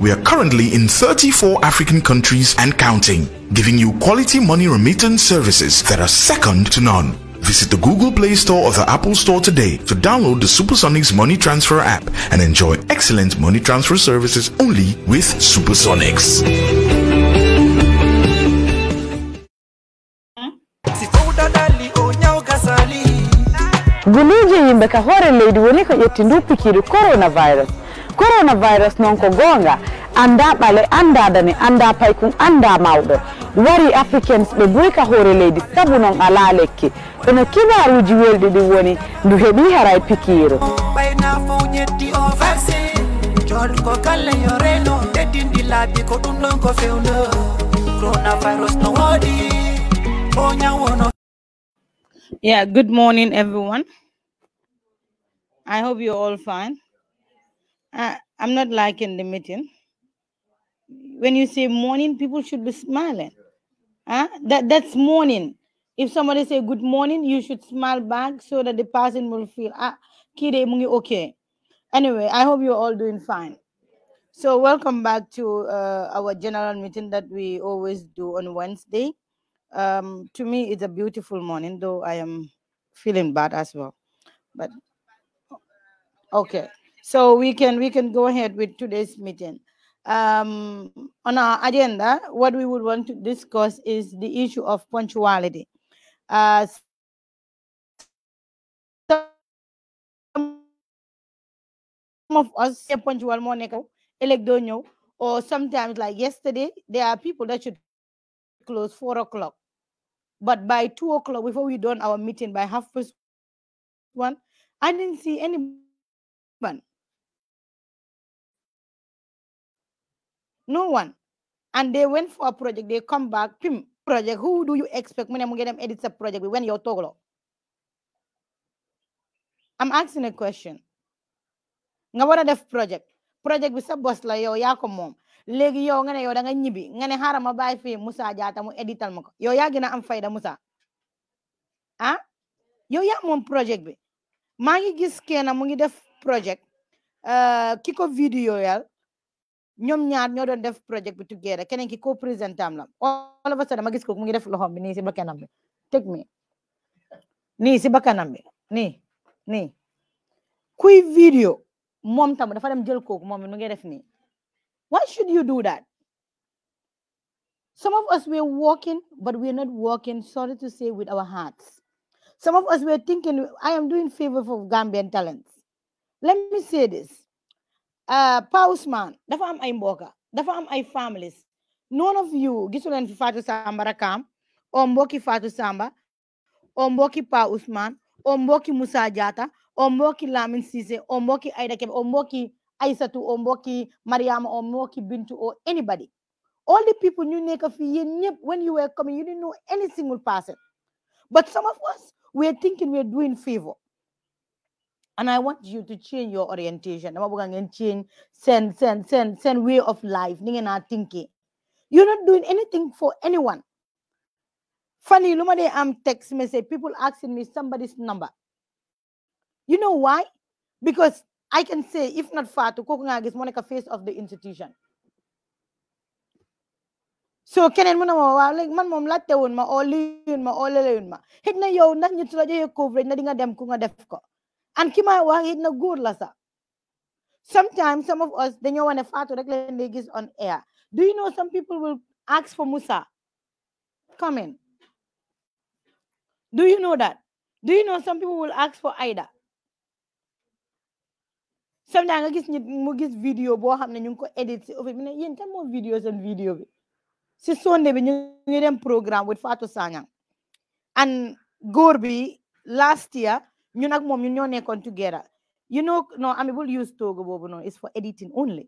we are currently in 34 African countries and counting, giving you quality money remittance services that are second to none. Visit the Google Play Store or the Apple Store today to download the Supersonics Money Transfer app and enjoy excellent money transfer services only with Supersonics. Guliji yimɓe ka hoore leydi woni coronavirus coronavirus noon ko goonga annda ɓale annda dame annda paykum wari africains ɓe boyka hoore leydi sabu noon alaa lekki ene kibaruji welɗi ɗin woni ndu heɓi haray pikiru yeah good morning everyone i hope you're all fine I, I'm not liking the meeting. When you say morning, people should be smiling. Huh? That that's morning. If somebody say good morning, you should smile back so that the person will feel ah kide eh, mungi okay. Anyway, I hope you're all doing fine. So welcome back to uh, our general meeting that we always do on Wednesday. Um, to me, it's a beautiful morning, though I am feeling bad as well. But okay. So we can we can go ahead with today's meeting. Um, on our agenda, what we would want to discuss is the issue of punctuality. Uh, some of us say punctual more or sometimes like yesterday, there are people that should close four o'clock. But by two o'clock, before we done our meeting by half past one, I didn't see anyone. No one. And they went for a project, they come back, pim, project. Who do you expect when I'm going them edit a project when you're Togolo? I'm asking a question. Now, what are def project project bi sa boss la yow yaa ko moom léegi yo nga ne yow da nga ñibbi nga ne xaaral ma bàyyi mu édital am fayda ah yo ya moom project bi maa ngi gis kenn mu ngi def project eh, ki kiko vidéo yal ñoom ñaar ñoo doon def projet bi together keneen ki ko présenté am la all of a sudden ma gis ko mu ngi def loxoom bi nii si bakkanam bi teg mi nii si bakkanam bi nii nii kuy vidéo moom tam dafa dem jël kooku moom mi ngi def nii why should you do that some of us we're walking but we're not walking sorry to say with our hearts some of us we're thinking I am doing favor for Gambian talents let me say this uh, Pausman dafa am ay mbooka dafa am ay families none of you gisuleen fi Fatou Samba rakam o mbokki Fatou Samba o mbokki Pa Ousmane o mbokki Moussa Diatta o mbokki Lamine Cissé o mbokki Aïda Kebe o Aisa Aïssatou o mbokki Mariama o mbokki Bintu o anybody all the people you nekk fi yéen when you were coming you didn't know any single person but some of us we are thinking we're doing favor and I want you to change your orientation. I'm going to change send, send, send, send way of life. Ningen are thinking. You're not doing anything for anyone. Funny, Lumade, I'm text me say People asking me somebody's number. You know why? Because I can say, if not far to Kokunag is Monica face of the institution. so keneen mu ne ma waaw léegi man moom laajte woon ma oo lii woon ma oo ma xëy na yow ndax ñu su la coverage na di nga dem ku nga def ko and kima may it na góor la sometimes some of us then you want to leen di gis on air do you know some people will ask for Musa come in do you know that do you know some people will ask for Ida? sometimes I gis nit vidéo boo xam ne ñu ngi ko edit si office bi ne yéen vidéo programme with Fatou Sanyang and góor last year ñun ak moom ñun ñoo nekkoon together you know non ami bul use toogo boobu noonu it's for editing only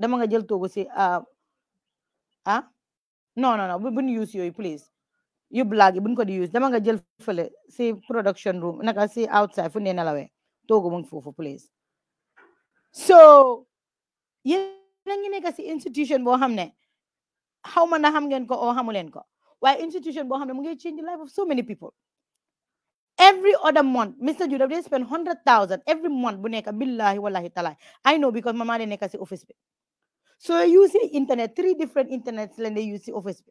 dama nga jël toogo si ah non ah? non non buñ use yooyu please yu blague yi buñ ko di use dama nga jël fële si production room naka si outside fu ne nelawee toogo mu ngi foofu please so yéen a ngi nekk si institution boo xam ne xaw ma na xam ngeen ko oo xamu leen ko waaye institution boo xam ne mu ngi change the life of so many people Every other month, Mr. Judah, they spend 100,000 every month. Buneka, billahi wallahi talai. I know because my mother neka see office. So use the internet, three different internets then they use the office.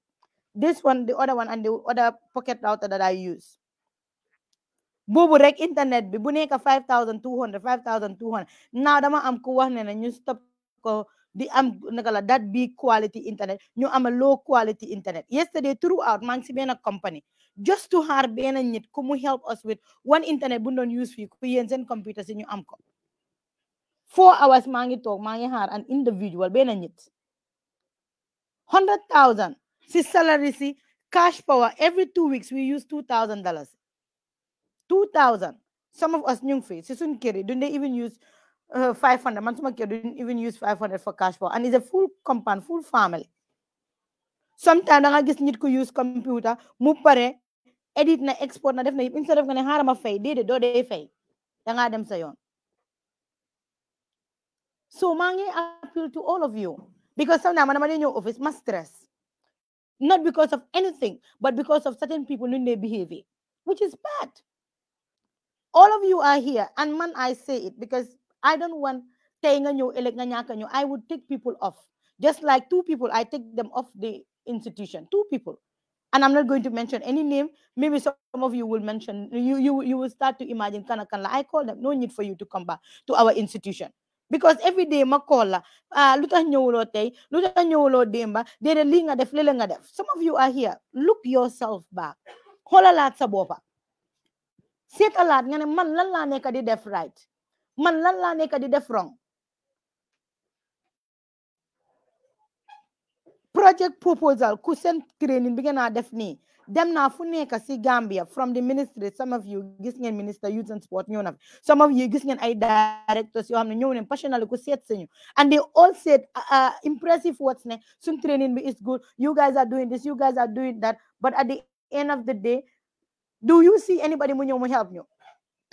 This one, the other one, and the other pocket router that I use. boobu rek internet bi bu 5200 five thousand two hundred five thousand two hundred now dama am ku wax ne ñu stop ko di am naka la that big quality internet ñu am a low quality internet yesterday throughout maa ngi company just to have benn nit come help us with one internet bu not use for ku and computers in your amco four hours maa ngi toog maa an individual benn nit hundred thousand si salary si cash power every two weeks we use two thousand dollars two thousand some of us new face fi carry. Don't they even use uh, five hundred man suma kër not even use five hundred for cash power and it's a full compound full family sometimes I guess need to use computer Mupare edit na export na def na instead of nga ne xaaral ma fay déedéet doo dee fay dangaa dem sa yon. so maa appeal to all of you because some man dama your ñëw office must stress not because of anything but because of certain people in their behavior which is bad all of you are here and man I say it because I don't want tey nga ñëw ëllëg nga I would take people off just like two people I take them off the institution two people and I'm not going to mention any name. Maybe some of you will mention you you you will start to imagine kana kana. I call them. No need for you to come back to our institution. because every day ma call la ah lu tax ñëwuloo tey lu tax ñëwuloo démba déedéet lii nga def léeg-léeg nga def some of you are here look yourself back xoolalaat sa boppa seetalaat nga ne man lan laa nekk di def right man lan laa nekk di def wrong project proposal kusen training bi ngeen a def nii dem naa fu Gambia from the ministry some of you gis ngeen minister youth and sport ñëw some of you gis ngeen ay directors yoo xam ne ñëw nañ passionally ku seet sañu and they all said uh, uh, impressive words ne suñ training bi is good you guys are doing this you guys are doing that but at the end of the day do you see anybody mu ñëw mu help ñu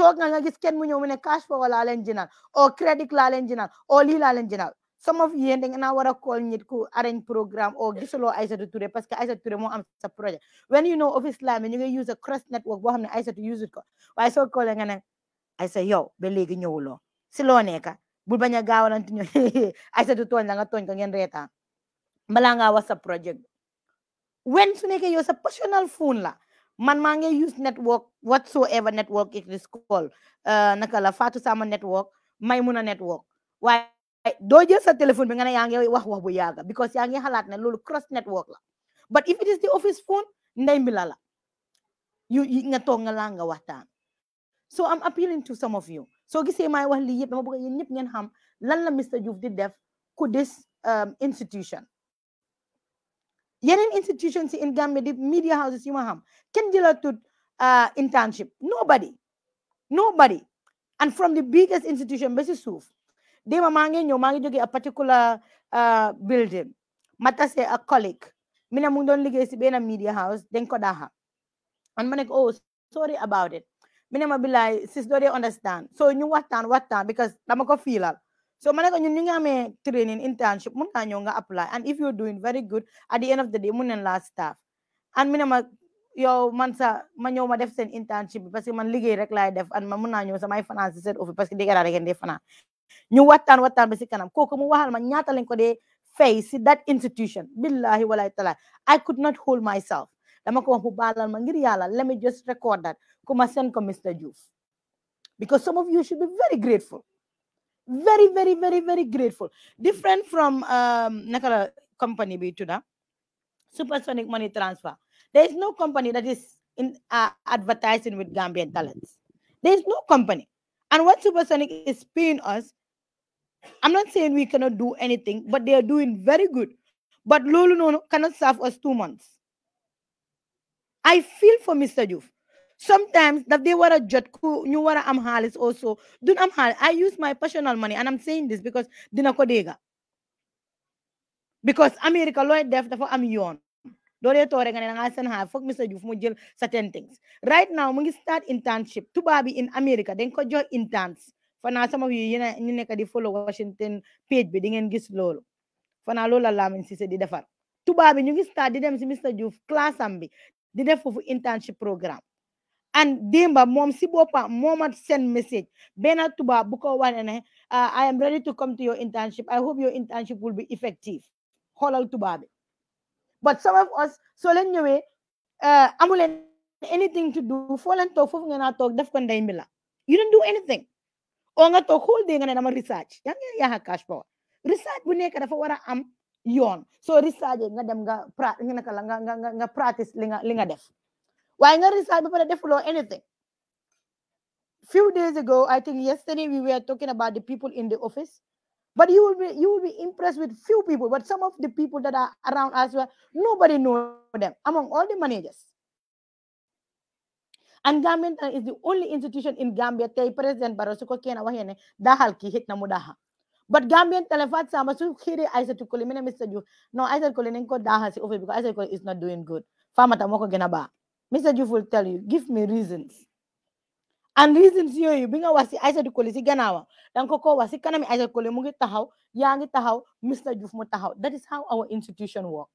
I nga nga gis kenn mu ñëw mu ne cash for laa leen or credit laa leen jënal or li laa leen jënal some of yéen da ngeen a war a call nit ku arrange programme o gisuloo Aïssatou Touré parce que Aïssatou Touré moo am sa projet when you know Office Lame ñu ngi use a cross network boo xam ne Aïssatou use ko yow ba léegi ñëwuloo si loo nekka bul bañ a gaawalantu ñu Aïssatou tooñ la nga tooñ ko ngeen reetaan balaa ngaa wax sa projet when su nekkee yow sa personal phone la man maa ngi use network whatsoever network it is called uh, naka la Fatou Sama network Maymuna network waaye Eh, Do jël sa téléphone bi nga ne yaa ngi wax wax bu yàgga because yaa ngi xalaat ne loolu cross network la but if it is the office phone ndey mbi la la yu nga toog nga laa nga waxtaan so I'm appealing to some of you soo gisee maay wax lii yëpp dama bëgg yéen ñëpp ngeen xam lan la Mr Diouf di def ku this um, institution yeneen institution si in Gambia di media houses yi ma xam kenn jëlaatut uh, internship nobody nobody and from the biggest institution ba si suuf Dema mangi ñew mangi jogi a particular uh, building. mata se a colleague. Mina mu don liggéey media house dañ ko daha. And ma oh sorry about it. Mina ma bilay sis do understand. So ñu watan waxtaan because dama ko feelal. So manek ko ñun ñu ngi training internship mun na nga apply and if you're doing very good at the end of the day mun last staff. And mina ma yo man sa ma ñow ma def sen internship parce que man liggéey rek lay def and ma mun naa sa samay finance set office parce que dégg naa ñu waxtaan waxtaan ba si kanam kooku mu waxal ma ñaata lañ ko dee fay si that institution billahi walaay talaay I could not hold myself dama ko wax mu baalal ma ngir yàlla let me just record that ku ma send ko Mr Diouf because some of you should be very grateful very very very very grateful different from um, naka la company bi tudda supersonic money transfer there is no company that is in uh, advertising with Gambian talents there is no company and what Supersonic is paying us, I'm not saying we cannot do anything, but they are doing very good. But Lulu no, cannot serve us two months. I feel for Mr. Juf. Sometimes that they were a jutku, you were am halis also. Dun am hal. I use my personal money, and I'm saying this because dinakodega. Because America Lloyd def, therefore I'm yon doolee toore nga ne da ngaa seen xaar mu jël certain things right now mu ngi start internship tubaab bi in America dañ ko jox interns fanaa sama yu yéen ñu nekk di follow Washington page bi di ngeen gis loolu fanaa loolu la Lamin Ceesay di defar tubaab bi ñu ngi start di dem si Mr Diouf class am bi di def foofu internship programme and Demba mom si bopa momat send message bena tuba buko wane ah, i am ready to come to your internship i hope your internship will be effective holal tuba but some of us, so len ñëwee eh, amu leen anything to do foo leen toog foofu ngeen talk def ko ndey mi you don't do anything oo nga toog whole day nga ne research yaa ngi yaa cash power research bu nekk dafa war am yon. So research nga dem nga prat nga naka la nga nga nga practice linga linga def waaye nga research ba pare defuloo anything few days ago I think yesterday we were talking about the people in the office but you will be you will be impressed with few people, but some of the people that are around as well, nobody know them among all the managers. And Gambia uh, is the only institution in Gambia tay President Barroso ko kena wahene dahal ki hit na mudaha. But Gambian telefat sama su kiri I said to Kuli, Mr. Ju, no, I said Kuli ko dahal si over because I said is not doing good. Farmer tamoko ba. Mr. Ju will tell you, give me reasons and reasons you bring our wasi, si Aïssatou Colley si gannaawam danga ko ko kanami Aïssatou Colley mu ngi taxaw yaa Mr Diouf mu taxaw that is how our institution work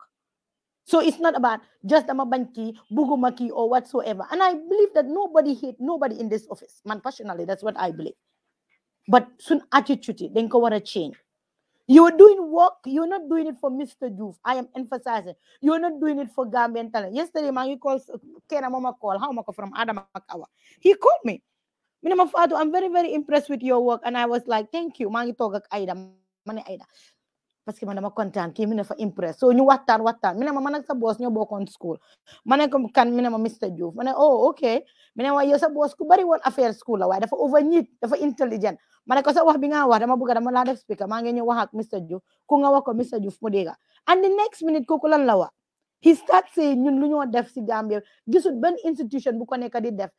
so it's not about just amabanki, bañ or whatsoever and I believe that nobody hate nobody in this office man personally that's what I believe but suñ attitude yi dañ ko war a change You're doing work. You're not doing it for Mr. Juf. I am emphasizing. You're not doing it for Gambian talent. Yesterday, man, you called uh, Kena Mama call. How am I from Adam Akawa? He called me. Minimum Fatu, I'm very, very impressed with your work. And I was like, thank you. Mangi togak Aida ma Aida paski que man dama kontaan kii mu impress so ñu waxtaan waxtaan mi ne sa boss ñoo bokkoon school ma kan mi ne ma Mr Diouf ma oh ok mi ne ma yow sa boss ku bari woon affaire school la waaye dafa over dafa intelligent ma kosa ko sa wax bi nga wax dama bëgg dama laa def speaker maa ngi ñëw Mr Diouf ku nga ko Mr Diouf mu and the next minute kooku lan la he start saying ñun lu ñoo def si Gambia gisul benn institution bu ko nekk di def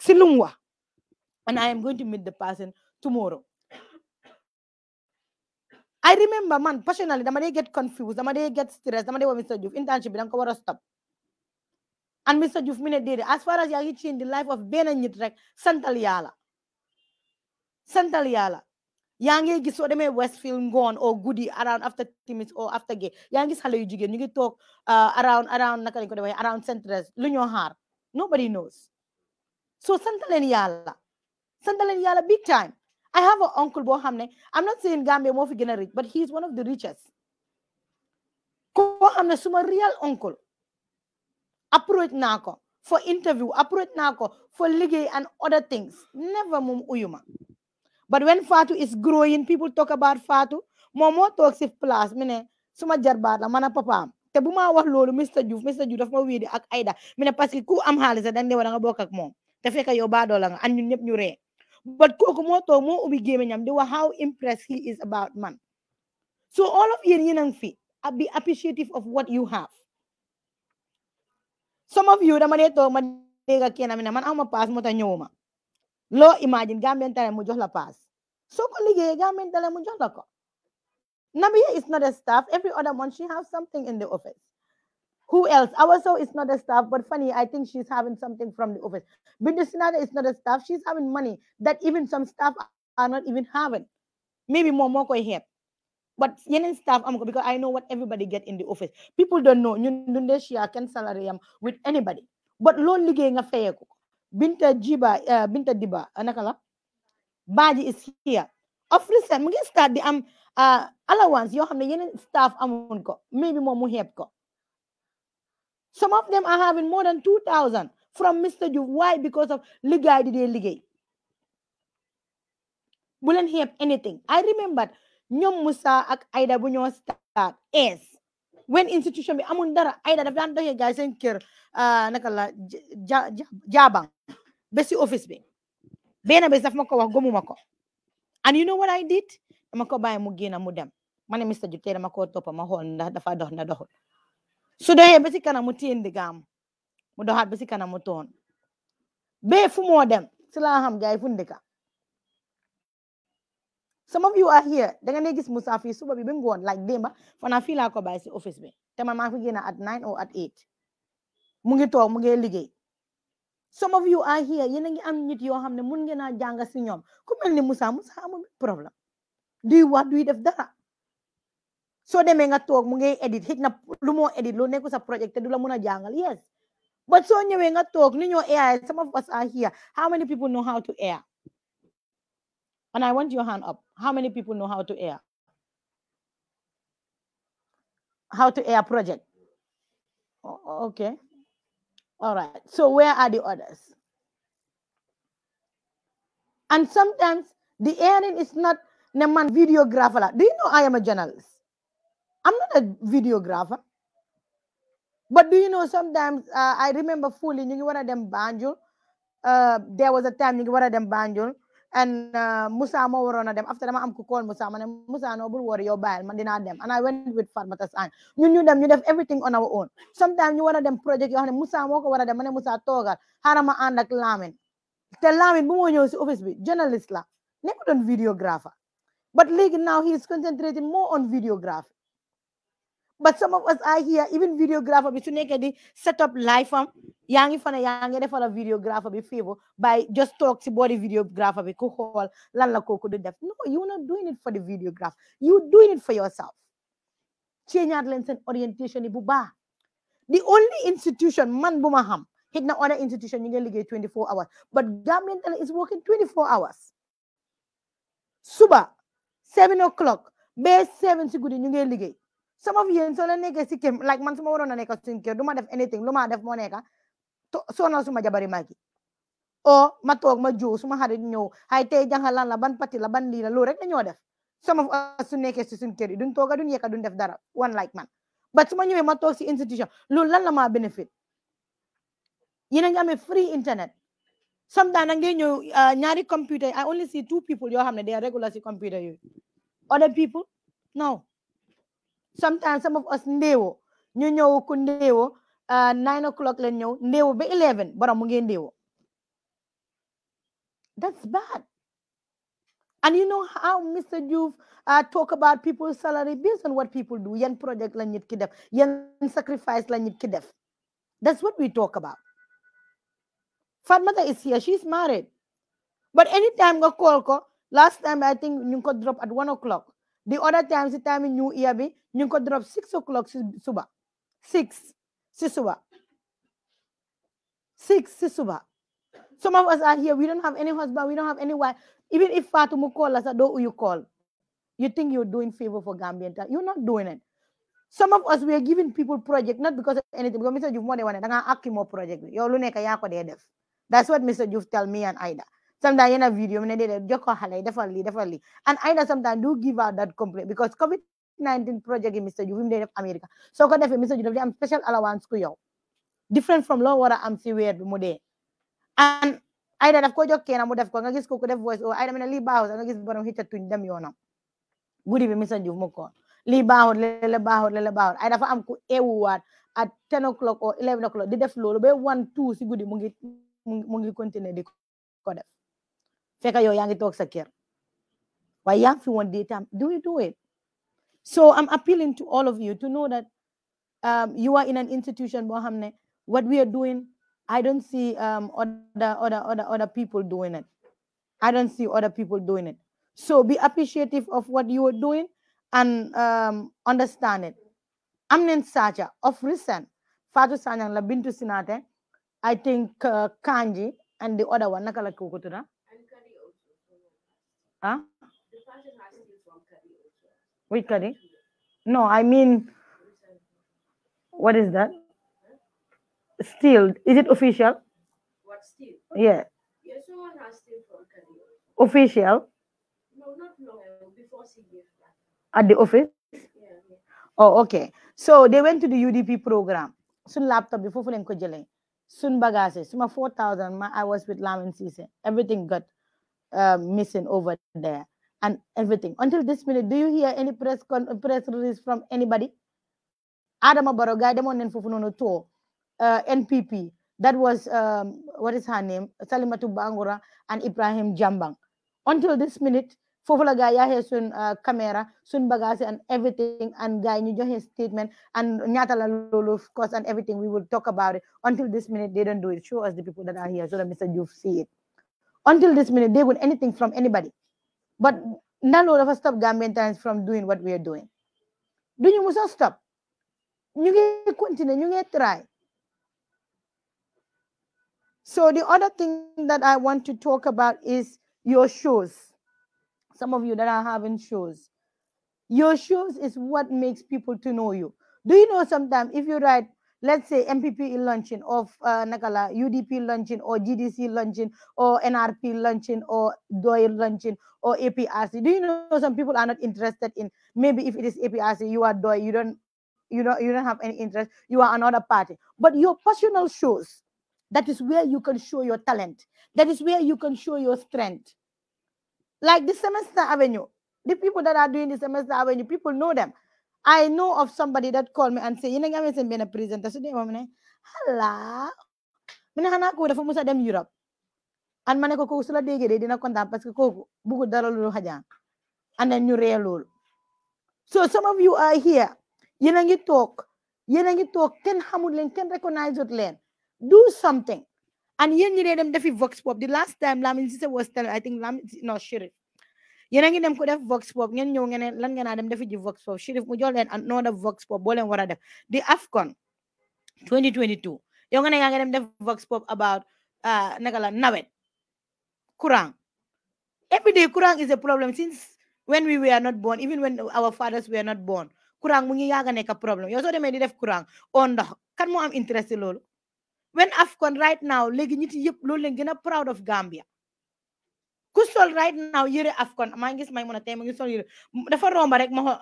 si lu and I am going to meet the person tomorrow. I remember, man, personally, I get confused, I get stressed, I was Mr. Juf, internship, I was stop. And Mr. Juf, as far as you are in the life of Ben and Yitrek, Santal Yala. Santal Yala. Yangi gis so demé Westfield gone or goody around after Timis or after gay. Yangi xalé yu jigen ñu ngi tok uh, around around naka around centres Lunyohar. Nobody knows. So santal len Sandalen leen yàlla big time I have an uncle bohamne. I'm not saying Gambia moo fi gonna rich but he's one of the richest Ko xam suma real uncle approach nako for interview approach nako for liggéey and other things never mum uyuma but when Fatu is growing people talk about Fatu. moom talks if si place suma jarbaat la mana a papaam te bu wax loolu Mr Diouf Mr Diouf daf ma wéedi ak Aida mi ne parce que ku am da nga ne nga bokk ak moom te fekk yow la nga and ñun ñu ree but kooku moo ubi game ubbi gémmiñam how impressed he is about man so all of you in a fi be appreciative of what you have some of you dama dee toog ma dégg ak kenn mi ne man awma paas moo imagine Gambian Talents mu jox la pass. So ko liggéeyee Gambian Talents mu jox la ko Nabia is not a staff every other month she has something in the office who else? Our so is not a staff, but funny, I think she's having something from the office. Bindu Sinada is not a staff. She's having money that even some staff are not even having. Maybe more moko here. But yenen staff am because I know what everybody get in the office. People don't know. Ñun dundé share can salary with anybody. But lonely liggéey nga fayé ko. Binta Jiba, uh, Binta Diba, anakala. Uh, Baji is here. Of recent, mu ngi start di am uh, allowance yoo xam ne yeneen staff amoon ko maybe more mu xeeb ko some of them are having more than 2,000 from Mr. Diouf. Why? Because of ligay did they ligay. Wouldn't have anything. I remember ñoom Musa ak Aida bu ñoo start es when institution be amul dara Aida daf daan doxee gaay seen kër ah, naka la jaabang ba office be. benn bés daf ma ko wax gëmuma ko and you know what I did Mako ko bàyyi mu génn mu dem ma Mr Diouf tey dama ko toppa ma xool ndax dafa dox na doxul su doxee ba si kanam mu di ndigaam mu doxaat ba si kanam mu toon bee fu moo dem si laa xam gaay fu ndika some of you are here da nga ne gis Musa fii suba bi ba ngoon laaj démba fanaa fii laa ko bàyyi si office bi te man maa fi génn at nine or at eight mu ngi toog mu ngi liggéey some of you are here yéen a ngi am nit yoo xam ne mun ngeen a si ñoom ku mel ni Musa Musa amul problème duy wax duy def dara So they may not talk. mo edit hit na lumo edit lo ko sa project dula mo na Yes. But so nyo nga talk. ninyo AI some of us are here. How many people know how to air? And I want your hand up. How many people know how to air? How to air project? Oh, oh okay. All right. So where are the others? And sometimes the airing is not Naman videographer. Do you know I am a journalist? I'm not a videographer. But do you know sometimes uh, I remember fooling you one of them banjo. Uh, there was a time you one of them banjo and uh, Musa mo were one of them. After them, I'm call Musa man. Musa no bull worry your bad man deny them. And I went with Farmatas and you knew them, you have everything on our own. Sometimes you one of them project you have Musa mo one of them and Musa toga harama and like lamin. Tell lamin bu mo ñew ci journalist la. Never done videographer. But league now he is concentrating more on videography but some of us are here even videographer bi su nekkee set up life am yaa young fana yaa ngi defal videographer bi favor by just talk to body videographer bi ku xool lan la kooku di def no you not doing it for the videographer you doing it for yourself Change your lens and orientation yi the only institution man bumaham hit na other institution you get 24 hours but government is working 24 hours suba 7 o'clock Base 7 si guddi ñu some of you so like ke sikem like man suma wono ne ka sinke duma def anything luma def mo ne ka to so na suma jabari magi o oh, ma toog ma joo suma xarit ñëw hay jangalan la ban pati la ban lii la loolu rek some of us su nekkee si suñ kër don't duñ tooga duñ yekka duñ def one like man but suma you, ma toog si institution loolu lan la maa benefit You a ngi free internet sometimes da you uh, nyari ñaari computer I only see two people You have they are regular si computer you, other people no sometimes some of us ndéewoo ñu ñëw ku ndéewoo uh, nine o'clock leen ñëw ndéewoo be eleven borom mu ngeen ndéewoo that's bad and you know how Mr. Diouf uh, talk about people's salary based on what people do yan project la nit ki def sacrifice la nit ki def that's what we talk about Fatmata is here she's married but anytime nga call ko last time I think ñu ngi ko drop at one o'clock the other times si time new year bi Muqaddar drop 6 o'clock suba 6. suba 6. suba Some of us are here. We don't have any husband. We don't have any wife. Even if Fatumu call us, do you call? You think you're doing favor for Gambian You're not doing it. Some of us, we are giving people project, not because of anything. Because Mr. Juf, more than one, I'm going to project. That's what Mr. you tell me and Ida. Sometimes in a video, and Ida do give out that complaint because COVID 19 project in Mr Diouf fi mu America soo ko defee Mr Diouf daf am special allowance ku yow different from loo war i am si weer bi mu dee and Aida daf ko jokkee na mu def ko nga gis ko ku def voice over oh, Aida mu ne lii baaxul nga gis borom xëcca tuñ dem yoonam guddi bi Mr Diouf mu ko lii baaxul lele baaxul lele baaxul Aida dafa am ku at 10 o'clock or 11 o'clock di def loolu ba one two si guddi mu ngi mu ngi continuer di ko def fekk yow yaa ngi toog sa kër waaye yaa do you do it so I'm appealing to all of you to know that um, you are in an institution, Mohamne. What we are doing, I don't see um, other, other, other, other people doing it. I don't see other people doing it. So be appreciative of what you are doing and um, understand it. i Amnen Saja of recent, Fatu Sanyang Labintu Sinate, I think uh, Kanji and the other one, Nakala Kukutuna. Huh? Wait, Kari. No, I mean, what is that? Steel. Is it official? What steel? Yeah. Yes, has steel Kari. Official? No, not long before CDF. At the office? Yeah, yeah. Oh, okay. So they went to the UDP program. Sun laptop before fulen ko Sun bagasse. Suma 4,000. I was with Lamin Sise. Everything got uh, missing over there and everything. Until this minute, do you hear any press con- press release from anybody? Adam Aborogai, Demon Nfufunono Tour, uh, NPP. That was, um, what is her name? Salimatu Bangura and Ibrahim Jambang. Until this minute, Fofula Gaya has sun uh, camera, sun bagasi and everything, and Gai New his statement, and Nyatala Lulu, of course, and everything. We will talk about it. Until this minute, they don't do it. Show us the people that are here so that Mr. Juf see it. Until this minute, they want anything from anybody. But none of us stop Gambian times from doing what we are doing. Do must not stop. You get continue, You get try. So the other thing that I want to talk about is your shows. Some of you that are having shows. Your shows is what makes people to know you. Do you know sometimes if you write let's say MPP luncheon uh, or uh, Nakala UDP luncheon or GDC luncheon or NRP luncheon or DOI luncheon or APRC. Do you know some people are not interested in maybe if it is APRC, you are DOI, you don't you know you don't have any interest, you are another party. But your personal shows, that is where you can show your talent. That is where you can show your strength. Like the semester avenue, the people that are doing the semester avenue, people know them. I know of somebody that called me and say, you know, I'm being a presenter. So they were like, hello. Mina hana ko da fumusa dem Europe. An mané ko ko sula dege dé dina contant parce que ko bugu dara lulu hajan. And ñu ree lool. So some of you are here. Yena ngi talk. Yena ngi talk ken xamul len ken recognize out len. Do something. And yen ñi dem defi vox pop. The last time Lamin Sise was tell I think Lamin no Sheriff. yéen a ngi dem ku def vox pop ngeen ñëw ngeen lan ngeen a dem defi ji vox pop Sheriff mu jox leen another vox pop boo leen war a def di AFCON 2022 yow nga ne yaa ngi dem def vox pop about ah, naka la nawet courant every day courant is a problem since when we were not born even when our fathers were not born courant mu ngi yaaga nekk problème yow soo demee di def courant oo ndox kan moo am intérêt loolu when AFCON right now léegi ñit yëpp loolu leen gën a proud of Gambia Kusol right now yëre afcon maa ngi gis may mun a tey mu ngi sol yëre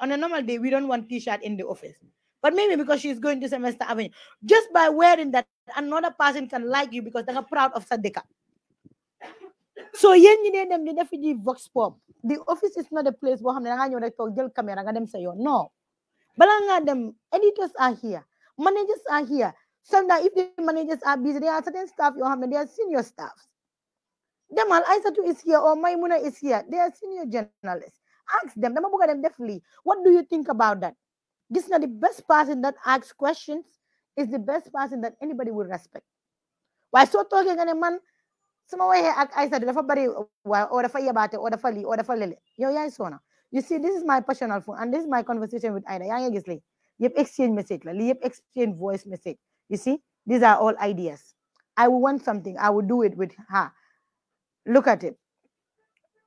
on a normal day we don't want t-shirt in the office but maybe because she's going to semester avenue just by wearing that another person can like you because they're proud of sadeka so yéen you dee dem di defi vox pop the office is not a place where I'm going to ñëw rek toog jël caméra nga dem sa editors are here managers are here sometimes if the managers are busy there are certain staff You xam ne they are senior staffs demal Aysatu is here or Maimuna is here they are senior journalists ask them dem what do you think about that is not the best person that asks questions is the best person that anybody will respect Why so talking nga ne man suma waxee ak Aysatu dafa bari or oo or yebaate oo dafa lii oo You you see this is my personal phone and this is my conversation with Ida. You have gis exchange message la have exchange voice message you see these are all ideas I will want something I will do it with her Look at it.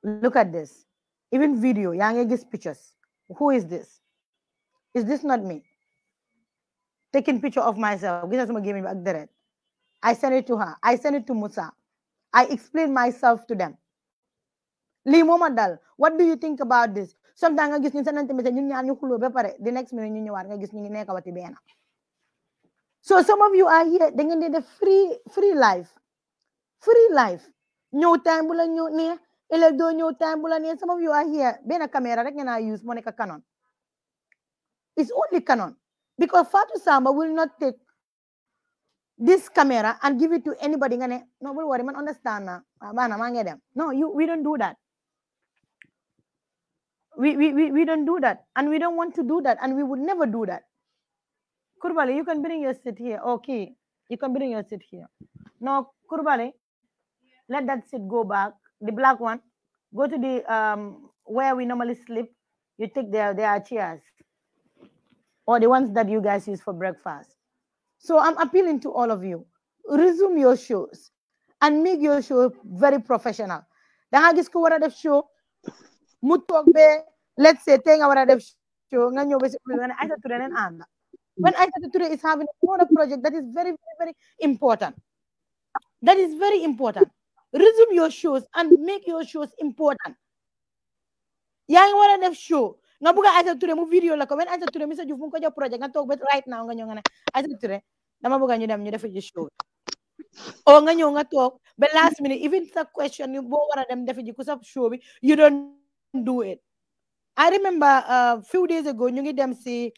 Look at this. Even video, Yang gives pictures. Who is this? Is this not me? Taking picture of myself. I send it to her. I send it to Musa. I explain myself to them. Limo madal. What do you think about this? Sometimes I gis ñu the next minute So some of you are here da ngeen free free life. Free life ñëw time bu la ñëw neex ëllëg do ñëw time bu la some of you are here benn caméra rek ngeen I use monica nekk Canon it's only Canon because Fatu Samba will not take this camera and give it to anybody nga no bul worry man understand na baana maa ngi no you we don't do that we, we, we, we don't do that and we don't want to do that and we would never do that kurbale you can bring your seat here okay you can bring your seat here no kurbale let that seat go back, the black one, go to the um, where we normally sleep. You take their, their chairs or the ones that you guys use for breakfast. So I'm appealing to all of you. Resume your shows and make your show very professional. The Hagi School Wara Show, let's say, thing our Def Show, when I said today, and when I said today is having another project that is very, very, very important. That is very important resume your shows and make your shows important yaa ngi war a def show nga bugg a Aïssa Touré mu vidéo la ko when Aïssa Touré Mr. Diouf mu ngi ko jox projet nga toog ba right now nga ñëw nga ne Aïssa Touré dama bëgg ñu dem ñu defe ji show o nga ñëw nga toog ba last minute even sa question yi boo war a dem defe ji ku sa show bi you don't do it I remember a uh, few days ago ñu ngi dem si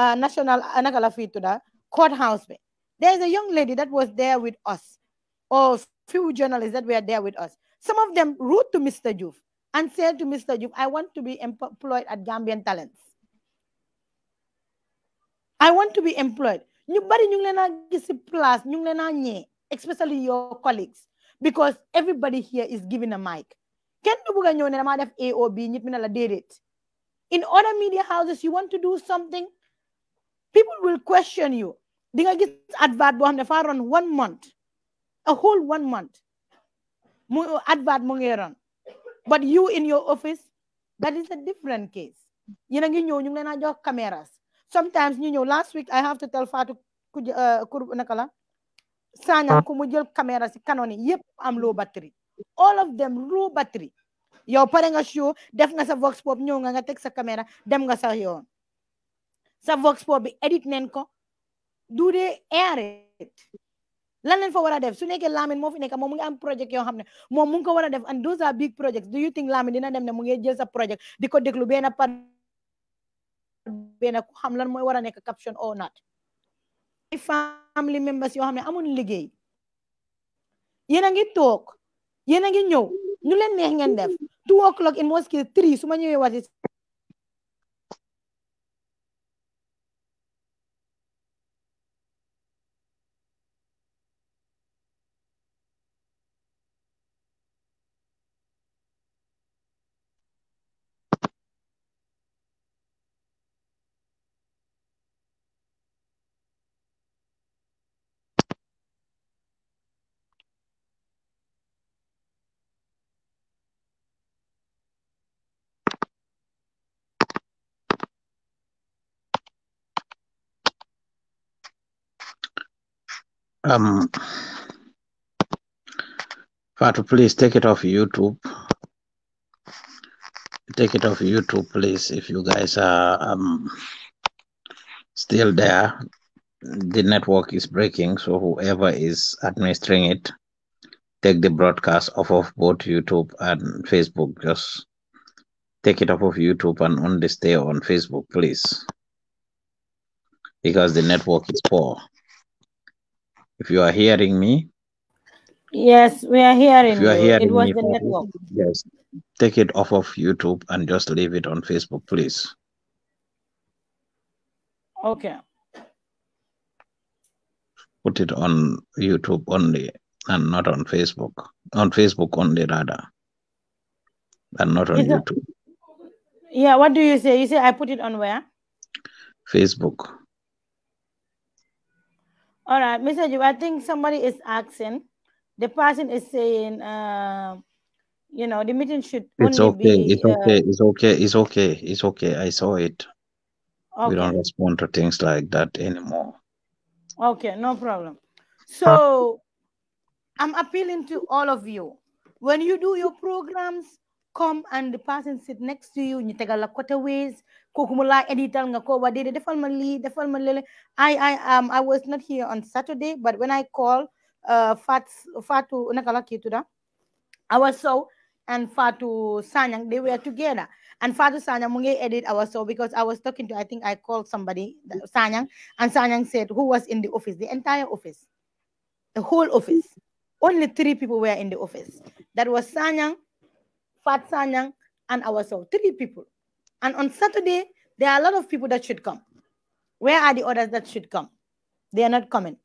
uh, national uh, naka la fii tudda courthouse bi there is a young lady that was there with us oh, few journalists that were there with us, some of them wrote to Mr. Juve and said to Mr. Juve, I want to be employed at Gambian Talents. I want to be employed. Nobody bari ñu ngi plus a gis si especially your colleagues because everybody here is given a mic kenn You bugg a ñëw ne damaa def AOB ñit mi ne la in other media houses you want to do something people will question you di nga gis advert boo xam ne ron one month a whole one month mu advert mu but you in your office that is a different case yéen ngi ñëw ñu ngi jox cameras sometimes ñu ñëw last week I have to tell Fatou ku euh, kur Sana la Sanyang ku mu jël caméra si canon yi am low battery all of them low battery yow pare nga show def nga sa vox pop ñëw nga nga sa caméra dem nga sa yoon sa vox pop bi edit neen ko du dee air it lan leen fa wara a def su nekké Lamin mo fi nekk mom mu ngi am project yo xamné mom mu ngi ko def and those are big projects do you think Lamin dina dem né mu ngi jël sa project di déglu benn par benn ku xam lan moy wara nekk caption or not family members yo xamné amun liggéey yéen ngi tok yéen ngi ñëw ñu leen neex ngeen def two o'clock in mosque three suma ma wati um but please take it off YouTube. Take it off YouTube, please. If you guys are um, still there, the network is breaking. So whoever is administering it, take the broadcast off of both YouTube and Facebook. Just take it off of YouTube and only stay on Facebook, please, because the network is poor. If you are hearing me. Yes, we are hearing if you. Are hearing it was me, the network. Yes. Take it off of YouTube and just leave it on Facebook, please. Okay. Put it on YouTube only and not on Facebook. On Facebook only, rather. And not on Is YouTube. yeah, what do you say? You say I put it on where? Facebook. All right, Mr. Yu, I think somebody is asking. The person is saying, uh, you know, the meeting should. It's okay. Be, it's uh, okay. It's okay. It's okay. It's okay. I saw it. Okay. We don't respond to things like that anymore. Okay, no problem. So I'm appealing to all of you. When you do your programs, come and the person sit next to you, you take a lot of ways, kooku mu laa edital nga ko waa déedéet defal ma lii defal ma lele I I um I was not here on Saturday but when I call uh, Fat Fatu, naka la kii tudda Awa Sow and Fatu Sanyang they were together and Fatu Sanyang mu edit Awa Sow because I was talking to I think I called somebody Sanyang and Sanyang said who was in the office the entire office the whole office only three people were in the office that was Sanyang Fat Sanyang and Awa Sow three people. And on Saturday, there are a lot of people that should come. Where are the others that should come? They are not coming.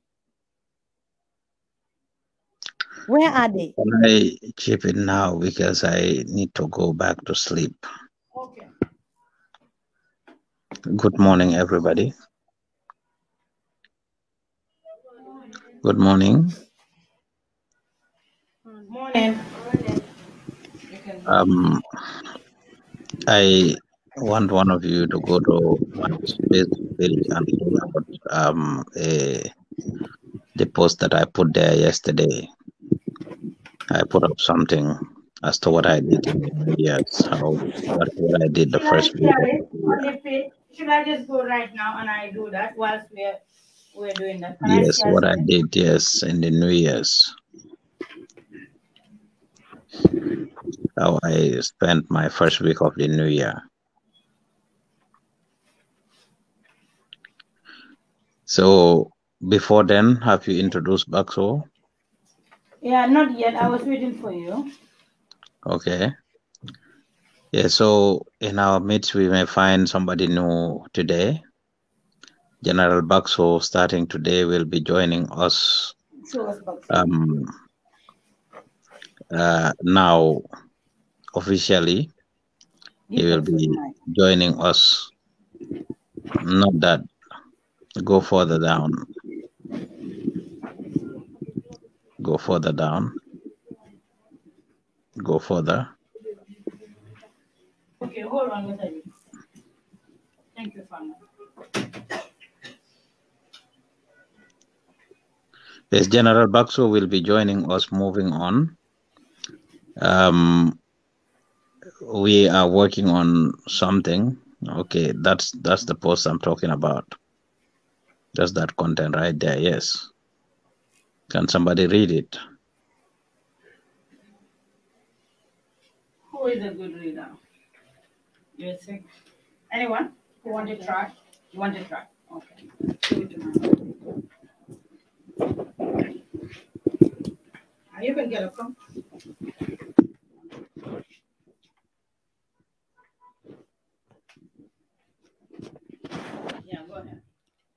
Where are they? I keep it now because I need to go back to sleep. Okay. Good morning, everybody. Good morning. Morning. Um, I want one of you to go to Facebook page and about, um, uh, the post that I put there yesterday. I put up something as to what I did in the years, how what, what I did the should first week. Should I just go right now and I do that whilst we're we're doing that? Can yes, I what I did, yes, in the New Year's. How I spent my first week of the New Year. So before then, have you introduced Baxo? Yeah, not yet. I was waiting for you. Okay. Yeah, so in our midst, we may find somebody new today. General Baxo, starting today, will be joining us um, uh, now officially. He will be joining us. Not that Go further down. Go further down. Go further. Okay, hold on with me. Thank you, Father. This General Bakso will be joining us moving on. Um, we are working on something. Okay, that's that's the post I'm talking about. That's that content right there, yes. Can somebody read it? Who is a good reader? You think? Anyone who want to try? You want to try? Okay. You can get a phone.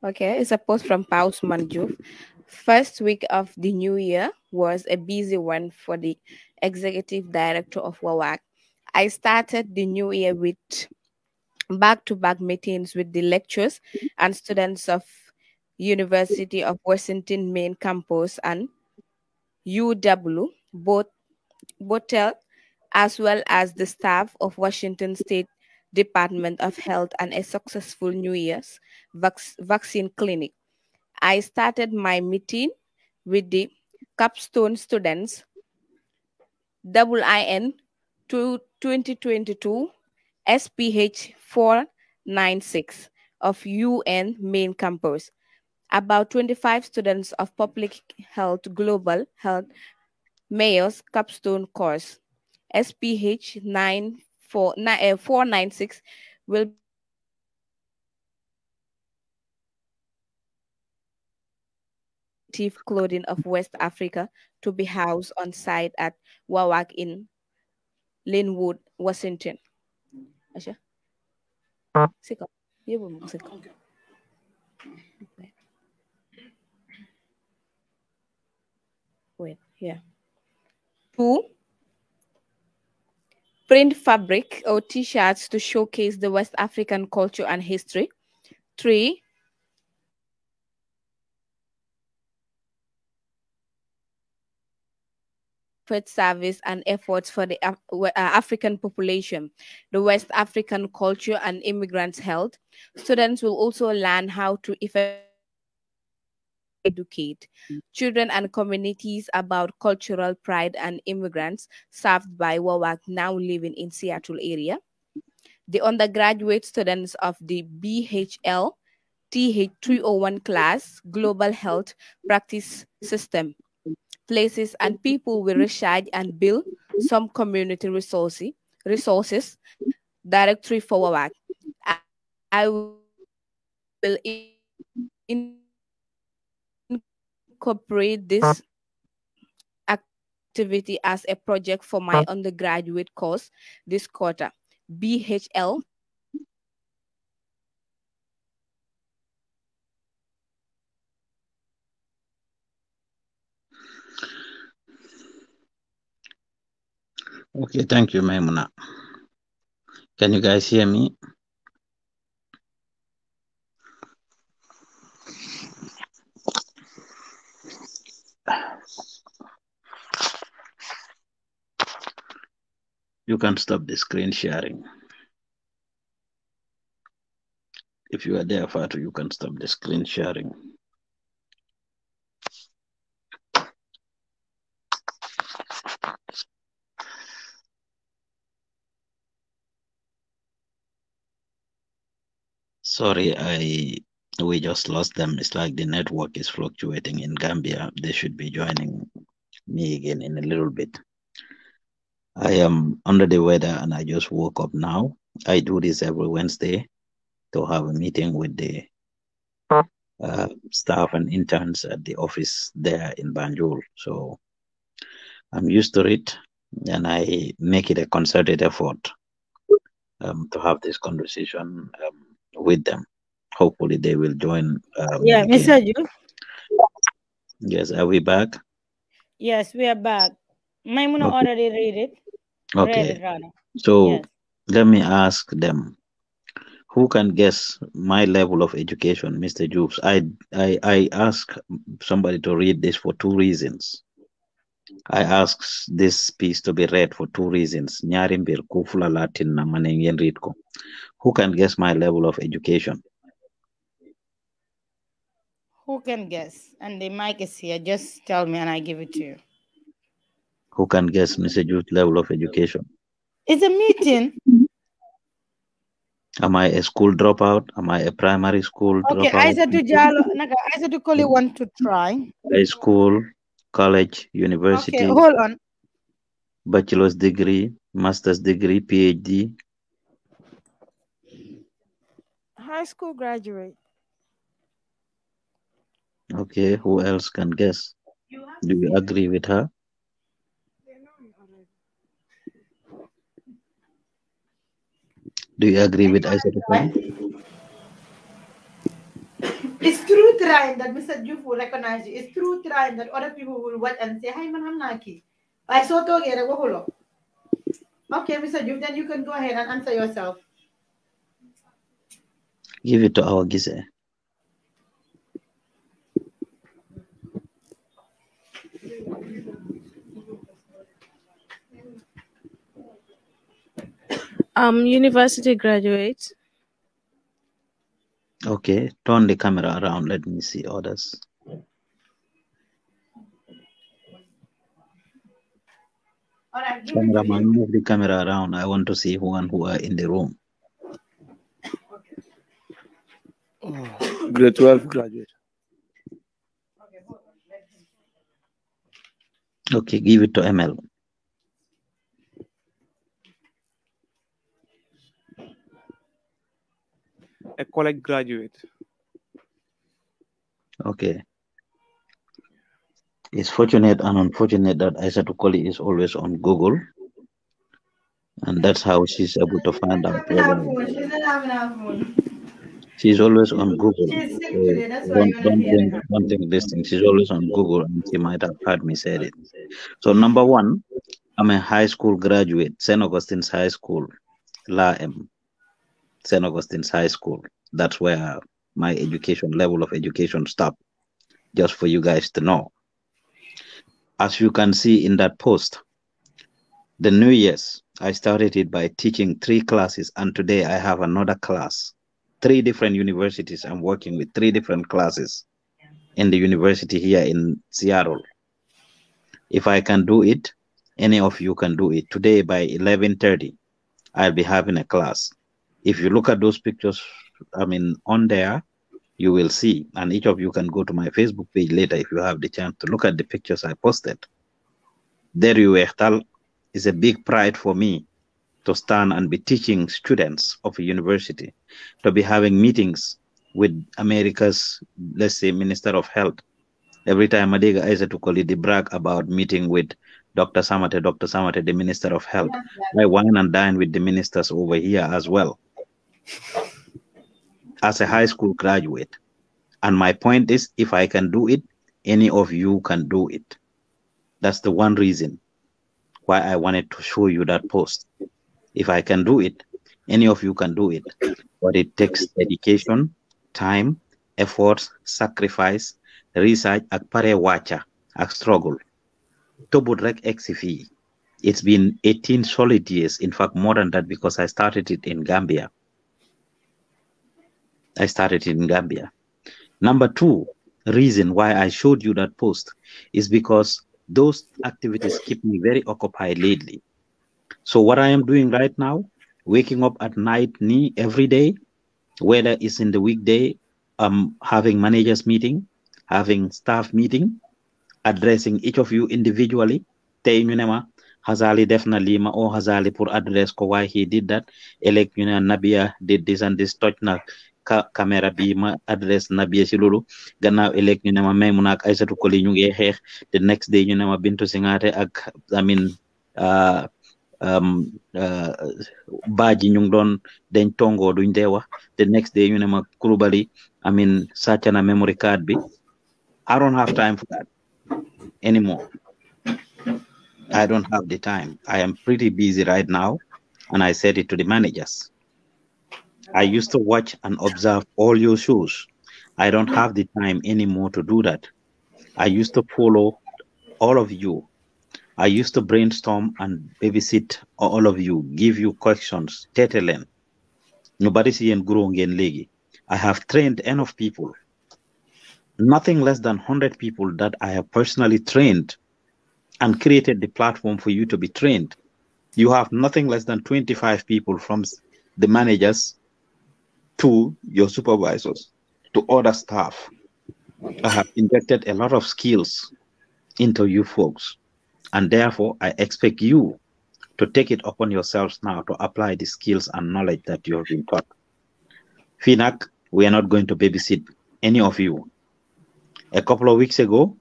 Okay, it's a post from Paus Manjuf. First week of the new year was a busy one for the executive director of WAWAC. I started the new year with back to back meetings with the lecturers and students of University of Washington main campus and UW, both Botel, as well as the staff of Washington State Department of Health and a successful New Year's vac vaccine clinic. I started my meeting with the capstone students WIN 2022 SPH 496 of UN main campus. About 25 students of public health, global health, Mayor's capstone course, SPH 9 for uh, 496 will clothing of West Africa to be housed on site at Wawak in Linwood, Washington. Asha? Wait, yeah. Two, print fabric or t-shirts to showcase the West African culture and history. Three, service and efforts for the Af uh, African population, the West African culture and immigrants' health. Students will also learn how to effectively educate children and communities about cultural pride and immigrants served by WAWAC now living in Seattle area. The undergraduate students of the BHL TH301 class, Global Health Practice System, places and people will research and build some community resources, resources directory for WAWAC. I will in incorporate this activity as a project for my ah. undergraduate course this quarter. BHL Okay, thank you, Maimuna. Can you guys hear me? You can stop the screen sharing. If you are there, Fatu, you can stop the screen sharing. Sorry, I we just lost them. It's like the network is fluctuating in Gambia. They should be joining me again in a little bit. I am under the weather and I just woke up now. I do this every Wednesday to have a meeting with the uh, staff and interns at the office there in Banjul. So I'm used to it and I make it a concerted effort um, to have this conversation um, with them. Hopefully they will join. Um, yeah, Mr. Ju. Yes, are we back? Yes, we are back. Maimuna okay. already read it. Okay. so yes. let me ask them. Who can guess my level of education, Mr. Jules? I, I I ask somebody to read this for two reasons. I ask this piece to be read for two reasons. kufula Latin Who can guess my level of education? Who can guess? And the mic is here. Just tell me and I give it to you who can guess Mr. Youth level of education? It's a meeting. Am I a school dropout? Am I a primary school okay, dropout? Okay, I said to Jalo, I said to Koli want to try. High school, college, university. Okay, hold on. Bachelor's degree, master's degree, PhD. High school graduate. Okay, who else can guess? Do you agree with her? Do you agree with Isaac? It's true, Ryan, that Mr. Jufu will recognize you. It's true, Ryan, that other people will watch and say, Hi, man, I'm Naki. I saw Toge, Ragoholo. Okay, Mr. Jufu, then you can go ahead and answer yourself. Give it to our Gizeh. Um, university graduate. Okay, turn the camera around. Let me see others. Cameraman, move the camera around. I want to see one who are in the room. grade 12 graduate. Okay, give it to ML. a college graduate. Okay. It's fortunate and unfortunate that Isa Tukoli is always on Google. And that's how she's able to find out. Whether... She's always on Google. So uh, don't, don't, think, don't think this thing. She's always on Google and she might have heard me say it. So, number one, I'm a high school graduate, St. Augustine's High School, La M. St. Augustine's High School. That's where my education level of education stopped, just for you guys to know. As you can see in that post, the New Year's, I started it by teaching three classes, and today I have another class. Three different universities, I'm working with three different classes in the university here in Seattle. If I can do it, any of you can do it. Today by 11.30, I'll be having a class if you look at those pictures, I mean, on there, you will see. And each of you can go to my Facebook page later if you have the chance to look at the pictures I posted. Deryu Echtal is a big pride for me to stand and be teaching students of a university, to be having meetings with America's, let's say, Minister of Health. Every time call it the brag about meeting with Dr. Samate, Dr. Samate, the Minister of Health. Yeah, yeah. I wine and dine with the ministers over here as well as a high school graduate. And my point is if I can do it, any of you can do it. That's the one reason why I wanted to show you that post. If I can do it, any of you can do it. But it takes dedication, time, efforts, sacrifice, research, a pare wacha, a struggle. Tobud XFE. It's been 18 solid years, in fact, more than that, because I started it in Gambia I started in Gambia. Number two reason why I showed you that post is because those activities keep me very occupied lately. So what I am doing right now, waking up at night knee every day, whether it's in the weekday, um, having managers meeting, having staff meeting, addressing each of you individually, tey Hazali ne ma or Hazali na ma oh, address ko why he did that elect ñu ne Nabia did this and this touch caméra bi ma adresse na biye si loolu gannaaw ëllëg ñu ne ma Maymuna ak Aysatu Koli ñu the next day ñu ne ma Bintu Singaate ak amin ah, ah, baaji ñu ngi doon dañ tongo, duñ dee wax the next day ñu ne ma Kurubali amin sàcc na memory card bi I don't have time for that anymore I don't have the time I am pretty busy right now and I said it to the managers I used to watch and observe all your shows. I don't have the time anymore to do that. I used to follow all of you. I used to brainstorm and babysit all of you, give you questions, tetelen. Nobody seeing Guru Legi. I have trained enough people, nothing less than 100 people that I have personally trained and created the platform for you to be trained. You have nothing less than 25 people from the managers to your supervisors, to other staff. I have injected a lot of skills into you folks, and therefore I expect you to take it upon yourselves now to apply the skills and knowledge that you have been taught. FINAC, we are not going to babysit any of you. A couple of weeks ago,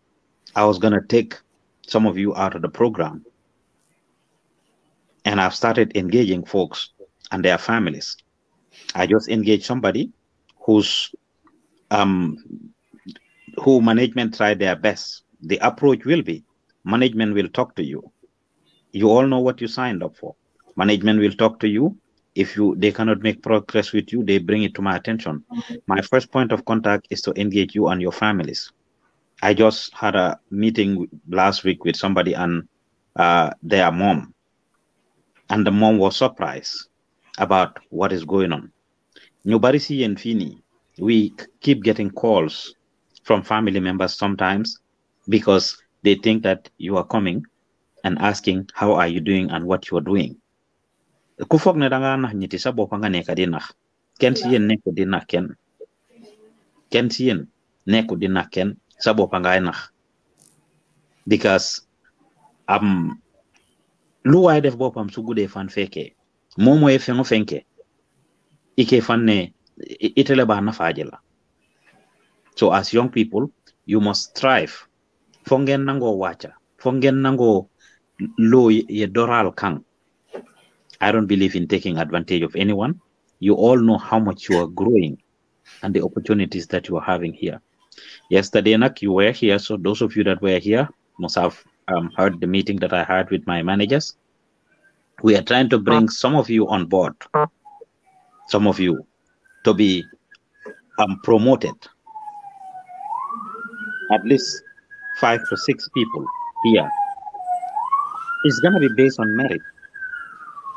I was going to take some of you out of the program, and I've started engaging folks and their families I just engage somebody who's um, who management try their best. The approach will be management will talk to you. You all know what you signed up for. Management will talk to you. If you they cannot make progress with you, they bring it to my attention. My first point of contact is to engage you and your families. I just had a meeting last week with somebody and uh, their mom, and the mom was surprised about what is going on. Nyobarisi and Fini, we keep getting calls from family members sometimes because they think that you are coming and asking how are you doing and what you are doing. Ku fog ne danga na nyiti sa bopa nga neka dina. Ken siyen neko dina ken. Ken siyen neko dina ken sa bopa nga ena. Because um, lu waay def boppam su guddee fan fekkee so as young people you must strive Fongen nango wacha, fongen nango lo ye doral I don't believe in taking advantage of anyone. You all know how much you are growing and the opportunities that you are having here. Yesterday, Nak, you were here. So those of you that were here must have um, heard the meeting that I had with my managers we are trying to bring ah. some of you on board, ah. some of you to be um, promoted. At least five to six people here. It's going to be based on merit.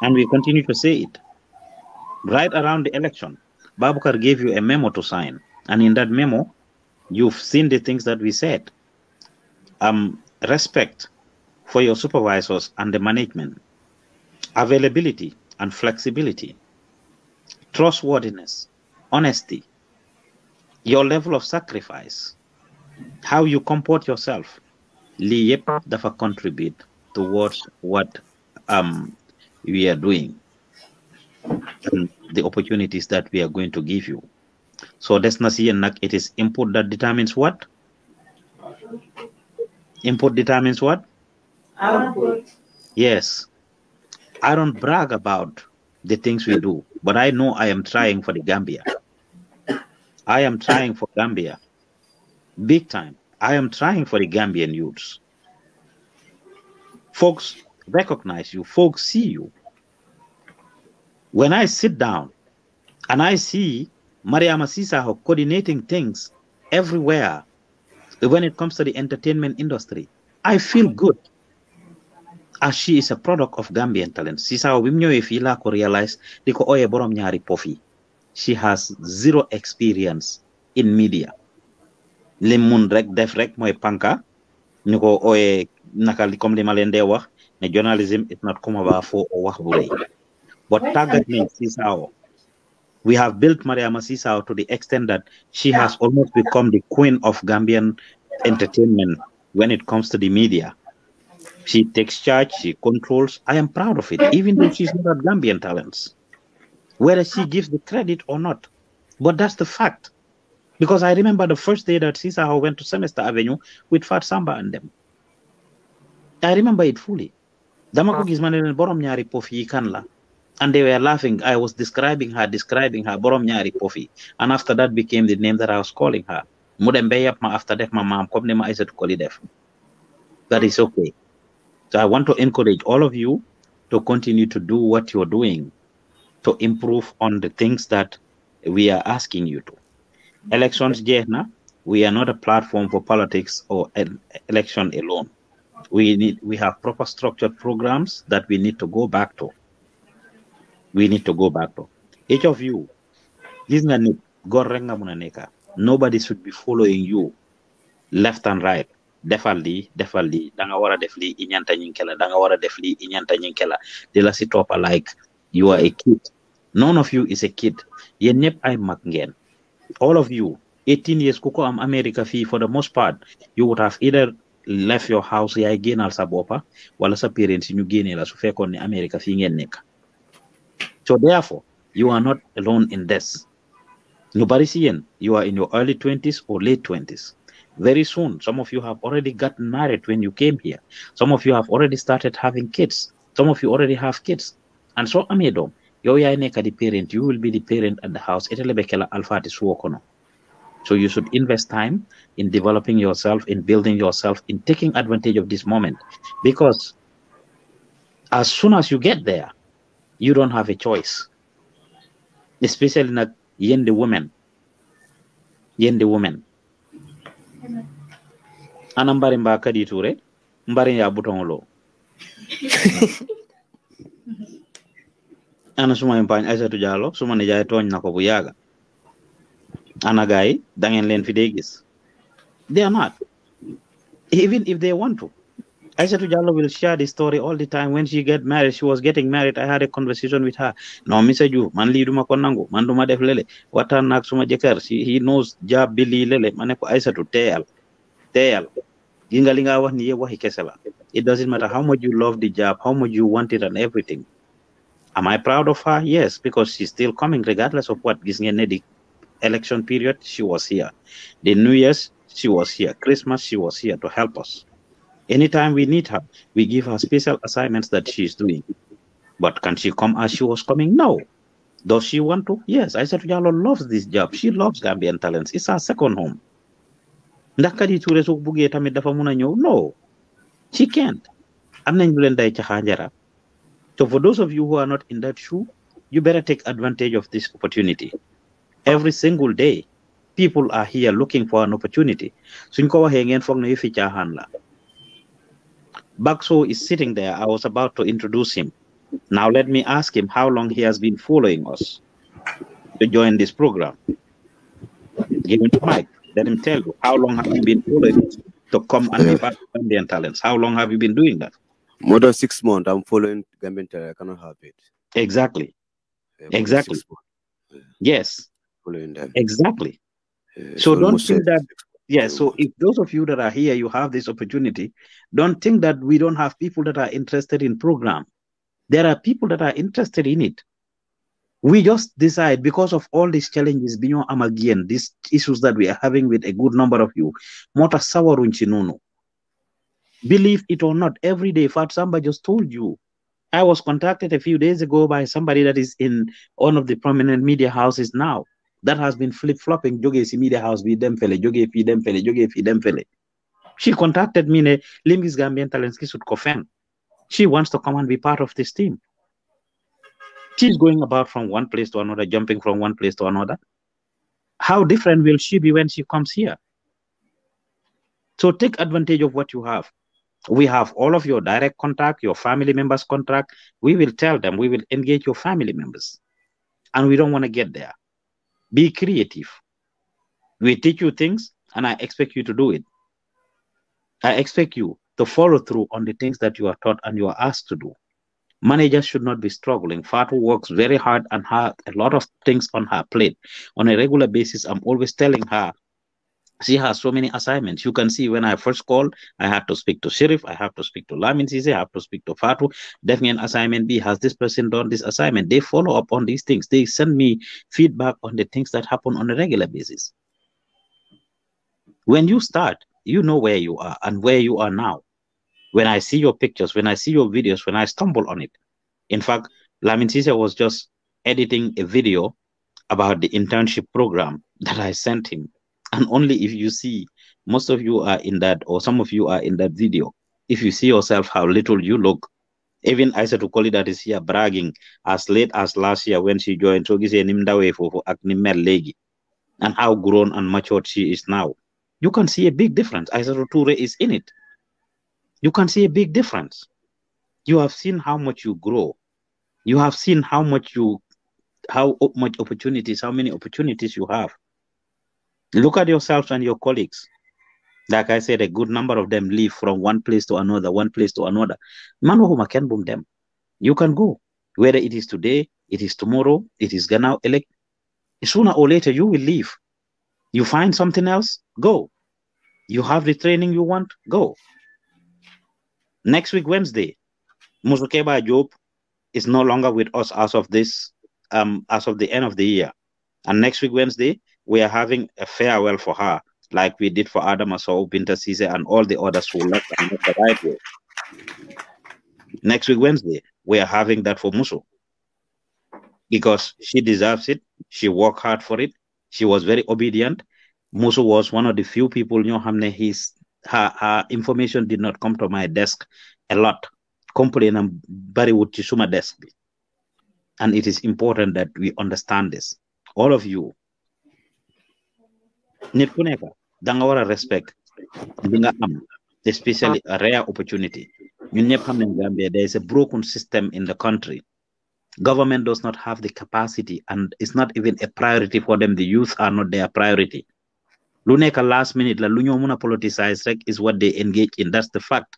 And we continue to say it. Right around the election, Babukar gave you a memo to sign. And in that memo, you've seen the things that we said. Um, respect for your supervisors and the management availability and flexibility, trustworthiness, honesty, your level of sacrifice, how you comport yourself, li yëpp dafa contribute towards what um, we are doing and the opportunities that we are going to give you. So des na si it is input that determines what? Input determines what? Output. Yes. I don't brag about the things we do, but I know I am trying for the Gambia. I am trying for Gambia. Big time. I am trying for the Gambian youths. Folks recognize you, folks see you. When I sit down and I see Maria Masisa coordinating things everywhere when it comes to the entertainment industry, I feel good as she is a product of Gambian talent Sisaawa bi mu ko réalise di ko ooyee borom ñaari pof she has zero experience in media li mun rek def rek mooy panka ñu ko ooyee naka comme li ma leen wax ne journalism is not come about for wax bu rëy but tàggat nañ Sisaawa we have built Mariama Sisaawa to the extent that she has almost become the queen of Gambian entertainment when it comes to the media she takes charge, she controls. I am proud of it, even though she's not a Gambian talent, whether she gives the credit or not. But that's the fact. Because I remember the first day that Sisa went to Semester Avenue with Fat Samba and them. I remember it fully. Ah. And they were laughing. I was describing her, describing her, Borom Nyari Pofi. And after that became the name that I was calling her. Mudembe ma after death, my mom, Kobnema Isa to Kolidef. That is okay. So I want to encourage all of you to continue to do what you're doing to improve on the things that we are asking you to. Elections, Jehna, we are not a platform for politics or election alone. We need we have proper structured programs that we need to go back to. We need to go back to. Each of you, nobody should be following you left and right. defal lii defal lii da nga war a def lii iñanta ñing la da nga war a def lii iñanta ñinke la di la si toppa like you are a kid none of you is a kid yéen ñëpp ay mag ngeen all of you 18 years ku ko am America fii for the most part you would have either left your house yaay génnaal sa boppa wala sa parents si ñu génnee la su fekkoon ne America fii ngeen nekk so therefore you are not alone in this ñu bari si yéen you are in your early 20s or late 20s very soon. Some of you have already gotten married when you came here. Some of you have already started having kids. Some of you already have kids. And so Amido, yo ya neka the parent, you will be the parent at the house. Italebekela alfa kono. So you should invest time in developing yourself, in building yourself, in taking advantage of this moment. Because as soon as you get there, you don't have a choice. Especially not the women. In the women. ana mbari mba kadi toure mbari ya bouton lo ana suma en pañ aissatou diallo suma ne jaay togn nako bu yaga ana gaay da ngeen len fi gis they are not even if they want to Aisha Jallo will share this story all the time. When she get married, she was getting married. I had a conversation with her. No, Miss Ju, man li duma ko nangu, man duma def What Watan nak suma jekar, he knows ja bili lele. Mané ko Aisha tu teyal, teyal. Ginga li nga wax ni It doesn't matter how much you love the job, how much you want it and everything. Am I proud of her? Yes, because she's still coming regardless of what. Gis ngeen election period, she was here. The New Year's, she was here. Christmas, she was here to help us. Anytime we need her, we give her special assignments that she's doing. But can she come as she was coming? No. Does she want to? Yes. I said, Yalo loves this job. She loves Gambian talents. It's her second home. No. She can't. So for those of you who are not in that shoe, you better take advantage of this opportunity. Every single day, people are here looking for an opportunity. So you ko waxe ngeen fogg ne Bakso is sitting there. I was about to introduce him. Now let me ask him how long he has been following us to join this program. Give him the mic. Let him tell you how long have you been following us to come and yeah. Gambian talents. How long have you been doing that? More than six months. I'm following Gambian talents. I cannot have it. Exactly. Yeah, exactly. Yeah. Yes. Following them. Exactly. so don't think that yeah, so if those of you that are here, you have this opportunity, don't think that we don't have people that are interested in program. There are people that are interested in it. We just decide because of all these challenges beyond Amagian, these issues that we are having with a good number of you, mota sawarunchinono. Believe it or not, every day, Fat Samba just told you. I was contacted a few days ago by somebody that is in one of the prominent media houses now that has been flip-flopping jógee si media house bi dem fële jógee fii dem fële jógee fii dem fële she contacted me ne Gambian Talents ki sut ko she wants to come and be part of this team she's going about from one place to another jumping from one place to another how different will she be when she comes here so take advantage of what you have we have all of your direct contact your family members contact we will tell them we will engage your family members and we don't want to get there be creative. We teach you things, and I expect you to do it. I expect you to follow through on the things that you are taught and you are asked to do. Managers should not be struggling. Fatu works very hard and has a lot of things on her plate. On a regular basis, I'm always telling her she has so many assignments. You can see when I first called, I have to speak to Sheriff, I have to speak to Lamin Sise, I have to speak to Fatu. Definitely an assignment B has this person done this assignment. They follow up on these things. They send me feedback on the things that happen on a regular basis. When you start, you know where you are and where you are now. When I see your pictures, when I see your videos, when I stumble on it. In fact, Lamin Sise was just editing a video about the internship program that I sent him and only if you see most of you are in that or some of you are in that video if you see yourself how little you look even I said call it that is here bragging as late as last year when she joined Togise way for Aknimel Legi and how grown and matured she is now. You can see a big difference. I to Ture is in it. You can see a big difference. You have seen how much you grow. You have seen how much you how much opportunities, how many opportunities you have. Look at yourselves and your colleagues. Like I said, a good number of them leave from one place to another, one place to another. Manuhuma can boom them. You can go. Whether it is today, it is tomorrow, it is gonna elect. Sooner or later, you will leave. You find something else, go. You have the training you want, go. Next week, Wednesday, Muzukeba Job is no longer with us as of this, um, as of the end of the year. And next week, Wednesday, we are having a farewell for her, like we did for Adam Asau, Binta Cisse, and all the others who left and left the right way. Next week, Wednesday, we are having that for Musu because she deserves it. She worked hard for it. She was very obedient. Musu was one of the few people, you know, Hamne, his, her, her information did not come to my desk a lot. Complain and Barry would Chisuma desk. And it is important that we understand this. All of you nit ku nekk da nga war a respect bi nga am especially ah. a rare opportunity ñun ñëpp xam nañ Gambia there is a broken system in the country government does not have the capacity and it's not even a priority for them the youth are not their priority lu nekk last minute la lu ñoo mën a politicize rek is what they engage in that's the fact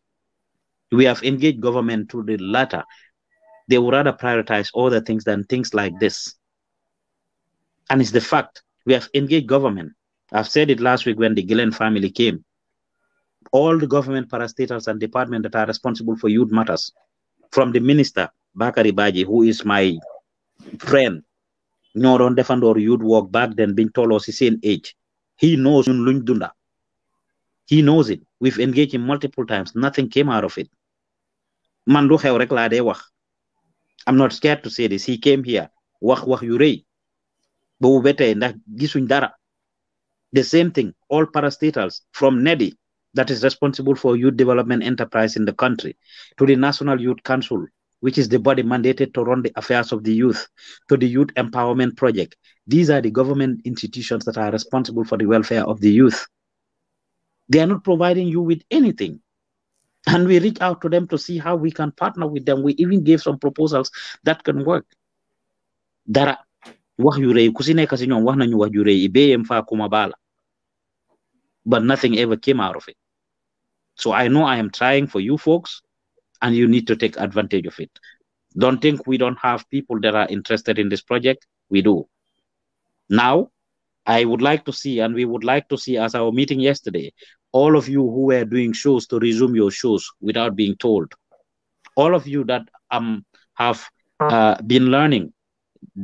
we have engaged government to the latter they would rather prioritize other things than things like this and it's the fact we have engaged government I've said it last week when the Gillen family came. All the government parastatals and departments that are responsible for youth matters, from the minister, Bakari Baji, who is my friend, Nyoron Defendor youth work back then, being told us his same age. He knows He knows it. We've engaged him multiple times. Nothing came out of it. I'm not scared to say this. He came here. Wah wah yurei. Bobu bete ndax gisuñ dara the same thing, all parastatals from NEDI, that is responsible for youth development enterprise in the country, to the National Youth Council, which is the body mandated to run the affairs of the youth, to the Youth Empowerment Project. These are the government institutions that are responsible for the welfare of the youth. They are not providing you with anything. And we reach out to them to see how we can partner with them. We even gave some proposals that can work. Dara, wax yu rëy ku si nekk si ñoom wax nañu wax rëy yi faa kuma baala but nothing ever came out of it. So I know I am trying for you folks, and you need to take advantage of it. Don't think we don't have people that are interested in this project. We do. Now, I would like to see, and we would like to see, as our meeting yesterday, all of you who were doing shows to resume your shows without being told. All of you that um have uh, been learning,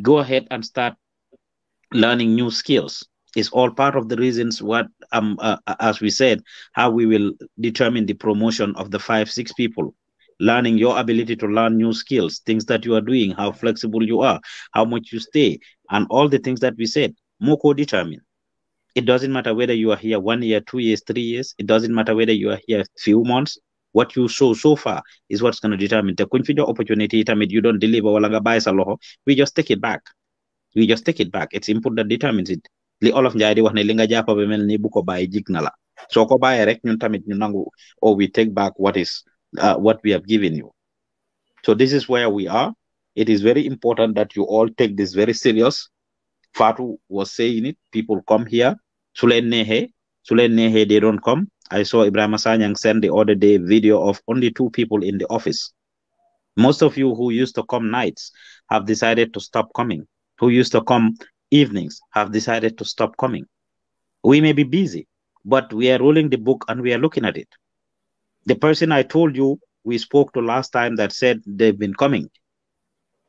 go ahead and start learning new skills is all part of the reasons what um uh, uh, as we said how we will determine the promotion of the five six people learning your ability to learn new skills things that you are doing how flexible you are how much you stay and all the things that we said more co-determine it doesn't matter whether you are here one year two years three years it doesn't matter whether you are here few months what you show so far is what's going to determine the configure opportunity tamid you don't deliver we just take it back we just take it back it's input that determines it li olof njaay di wax ne li nga jàpp ba mel ni bu ko bàyyi jig na la soo ko bàyyee rek ñun tamit ñu nangu oh, we take back what is uh, what we have given you so this is where we are it is very important that you all take this very serious Fatu was saying it. People come here. Sulen Nehe, Sulen Nehe, they don't come. I saw Ibrahim Sanyang send the other day video of only two people in the office. Most of you who used to come nights have decided to stop coming. Who used to come evenings have decided to stop coming. We may be busy, but we are rolling the book and we are looking at it. The person I told you we spoke to last time that said they've been coming,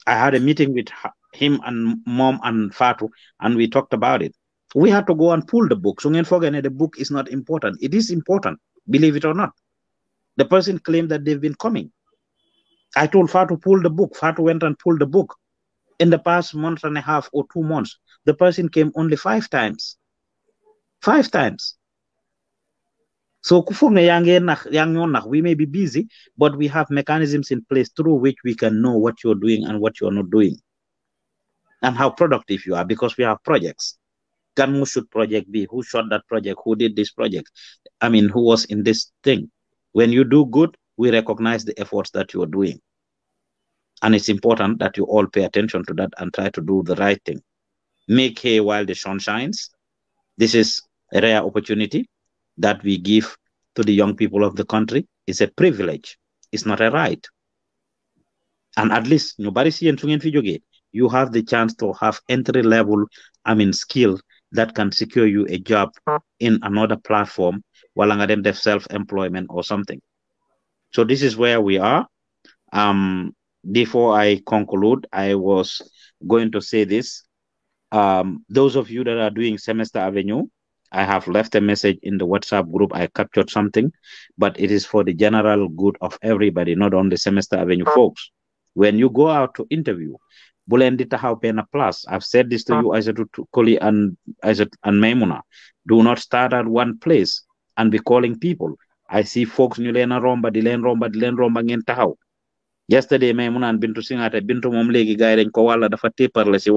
I had a meeting with him and mom and Fatu, and we talked about it. We had to go and pull the book. Sungen the book is not important. It is important, believe it or not. The person claimed that they've been coming. I told Fatu, pull the book. Fatu went and pulled the book in the past month and a half or two months, the person came only five times five times so we may be busy but we have mechanisms in place through which we can know what you're doing and what you're not doing and how productive you are because we have projects Can who should project be who shot that project who did this project i mean who was in this thing when you do good we recognize the efforts that you are doing and it's important that you all pay attention to that and try to do the right thing make hay while the sun shines. This is a rare opportunity that we give to the young people of the country. It's a privilege. It's not a right. And at least nobody see and you have the chance to have entry level, I mean, skill that can secure you a job in another platform while them def self-employment or something. So this is where we are. Um, before I conclude, I was going to say this um, those of you that are doing Semester Avenue, I have left a message in the WhatsApp group. I captured something, but it is for the general good of everybody, not only Semester Avenue folks. When you go out to interview, Bulendita Haupena Plus, I've said this to you, ah. I said to Koli and said and Maimuna. Do not start at one place and be calling people. I see folks Nulena Romba, Dilen Romba, Dilen Romba Ngentahau. Yesterday, Maimuna and Bintu Singate, Bintu Momlegi Guy in Kowala, the Fatiparlesi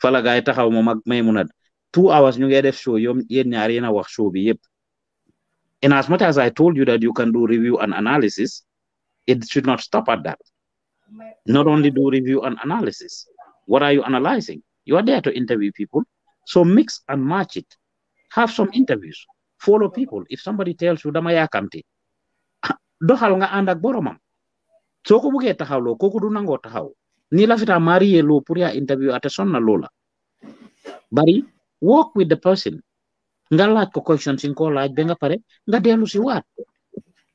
fala gay taxaw mom ak maymunat two hours ñu ngi def show yom yeen ñaar yeen wax show bi yépp and as much as I told you that you can do review and analysis it should not stop at that not only do review and analysis what are you analyzing you are there to interview people so mix and match it have some interviews follow people if somebody tells you dama yakamti doxal nga and ak boromam soko ko taxawlo koku du nango taxaw ni lafita mari ye lo interview ate na lola bari walk with the person Ngala laaj ko questions sin ko laaj pare nga delu si waat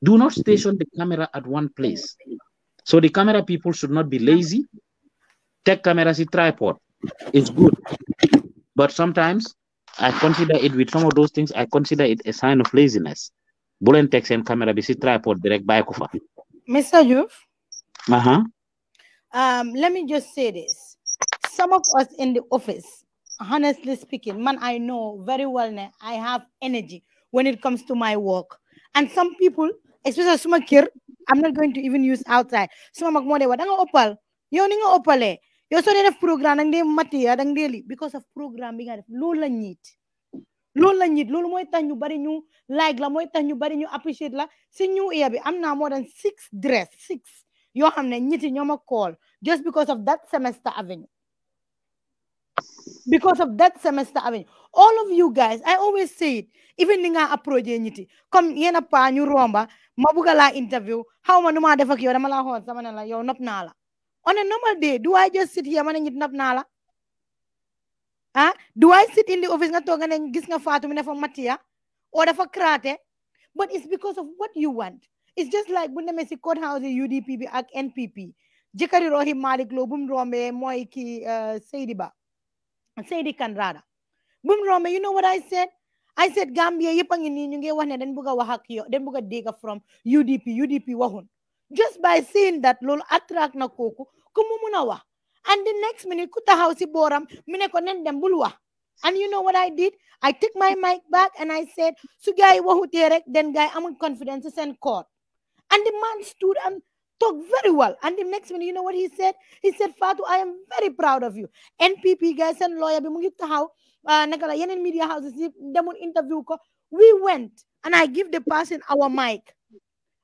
do not station the camera at one place so the camera people should not be lazy take camera si tripod it's good but sometimes i consider it with some of those things i consider it a sign of laziness bulen tek sen camera bi si tripod direct rek bay ko fa mr youf aha um, let me just say this. Some of us in the office, honestly speaking, man, I know very well now I have energy when it comes to my work. And some people, especially suma kir, I'm not going to even use outside. Suma magmode wa danga opal, yo ninga opale. Eh. Yo so def program dang de mati ya daily because of programming, bi nga def lool la ñit. Lool la ñit, bari ñu like la moy tax bari ñu appreciate la. Si new year bi now more than 6 dress, 6 you xam ne ñiti ñoo ma call just because of that semester avenue because of that semester avenue all of you guys I always say it even ni nga approach ñiti comme yéen a pa ñu romba ma bugg interview How ma nu maa def ak yow dama laa xool sama ne la yow nopp la on a normal day do I just sit here ma ne ñit nopp la ah do I sit in the office nga toog nga ne gis nga Fatou mi ne fa Matia or dafa craate but it's because of what you want it's just like when ñu see court house UDP bi ak NPP jëkkëri Rohi Malick Lowe bu mu rombee ki uh, Ba Seydi Kanrada bu mu you know what I said I said Gambia yëpp a ngi nii ñu ngi wax ne dañ from UDP UDP wahun. just by saying that lol, attract na kooku ku and the next minute ku taxaw si booram mu and you know what I did I took my mic back and I said "Sugai gars yi waxutee guy den gars yi confidence court and the man stood and talked very well. And the next minute, you know what he said? He said, Fatu, I am very proud of you. NPP guys and lawyer, be mu ngi taxaw uh, naka la media houses yi interview ko. We went and I give the person our mic.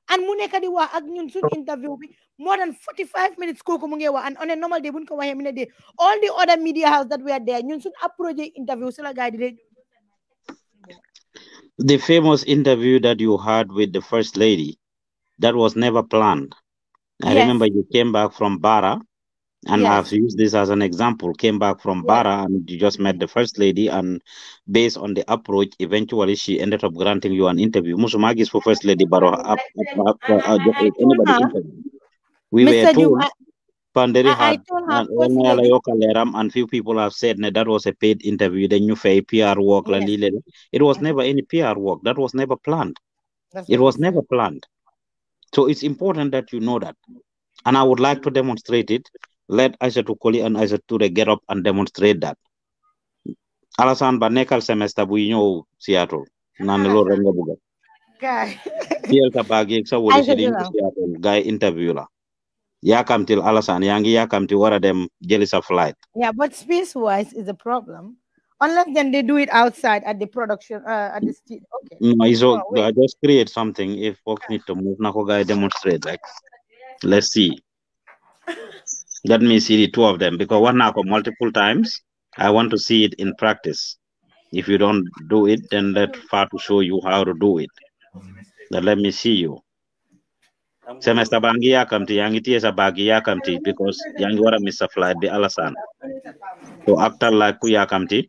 And mu di wax ak suñ interview bi more than 45 minutes ko mu ngi and on a normal day buñ ko waxee day. all the other media house that were there ñun suñ approach interview si la di the famous interview that you had with the first lady that was never planned. I yes. remember you came back from Bara, and yes. I've used this as an example. Came back from Bara, and you just met the first lady, and based on the approach, eventually she ended up granting you an interview. Musumagi is for first lady, but uh, uh, uh, anybody We were told. Panderi had and, and few people have said that, that was a paid interview. Then you fay PR work, yes. it was never any PR work. That was never planned. That's it was never planned. So it's important that you know that. And I would like to demonstrate it. Let Isaac Koli and Isaac Ture get up and demonstrate that. Alasan ba nekal semester bu ñew Seattle nan lo rek nga bëgg gaay fiel ka bagi sa wolu ci Seattle gaay interview la yakamtil Alasan yaangi yakamti wara dem jëli sa flight yeah but space wise is a problem unless then they do it outside at the production uh, at the street. Okay. No, it's all, oh, I just create something. If folks need to move, now guy demonstrate. Like, let's see. Let me see the two of them because one nako multiple times. I want to see it in practice. If you don't do it, then let far to show you how to do it. Then let me see you. Semester bangi ya kamti, yang itu ya bagi ya kamti because yang wara misa flight di alasan. So after like ku ya kamti.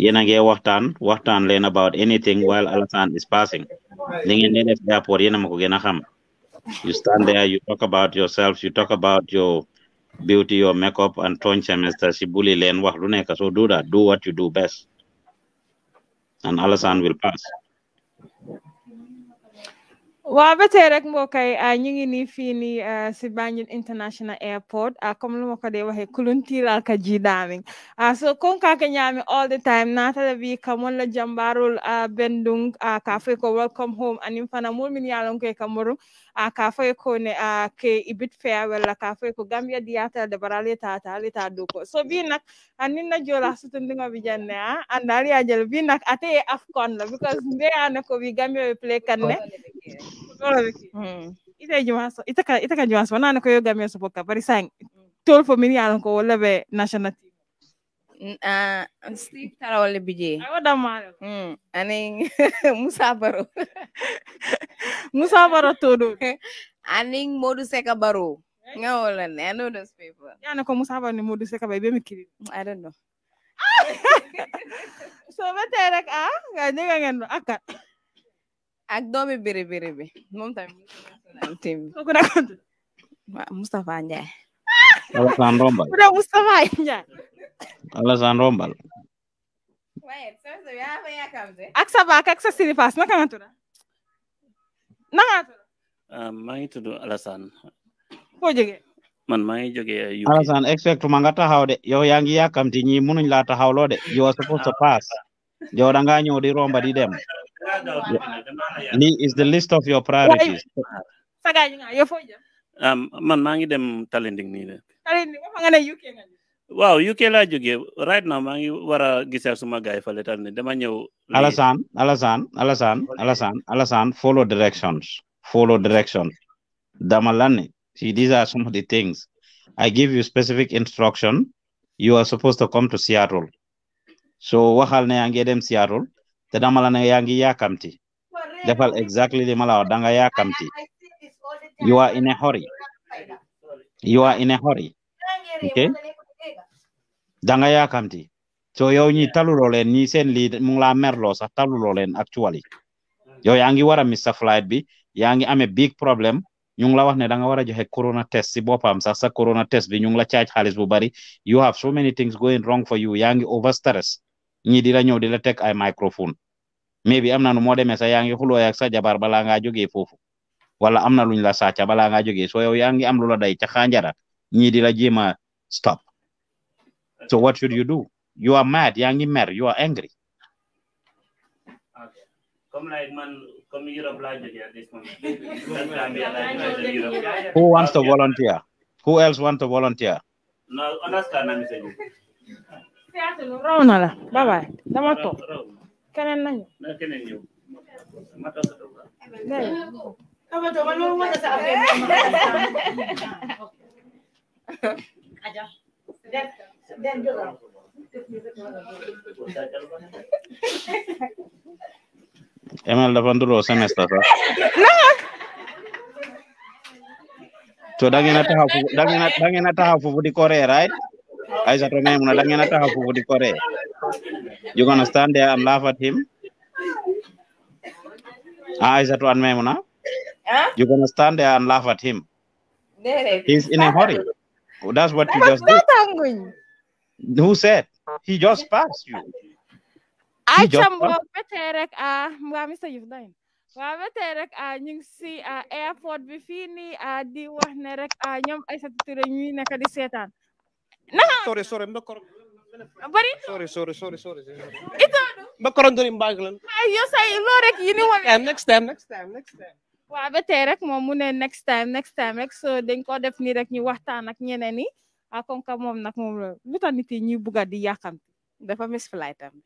yéen a ngi waxtaan waxtaan leen about anything while Alassane is passing li ngeen di def airport yéen a ma ko gën a xam you stand there you talk about yourself you talk about your beauty your makeup and ton semester si buli leen wax lu nekk so do that do what you do best and Alassane will pass waaw ba tey rek mbokkay ah, ñu ngi nii fii nii ah, si Banjul International Airport ah, comme lu ma ko dee waxee kuluntiral ka ji daaming so kon kaake ñaami all the time naatale bi ka mon la jambaarul bendung ka foy ko welcome home anin fana mulmin yaalon koy ka morum a ah, ka fo ye ko ne a ah, ke ibit fair wala ka fo ye ko gambia diyatal de barale tata ale ta do ko so bi nak anin ah, na jola sutundingo bi janne a andari y'a jël bi nak ate afcon la because mbeyana ko bi gambia be play kanne hmm. ita juma so ita ka ita ka juma so nana ko yo gambia so bokka bari sang tol fo min yalan ko wala be national team a sleep tara wala bije awada malo mm anin musa baro musa baro todo baru. modu seka baro ngawla ne i know those people yana ko musa baro ni modu seka ba be i don't know so bete rek a ah, nga ñega ngeen no akat ak doomi biri biri bi mom tamit national team ko ko Mustafa Ndiaye Alasan rombal. Udah Mustafa ya. Alasan rombal. Aksa bak, aksa siri pas, nak ngatur? Nak ngatur? Mai tura. do alasan. Ko jadi? Man mai jadi? Uh, alasan expect mangata de, yo yang iya kam ni munun la ta lo you yo supposed to ah. pass. Jo danga nyo di romba di dem. Ni is the list of your priorities. Saga nga yo fojo. Um, ah, man mangi dem talenting ni de Wow, UK nga jóge. right now mangi ngi war a suma gaay fa letal ne dama ñëw. Alassane Alassane Alassane follow directions follow directions dama lani. see these are some of the things I give you specific instruction you are supposed to come to Seattle so waxal ne yaa ngi dem Seattle te dama la yangi yaa ngi defal exactly li mala la wax da nga you are in a hurry. you are in a hurry okay dangaya kamti so yow ni ya. talulo len ni sen li mung la merlo sax actually hmm. yow yangi wara war miss flight bi yangi ngi big problem ñu ngi la wax ne da nga corona test si bopam sax sa corona test bi ñu ngi la caaj xaliss bu bari you have so many things going wrong for you Yangi over stress ñi di la ñew di la tek ay microphone Maybe amna am na nu moo demee sax sa jabar bala nga joggé fofu wala amna luñ la sàcca bala nga jógee so yow yaangi ngi am lu day ca xanjara ñi di la jéema stop so what should you do you are mad yangi mad mer you are angry comme like man who wants to volunteer who else want to volunteer no bye bye Teman-teman mau mana saat ini? Eh! Aja. Dan dan juga. Emang delapan dulu semester. Nah. So dangena ta hafu dangena dangena ta hafu for Korea, right? Aisha Tomemuna dangena ta hafu for Korea. You gonna stand there and laugh at him? Aisha ah, to Anmemuna. Huh? You're gonna stand there and laugh at him. He's in a hurry. That's what you just did. Who said? He just passed you. I am beterek ah mga misa you've done. Wa beterek ah yung airport bifini ah di nerek ah uh, nyom ay sa tutuloy nyo na kadi setan. Sorry sorry mbakor. Bari. Sorry sorry sorry sorry. Ito. Mbakor ang doon yung say lorek yun yung. Next next time next time next time. waaw ba ya, tey rek moom mu ne next time next time rek so dañ ko def nii rek ñu waxtaan e ak ñeneen ñi ah comme que moom nag moom la lu tax nit yi ñuy a di yàkkamti dafa mis flight am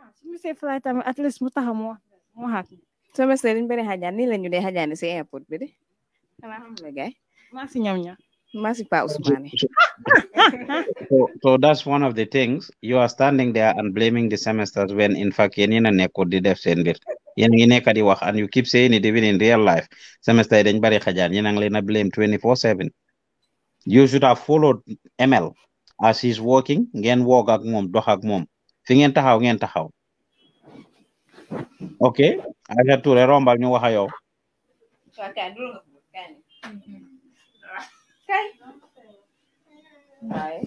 ah, su misee flight am at least mu taxam wax mu wax ak so messé dañ bëri xajaan nii la ñu dee xajaan si airport bi de xanaa xam nga ñoom ñaar so, so that's one of the things you are standing there and blaming the semesters when in fact yenina neko di and you keep saying it even in real life semester yi dañ bari blame 24/7 you should have followed ML as he's working ngeen wog ak mom dox ak mom fi ngeen taxaw ngeen taxaw okay aga touré rombal ñu waxa yow okay Baik.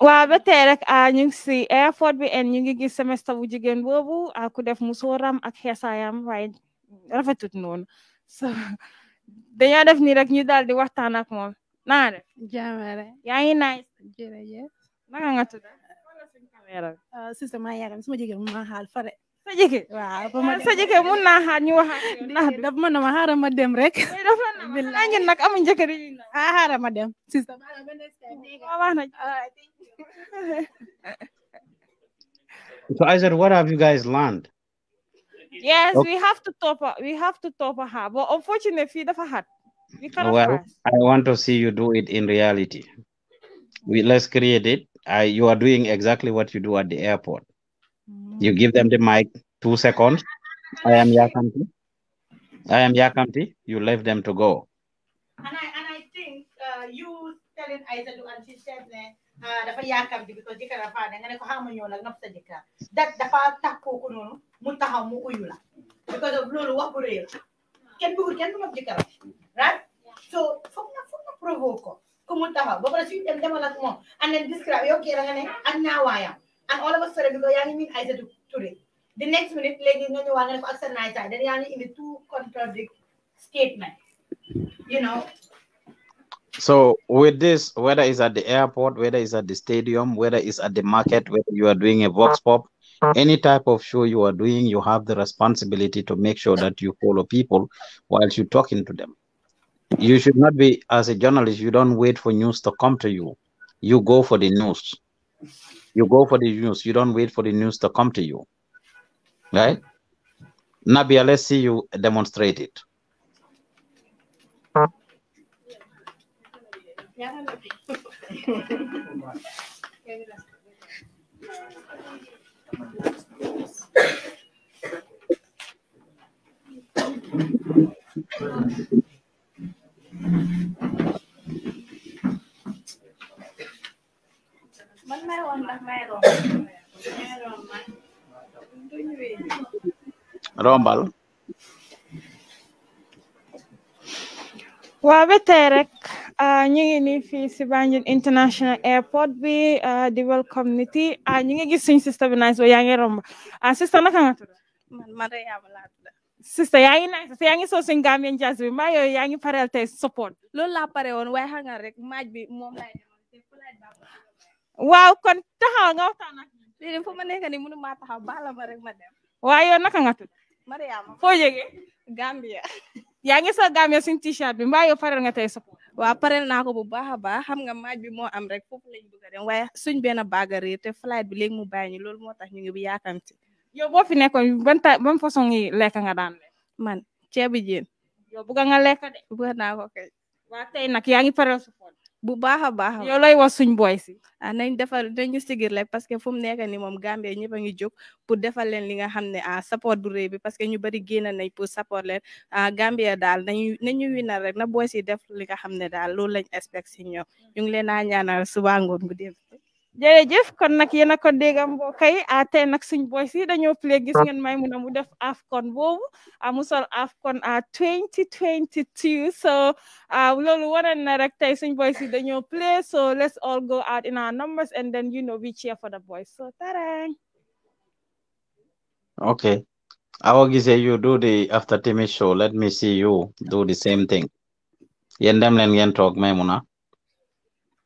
waaw ba tey rek ñu ah, ngi si airport bi en ñu ngi gis semestre bu jigéen boobu ku def musóoram ak xeesaayam waaye rafetut noonu so dañoo def ni rek ñu daal di waxtaan ak moom naa ya, def jaamare yaa ngi naay jërëjëf naka nga tudd wala eh, suñu caméra bi système maa yaakaar suma jigéen mu ma xaal fare so I said, So what have you guys learned? Yes, okay. Oh. we have to top up. We have to top her. But unfortunately, that's hard. We cannot well, pass. I want to see you do it in reality. We let's create it. I, you are doing exactly what you do at the airport. You give them the mic two seconds. I am Yakanti. I am Yakanti. You leave them to go. And I, and I think uh, you telling Isa to and she said uh, dafa Yakanti ji because jëkkër dafa ne nga ne ko xaama ñëw nag nopp sa jëkkër da dafa tax kooku noonu mu because of loolu wax bu réy can kenn bëggul kenn du right so foog na foog na provoko. ko ku mu taxaw ba pare suñu and then describe yow kii da nga ne ak ñaawaayam and all of a sudden nga yaa mean, I said today, the next minute léegi nga ñëwaat nga def ak sa naay taay "Then, yaa ngi two contradict statement you know so with this whether it's at the airport whether it's at the stadium whether it's at the market whether you are doing a vox pop any type of show you are doing you have the responsibility to make sure that you follow people whilst you're talking to them you should not be as a journalist you don't wait for news to come to you you go for the news you go for the news. You don't wait for the news to come to you. Right? Nabia, let's see you demonstrate it. man rombal rombal waaw tey rek ah, ñu ngi nii fii si Banjul International Airport bi ah, di welcome nit yi ah, ñu ngi gis suñu sista bi nice bo yaa ngi romba a sista naka nga tudd man Mariama laa tudd sista yaa ngi nice te yaa ngi soo suñu Gambian jazz bi mbaa yooyu yaa ngi pareel tey support loolu pare woon waaye xam nga rek maaj bi moom waaw kon taxaw nga waxtaan ak lii de fu ma nekk nii mënu maa taxaw baala ma rek ma dem waaw yow naka nga tudd Mariama ya, foo jógee Gambia yaa ngi sol Gambia suñ t-shirt bi mbaa yow parel nga tey sa waaw parel naa ko bu baax a baax xam nga maaj bi moo am rek foofu lañ bëgg a dem waaye suñ benn baaga réer te flight bi léegi mu bàyyi ñu loolu moo tax ñu ngi bi yaakamti yow boo fi nekkoon ban ta ban façon yi lekk nga daan lekk man ceebu jën yow bëgg nga lekk de bëgg naa ko kay waa tey nag yaa ngi parel support bu baax a baax yow lay wax suñ boy si ah nañ defal dañu sigir parce que fu mu nekk ni moom Gambie ñëpp a ngi jóg pour defal leen li nga xam ne ah support bu réy bi parce que ñu bari génn nañ pour support leen ah Gambie daal nañu nañu winal rek na boy si def li nga xam ne daal loolu lañ expect si ñoom ñu ngi leen a ñaanal suba ngoon bu dem jërëjëf kon nag yéen a ko dégga mbokk yi a ah, tey nag suñ boy si dañoo play gis ngeen may mun a mu def afcon boobu ah, mu afcon a ah, 2022 so loolu wane na rek tey suñ boy si dañoo play so let's all go out in our numbers and then you know we cheer for the boys so tarang okay awa gisee you do the after timi show let me see you do the same thing yéen dem leen ngeen toog may mun a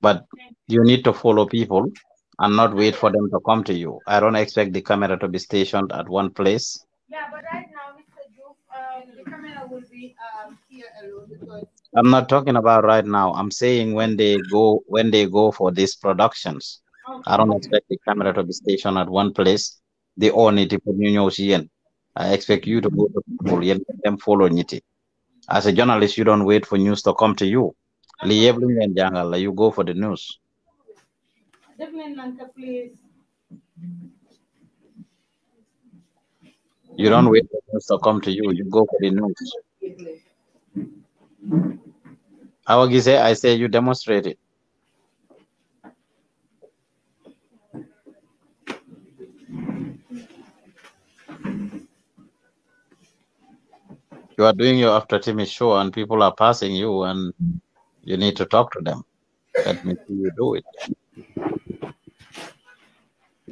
but you need to follow people and not wait for them to come to you. I don't expect the camera to be stationed at one place. Yeah, but right now, Mr. Duke, um, the camera will be um, here alone because... I'm not talking about right now. I'm saying when they go when they go for these productions. Okay. I don't expect the camera to be stationed at one place. They all need to put new and I expect you to go to people and let them follow Niti. As a journalist, you don't wait for news to come to you. You go for the news. Definitely, Nanka, please. You don't wait for news to come to you. You go for the news. Awagise, I say you demonstrate it. You are doing your after Timmy show and people are passing you and you need to talk to them. Let me see you do it.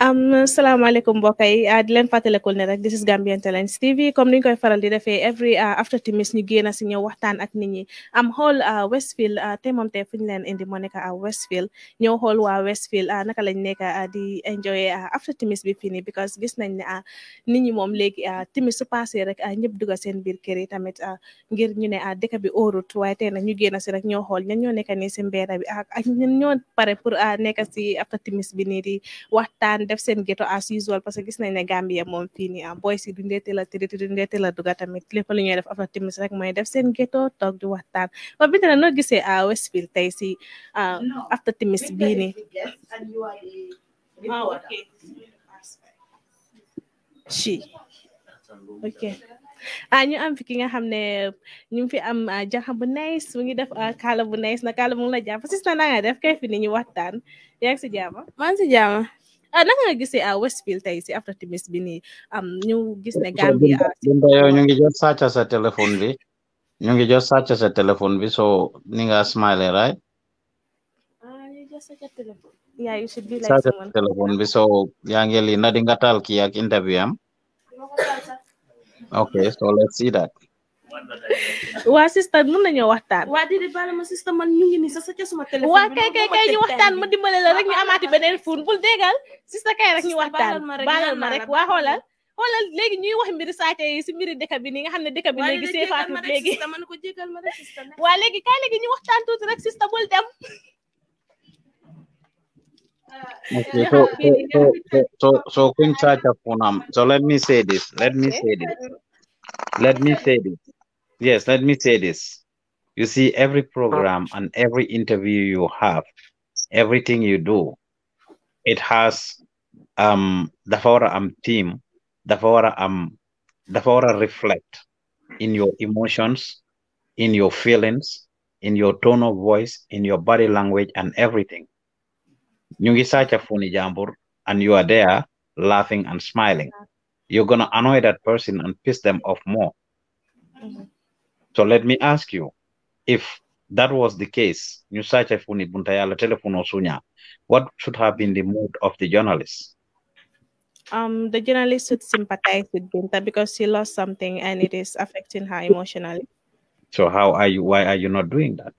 am salaamaaleykum mbokk yi ah, di leen fàttalikul ne rek this is Gambian Talents TV comme ni ñu koy faral di defee every ah, after timis ñu génn si ñëw waxtaan ak nit ñi am xool ah, Westfield te moom te fu ñu leen indi moo nekk Westfield ñëw Hall wa Westfield naka lañ nekk di enjoy after timis bi fii because gis nañ ne nit ñi moom léegi timis su passé rek ñëpp dugg seen biir kër yi tamit ngir ñu ne dëkk bi óorut waaye tey nag ñu génn si rek ñoo xool ñan ñoo nekk nii si mbeera bi ak ñan ñoo pare pour nekk si after timis bi nii di waxtaan def seen ghetto as usual parce que gis nañ ne Gambia moom fii nii am ah, boy si du ndeete la tëri du ndeete la duga tamit lépp lu ñuy def after timis rek mooy def seen ghetto toog di waxtaan ba bi dana noo gisee à ah, Westfield tey si ah, after timis bii nii she okay ah ñu am fi ki nga xam ne ñu fi am jaxa bu nice mu ngi def kala bu nice na kala mu la jàpp si na nga def kay fi ni ñu waxtaan yaa ngi si jaama Ah, naka nga gisee à ah, Westfield tey si after timis bi um, nii am ñu gis ne Gambia not yow ñu ngi jot sàcca sa téléphone bi ñu ngi jot sàcca sa téléphone bi so ni nga smile right ah, sàcca sa téléphone bi so yaa ngi lii na di nga taal kii ak interview am ok so let's see that waa sista waxtaan. ma man ñu ngi sa sa téléphone. kay kay kay ñu waxtaan ma dimbale la rek ñu bul dégal kay rek ñu waxtaan ma rek ñuy wax mbiri saate yi mbiri dëkk bi nga dëkk bi ñu waxtaan rek bul dem. Okay, so, so, so, so, so, so, so, let me say this. Let me say this. Let me say this. Yes, let me say this. You see, every program and every interview you have, everything you do, it has um i am theme, i am dafora reflect in your emotions, in your feelings, in your tone of voice, in your body language, and everything. funi jambur, and you are there laughing and smiling. You're gonna annoy that person and piss them off more. Mm -hmm. So let me ask you, if that was the case, what should have been the mood of the journalists? Um, the journalist should sympathize with Binta because she lost something and it is affecting her emotionally. So how are you? Why are you not doing that?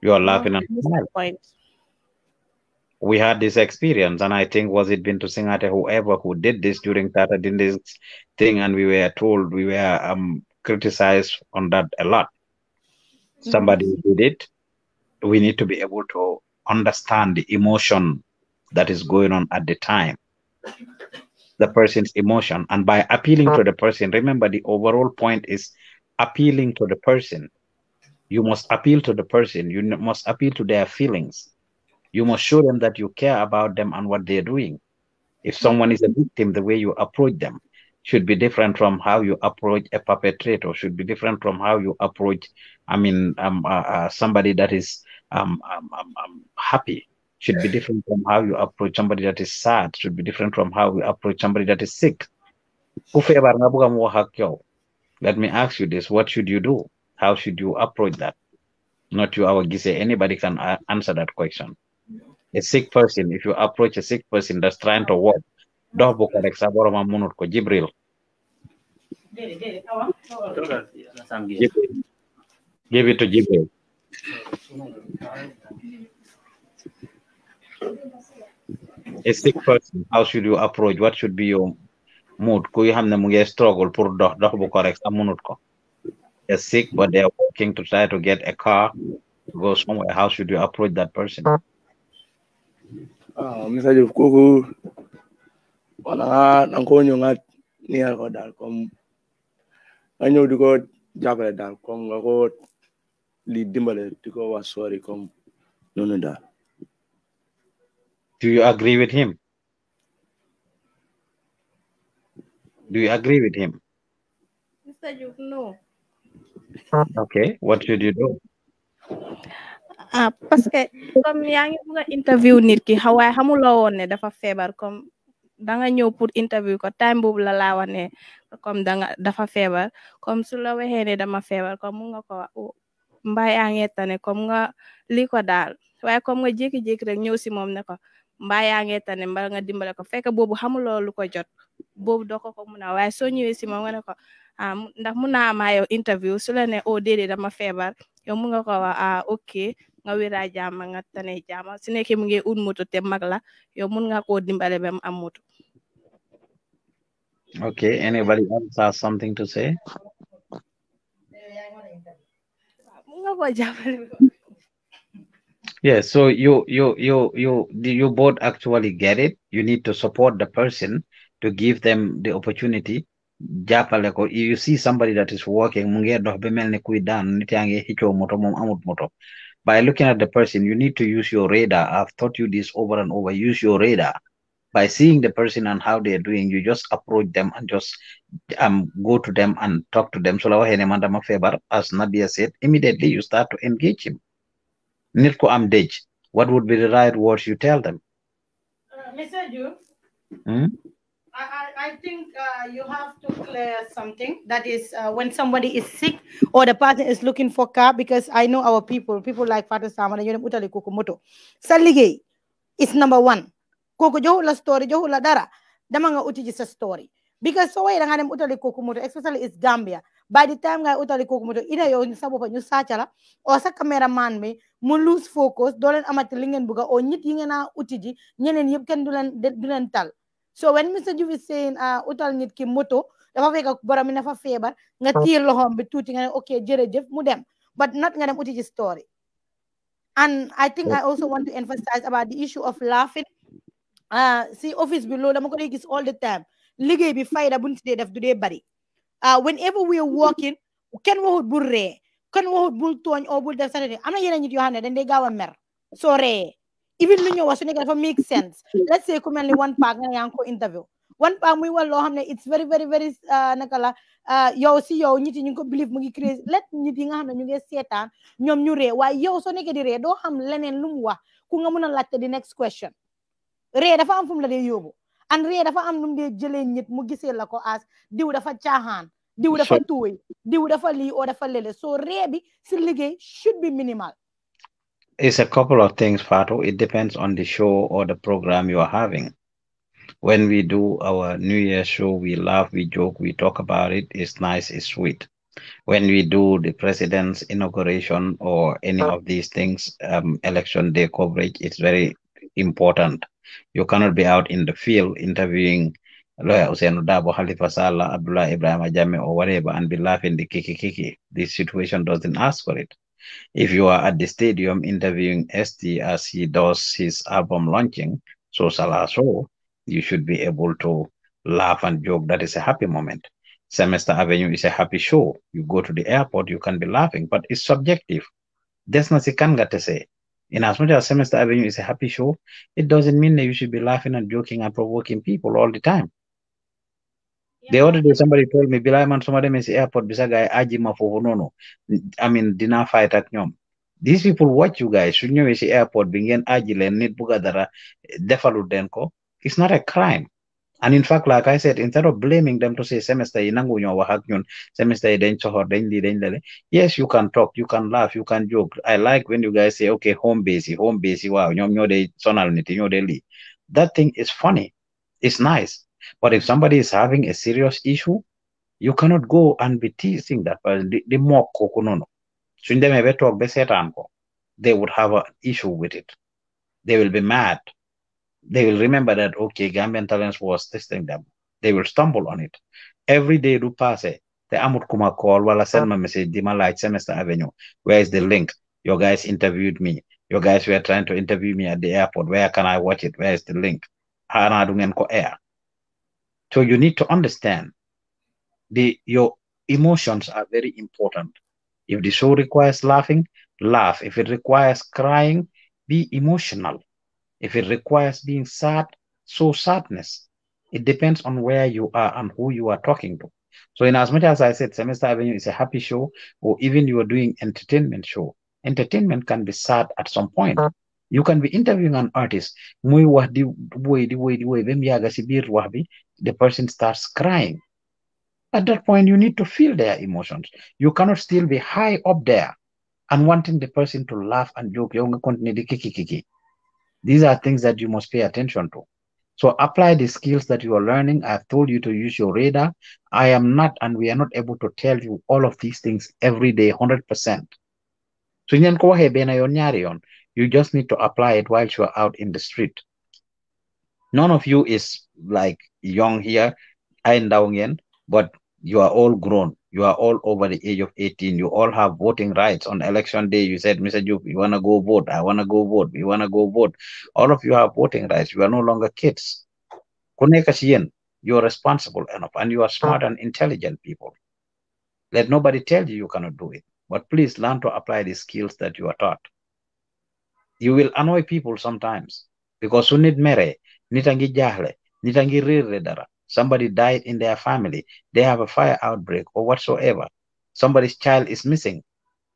You are laughing at um, and point. We had this experience, and I think was it Bintu Singate, whoever who did this during Tata did this thing, and we were told we were um criticized on that a lot. Mm-hmm. Somebody did it. We need to be able to understand the emotion that is going on at the time, the person's emotion. And by appealing to uh-huh. the person, remember the overall point is appealing to the person. You must appeal to the person, you must appeal to their feelings. You must show them that you care about them and what they're doing. If someone is a victim, the way you approach them, should be different from how you approach a perpetrator, should be different from how you approach, I mean, um, uh, uh, somebody that is um, um, um, um happy, should be different from how you approach somebody that is sad, should be different from how you approach somebody that is sick. Let me ask you this what should you do? How should you approach that? Not you, our Gise. Anybody can uh, answer that question. A sick person, if you approach a sick person that's trying to walk, dox bu ko rek sa boromam munut ko jibril give it to jibril a sick person how should you approach what should be your mood kuy xam ne mu ngi struggle pour dox dox bu ko rek sa munut ko they're sick but they're working to try to get a car to go somewhere how should you approach that person ah Mr. Joof wala nga nga niya ko dal kom anyo di ko dal kom nga ko li dimbale di ko wa sorry kom nono dal do you agree with him do you agree with him mr juk no okay what should you do ah parce que comme yaa ngi interview nit ki waaye xamuloo woon ne dafa feebar comme danga ñëw pour interview ko time boobu la laa wax ne comme danga dafa feebar comme su la waxee ne dama feebar comme mu nga ko oh, mbaa yaa ngi tane comme nga lii ko daal waaye comme nga jékki-jékki rek ñëw si moom ne ko mbaa yaa ngi tane mbaa nga dimbale ko fekk boobu xamuloo lu ko jot boobu doo ko ko mun a waaye soo ñëwee si moom nga ne ko ah ndax mun naa amaa yow interview su la ne oh déedéet dama feebar yow mu nga ko wax ah ok nga wira jama nga tane jama su nekkee mu ngi ut moto te mag la yow mun nga ko dimbale ba am moto okay anybody else has something to say yeah so you you you you you both actually get it you need to support the person to give them the opportunity japaleko you see somebody that is working mu ngee dox ba mel kuy daan nit moto mom amut moto by looking at the person, you need to use your radar. I've taught you this over and over. Use your radar. By seeing the person and how they're doing, you just approach them and just um go to them and talk to them. So as Nabiya said, immediately you start to engage him. Nirko amdej. What would be the right words you tell them? Uh, Mr. hmm? I, I think uh, you have to clear something. That is, uh, when somebody is sick or the person is looking for car, because I know our people, people like Father Samana, you know, Kukumoto. Saligay is number one. Koko johula story, johula dara. Damanga utiji sa story. Because so way ranganem utali Kukumoto, especially it's Gambia. By the time nga utali Kukumoto, either yo sabo pa nyusachala, or sa cameraman me, mu lose focus, dolen amati lingen buga, or nyit yingena utiji, nyenen yip ken dulen, dulan tal so when Mr Diouf is saying ah, utal nit ki moto dafa fekk borom mi dafa feebar nga ah. téye loxoom bi tuuti nga ne ok jërëjëf mu dem but not nga dem uti ci story and I think I also want to emphasize about the issue of laughing ah, See office bi loolu dama ko gis all the time liggéey bi fayda buñ si dee def du dee bari whenever we are walking, kenn waxut bul ree kenn waxut bul tooñ oo bul def sax am na yeneen nit yoo xam ne dañ dee gaaw mer soo ree even when you wash your nekk it make sense let's say come mel ni one pack and yaa ngi ko interview one pack muy wal loo xam it's very very very naka uh, Nakala. Uh, yow si yow ñit yi ñu ko believe Let ngi crazy let ñit yi nga xam ne ñu ngi you ñoom ñu ree waaye yow soo nekkee di ree doo xam leneen lu mu wax ku nga mën a laajte di next question read. dafa am fu mu la dee yóbbu and ree dafa am lu mu dee jëlee ñit mu gisee la ko as diw dafa caaxaan diw dafa tuuy diw dafa lii oo dafa lele soo bi si should be minimal it's a couple of things, Fato. It depends on the show or the program you are having. When we do our New Year show, we laugh, we joke, we talk about it. It's nice, it's sweet. When we do the president's inauguration or any of these things, um, election day coverage, it's very important. You cannot be out in the field interviewing lawyer Hussein Dabo, Khalifa Salah, Abdullah Ibrahim Ajame, or whatever, and be laughing the kiki kiki. This situation doesn't ask for it. If you are at the stadium interviewing ST as he does his album launching, So Salah So, you should be able to laugh and joke. That is a happy moment. Semester Avenue is a happy show. You go to the airport, you can be laughing, but it's subjective. That's not can get to say. In as much as Semester Avenue is a happy show, it doesn't mean that you should be laughing and joking and provoking people all the time. The other day, somebody told me, Bilal man, somebody may say airport, bisaga aji mafuhunono. I mean, dinner fight at nyom. These people watch you guys. You know, you airport, bingen aji len, nit bugadara, defalu denko. It's not a crime. And in fact, like I said, instead of blaming them to say semester inangu nyo wahak yun, semester den chohor, den den lele. Yes, you can talk, you can laugh, you can joke. I like when you guys say, okay, home base, home base, wow, nyom nyo sonal niti, nyo li. That thing is funny. It's nice. But if somebody is having a serious issue, you cannot go and be teasing that person. The mock they would have an issue with it. They will be mad. They will remember that, okay, Gambian talents was testing them. They will stumble on it. Every day do pass it. The Amut Kuma call, well, I send my message, Dima Light, Semester Avenue. Where is the link? Your guys interviewed me. Your guys were trying to interview me at the airport. Where can I watch it? Where is the link? Hana Dungenko Air. So you need to understand the your emotions are very important. If the show requires laughing, laugh. If it requires crying, be emotional. If it requires being sad, show sadness. It depends on where you are and who you are talking to. So, in as much as I said, Semester Avenue is a happy show, or even you are doing entertainment show. Entertainment can be sad at some point. Mm-hmm. You can be interviewing an artist the person starts crying. At that point, you need to feel their emotions. You cannot still be high up there and wanting the person to laugh and joke. These are things that you must pay attention to. So apply the skills that you are learning. I've told you to use your radar. I am not, and we are not able to tell you all of these things every day, 100%. So you just need to apply it while you are out in the street none of you is like young here, I Eindauingen, but you are all grown. You are all over the age of 18. You all have voting rights. On election day, you said, Mr. Jup, you want to go vote. I want to go vote. You want to go vote. All of you have voting rights. You are no longer kids. You are responsible enough and you are smart and intelligent people. Let nobody tell you you cannot do it. But please learn to apply the skills that you are taught. You will annoy people sometimes because you need mere nitangi jahle nitangi rirre somebody died in their family they have a fire outbreak or whatsoever somebody's child is missing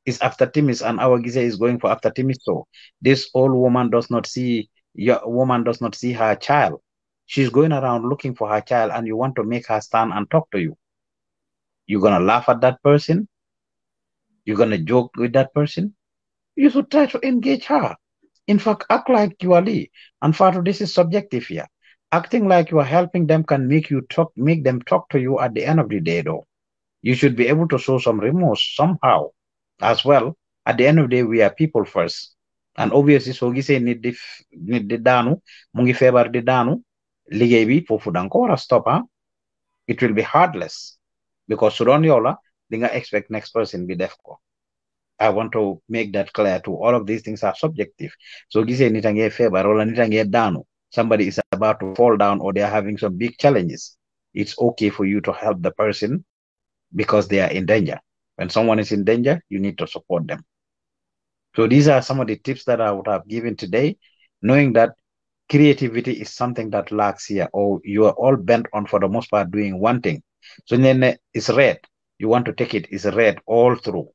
It's after timis and our giza is going for after timis so this old woman does not see your woman does not see her child she's going around looking for her child and you want to make her stand and talk to you you're gonna laugh at that person you're gonna joke with that person you should try to engage her in fact, act like you are Lee. And father this is subjective here. Acting like you are helping them can make you talk, make them talk to you at the end of the day, though. You should be able to show some remorse somehow as well. At the end of the day, we are people first. And obviously, so gisee say need the need the danu. ngi feebar the danu. liggéey bi foofu danga ko stop ah it will be heartless because su yola. yow expect next person be def ko I want to make that clear to All of these things are subjective. So gise nitange favor or nitange dano. Somebody is about to fall down or they are having some big challenges. It's okay for you to help the person because they are in danger. When someone is in danger, you need to support them. So these are some of the tips that I would have given today, knowing that creativity is something that lacks here, or you are all bent on for the most part doing one thing. So then it's red. You want to take it? it is red all through.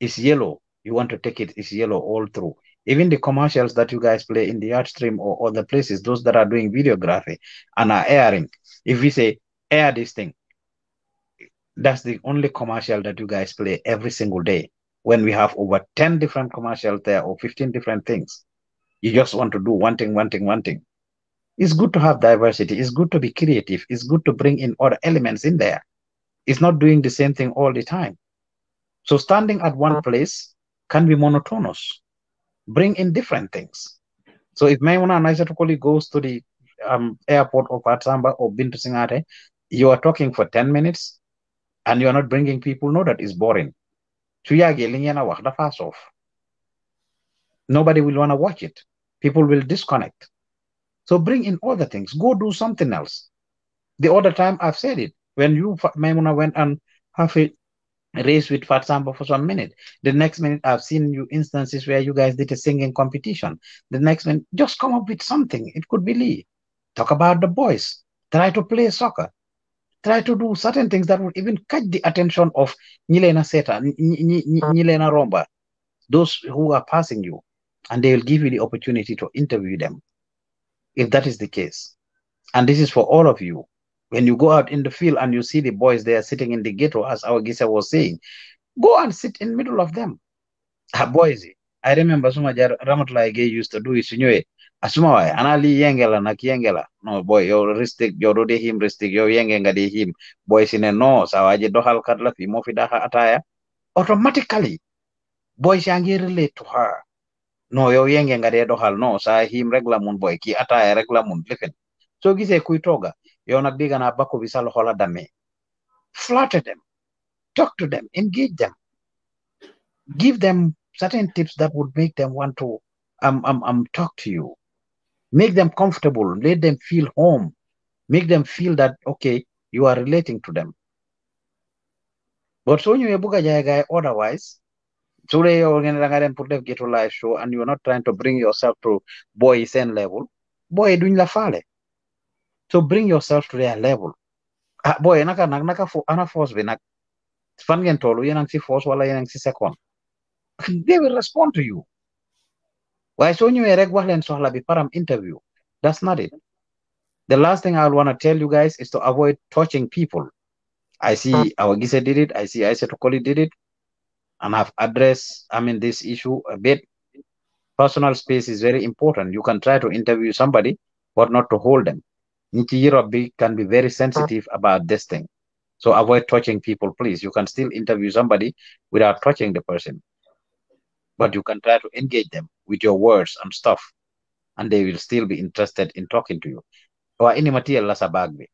It's yellow. You want to take it, it's yellow all through. Even the commercials that you guys play in the art stream or other places, those that are doing videography and are airing, if we say air this thing, that's the only commercial that you guys play every single day when we have over 10 different commercials there or 15 different things. You just want to do one thing, one thing, one thing. It's good to have diversity. It's good to be creative. It's good to bring in other elements in there. It's not doing the same thing all the time. So standing at one mm. place can be monotonous. Bring in different things. So if Maimuna and Aisha goes to the um, airport of Patsamba or Bintu Singate, you are talking for 10 minutes and you are not bringing people, no, that is boring. Nobody will want to watch it. People will disconnect. So bring in other things. Go do something else. The other time I've said it. When you, Maimuna, went and have a race with for example, for some minute. The next minute, I've seen you instances where you guys did a singing competition. The next minute, just come up with something. It could be Lee. Talk about the boys. Try to play soccer. Try to do certain things that would even catch the attention of Nilena Seta, Nilena mm-hmm. Romba, those who are passing you, and they will give you the opportunity to interview them, if that is the case. And this is for all of you when you go out in the field and you see the boys, they are sitting in the ghetto, as our Gisa was saying, go and sit in the middle of them. Ah, boys, I remember Suma Ramatla used to do it, Sinuwe. Asuma, ah, li yengela na kiengela. No, boy, yo ristik, yo rode him ristik, yo yengenga de him. Boys in a no, sawaje dohal kadla fi mofidaha ataya. Automatically, boys yangi relate to her. no yow yenge de dohal no sa him regla mun boy ki ataya regla mun lefen so gisa kuitoga. Yona Digana hola Holadame. Flatter them, talk to them, engage them, give them certain tips that would make them want to um, um, um, talk to you. Make them comfortable, let them feel home, make them feel that, okay, you are relating to them. But so you book a guy otherwise, today you're going to put them get a live show and you're not trying to bring yourself to boy same level, boy, doing la fale. So bring yourself to their level. Ah, boy, naka naka naka fo ana force be nak. Fan gen tolu yan si force wala yan si second. They will respond to you. Why so you erek wax len soxla bi param interview. That's not it. The last thing I want to tell you guys is to avoid touching people. I see our Gise did it. I see Isaac Tokoli did it. And I've addressed, I mean, this issue a bit. Personal space is very important. You can try to interview somebody, but not to hold them. Nchi Europe can be very sensitive ah. about this thing. So avoid touching people, please. You can still interview somebody without touching the person, but you can try to engage them with your words and stuff, and they will still be interested in talking to you. Or any material lasa bag bi.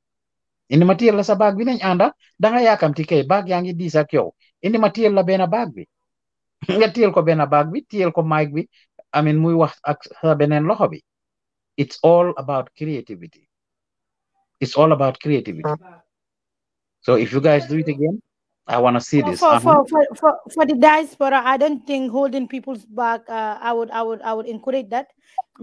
Ini material lasa bag bi nañ anda da nga yakam ti kay bag yaangi dis ak yow. Ini material la bena bag Nga tiyel ko bena bag bi, ko mic I mean muy wax ak sa benen loxo It's all about creativity. It's all about creativity. Uh-huh. So if you guys do it again, I want to see this. For, for, for, for, the diaspora, I don't think holding people's back. Uh, I would I would I would encourage that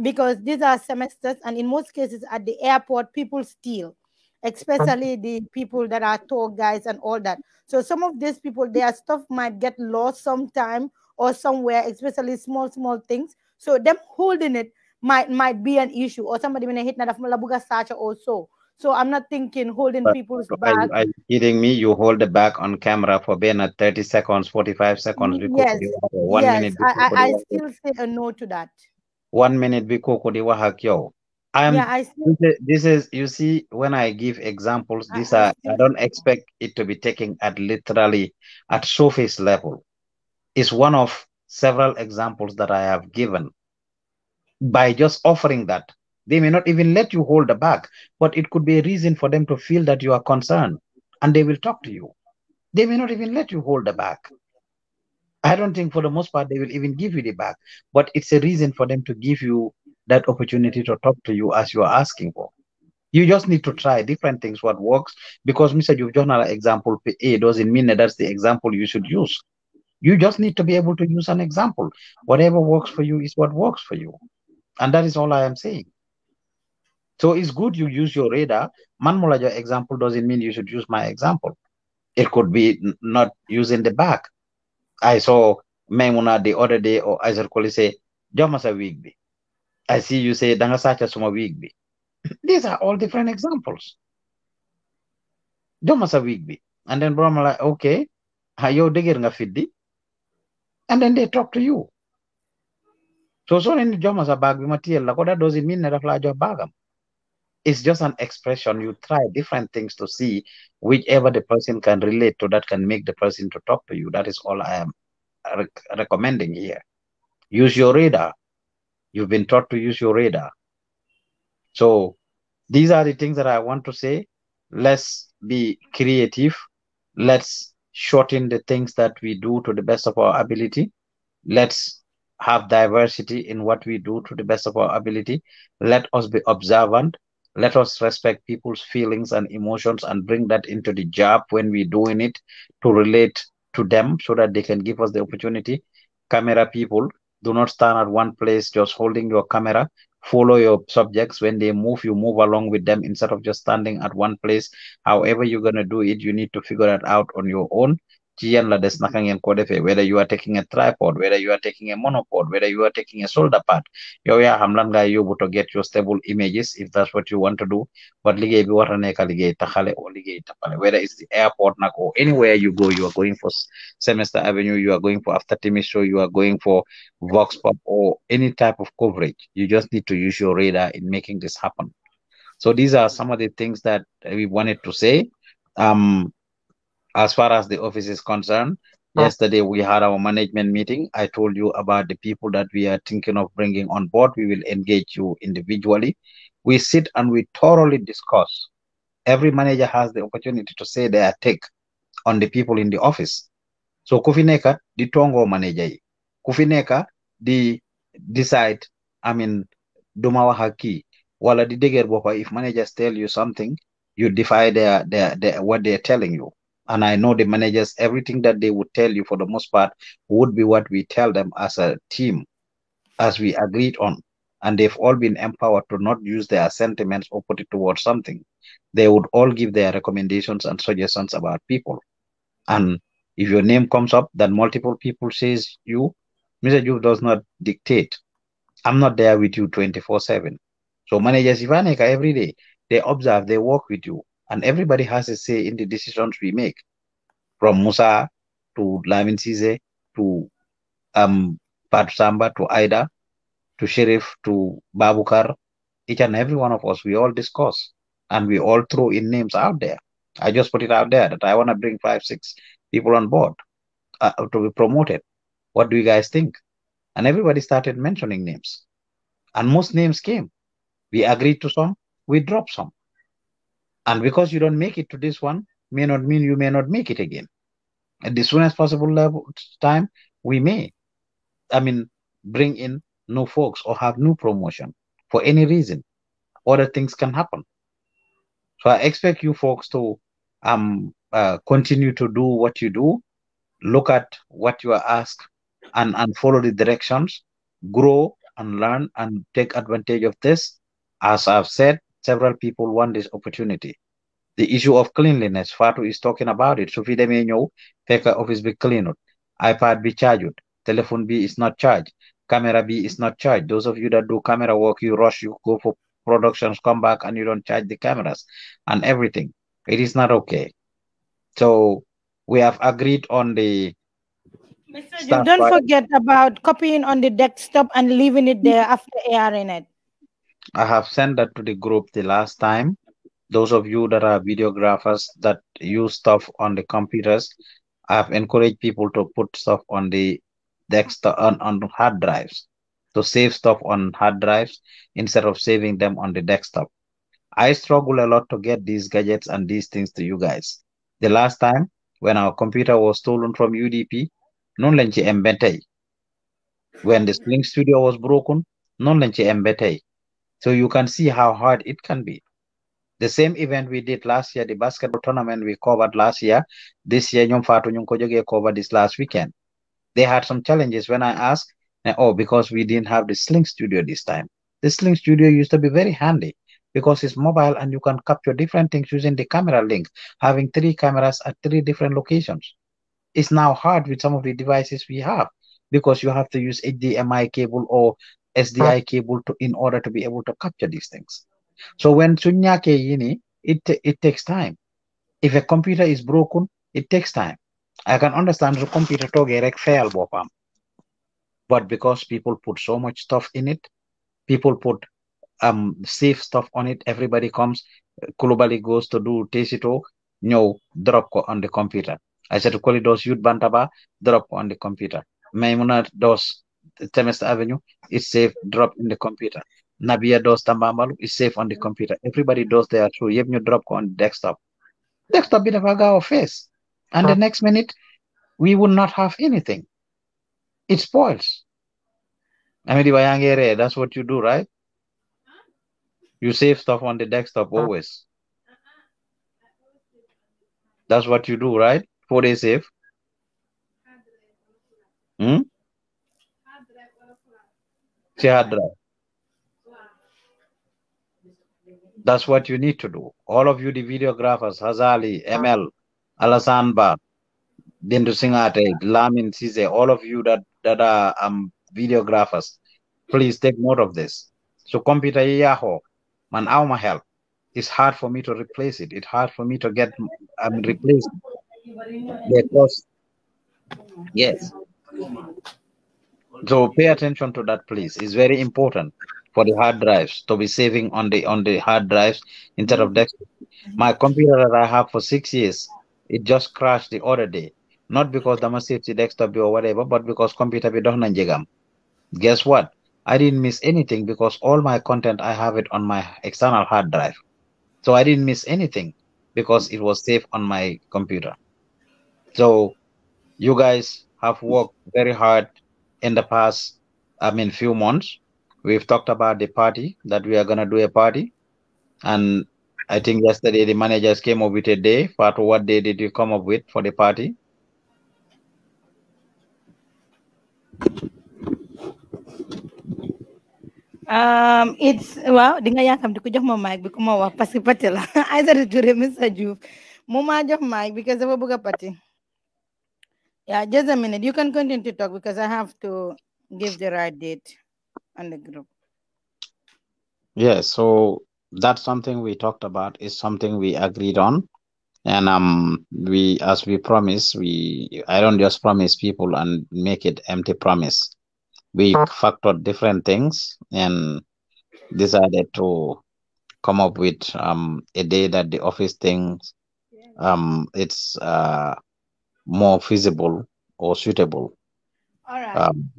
because these are semesters, and in most cases at the airport, people steal, especially uh-huh. the people that are tour guys and all that. So some of these people, their stuff might get lost sometime or somewhere, especially small small things. So them holding it might might be an issue, or somebody when I hit na buga sacha or so. So I'm not thinking holding but people's back. Are, are you kidding me? You hold the back on camera for being at 30 seconds, 45 seconds. yes, one yes. Minute I, I, I still say a no to that. One minute biko kodiwa hakyo. I'm, yeah, I see. This is you see when I give examples, these are I don't expect it to be taken at literally at surface level. It's one of several examples that I have given. By just offering that, they may not even let you hold the bag, but it could be a reason for them to feel that you are concerned and they will talk to you. They may not even let you hold the bag. I don't think for the most part they will even give you the bag, but it's a reason for them to give you that opportunity to talk to you as you are asking for. You just need to try different things what works because Mr. You've an example A doesn't mean that that's the example you should use. You just need to be able to use an example. Whatever works for you is what works for you. And that is all I am saying. So it's good you use your radar. Manmulaja example doesn't mean you should use my example. It could be not using the back. I saw Maimuna the other day or Isaac Koli say, Jomasa Wigby. I see you say Dangasacha Suma Wigby. These are all different examples. Jomasa Wigby. And then Brahma like, okay, hayo degir nga fiddi. And then they talk to you. So so ni Jomasa bagbi bi matiel la that doesn't mean na daf la bagam it's just an expression you try different things to see whichever the person can relate to that can make the person to talk to you that is all i am rec- recommending here use your radar you've been taught to use your radar so these are the things that i want to say let's be creative let's shorten the things that we do to the best of our ability let's have diversity in what we do to the best of our ability let us be observant let us respect people's feelings and emotions and bring that into the job when we're doing it to relate to them so that they can give us the opportunity. Camera people, do not stand at one place just holding your camera. Follow your subjects. When they move, you move along with them instead of just standing at one place. However, you're going to do it, you need to figure that out on your own ci yan la des naka ngeen ko whether you are taking a tripod whether you are taking a monopod whether you are taking a solder pad yow yaa xam lan ngay to get your stable images if that's what you want to do but liggéey bi war na nekk liggéey taxale or liggéey whether it's the airport nag or anywhere you go you are going for Semester Avenue you are going for After Timi Show you are going for Vox Pop or any type of coverage you just need to use your radar in making this happen so these are some of the things that we wanted to say um as far as the office is concerned, yesterday we had our management meeting. I told you about the people that we are thinking of bringing on board. We will engage you individually. We sit and we thoroughly discuss. Every manager has the opportunity to say their take on the people in the office. So ku the nekk tongo manager yi the decide I mean duma wax ak kii wala di dëgër if managers tell you something you defy their, their, their what they're telling you and I know the managers, everything that they would tell you for the most part would be what we tell them as a team, as we agreed on. And they've all been empowered to not use their sentiments or put it towards something. They would all give their recommendations and suggestions about people. And if your name comes up, then multiple people says you, Mr. Juve does not dictate. I'm not there with you 24-7. So managers, Ivaneka, every day, they observe, they work with you and everybody has a say in the decisions we make, from Musa to Lamin Cisse to um, Pat Samba to Ida to Sheriff to Babukar. Each and every one of us, we all discuss and we all throw in names out there. I just put it out there that I want to bring five, six people on board uh, to be promoted. What do you guys think? And everybody started mentioning names. And most names came. We agreed to some, we dropped some. And because you don't make it to this one, may not mean you may not make it again. At the soonest possible level, time, we may, I mean, bring in new folks or have new promotion for any reason. Other things can happen. So I expect you folks to um uh, continue to do what you do, look at what you are asked, and and follow the directions, grow and learn and take advantage of this. As I've said, several people want this opportunity. The issue of cleanliness, Fatu is talking about it. So fi demee know, take office bi cleanut iPad be charged. telephone B is not charged camera B is not charged those of you that do camera work you rush you go for productions come back and you don't charge the cameras and everything it is not okay so we have agreed on the Mr. don't forget about copying on the desktop and leaving it there after airing it I have sent that to the group the last time. Those of you that are videographers that use stuff on the computers, I have encouraged people to put stuff on the desktop on, on hard drives to save stuff on hard drives instead of saving them on the desktop. I struggle a lot to get these gadgets and these things to you guys. The last time when our computer was stolen from UDP, non lenchi embete. When the Sling Studio was broken, non lenchi embete. So you can see how hard it can be. The same event we did last year, the basketball tournament we covered last year, this year Nyom Fatu Nyom covered this last weekend. They had some challenges when I asked, oh, because we didn't have the Sling Studio this time. The Sling Studio used to be very handy because it's mobile and you can capture different things using the camera link, having three cameras at three different locations. It's now hard with some of the devices we have because you have to use HDMI cable or SDI cable to, in order to be able to capture these things. So when ke yini, it it takes time. If a computer is broken, it takes time. I can understand the computer toge rek fail bopam. But because people put so much stuff in it, people put um safe stuff on it, everybody comes, globally goes to do tesito, no drop on the computer. I said to Koli dos youth bantaba, drop on the computer. Maimuna dos Temest Avenue is safe, drop in the computer. Nabia does Tamamalu is safe on the mm. computer. Everybody does their too. have you drop on desktop. Desktop bit of our face. And huh. the next minute, we would not have anything. It spoils. I mean, that's what you do, right? You save stuff on the desktop always. That's what you do, right? Four days save. Hmm? That's what you need to do. All of you, the videographers, Hazali, ML, Alasan Dindu Singate, Lamin Sise, all of you that, that are um, videographers, please take note of this. So computer yaho, man auma help. It's hard for me to replace it. It's hard for me to get um, replaced. because Yes. So pay attention to that, please. It's very important for the hard drives to be saving on the on the hard drives instead of desktop. Mm-hmm. My computer that I have for six years, it just crashed the other day. Not because the safety desktop or whatever, but because computer be down jegam. Guess what? I didn't miss anything because all my content I have it on my external hard drive. So I didn't miss anything because it was safe on my computer. So you guys have worked very hard in the past, I mean, few months, we've talked about the party that we are going to do a party. And I think yesterday the managers came up with a day. But what day did you come up with for the party? Um, it's well, dinga yang di ko jox mic bi kuma wax parce pati la ay dara jure message moom maa jox mic because dafa bëgg pati yeah, just a minute. You can continue to talk because I have to give the right date on the group. Yeah, so that's something we talked about. Is something we agreed on, and um, we as we promise, we I don't just promise people and make it empty promise. We factored different things and decided to come up with um a day that the office things um it's uh more feasible or suitable. All right. Um,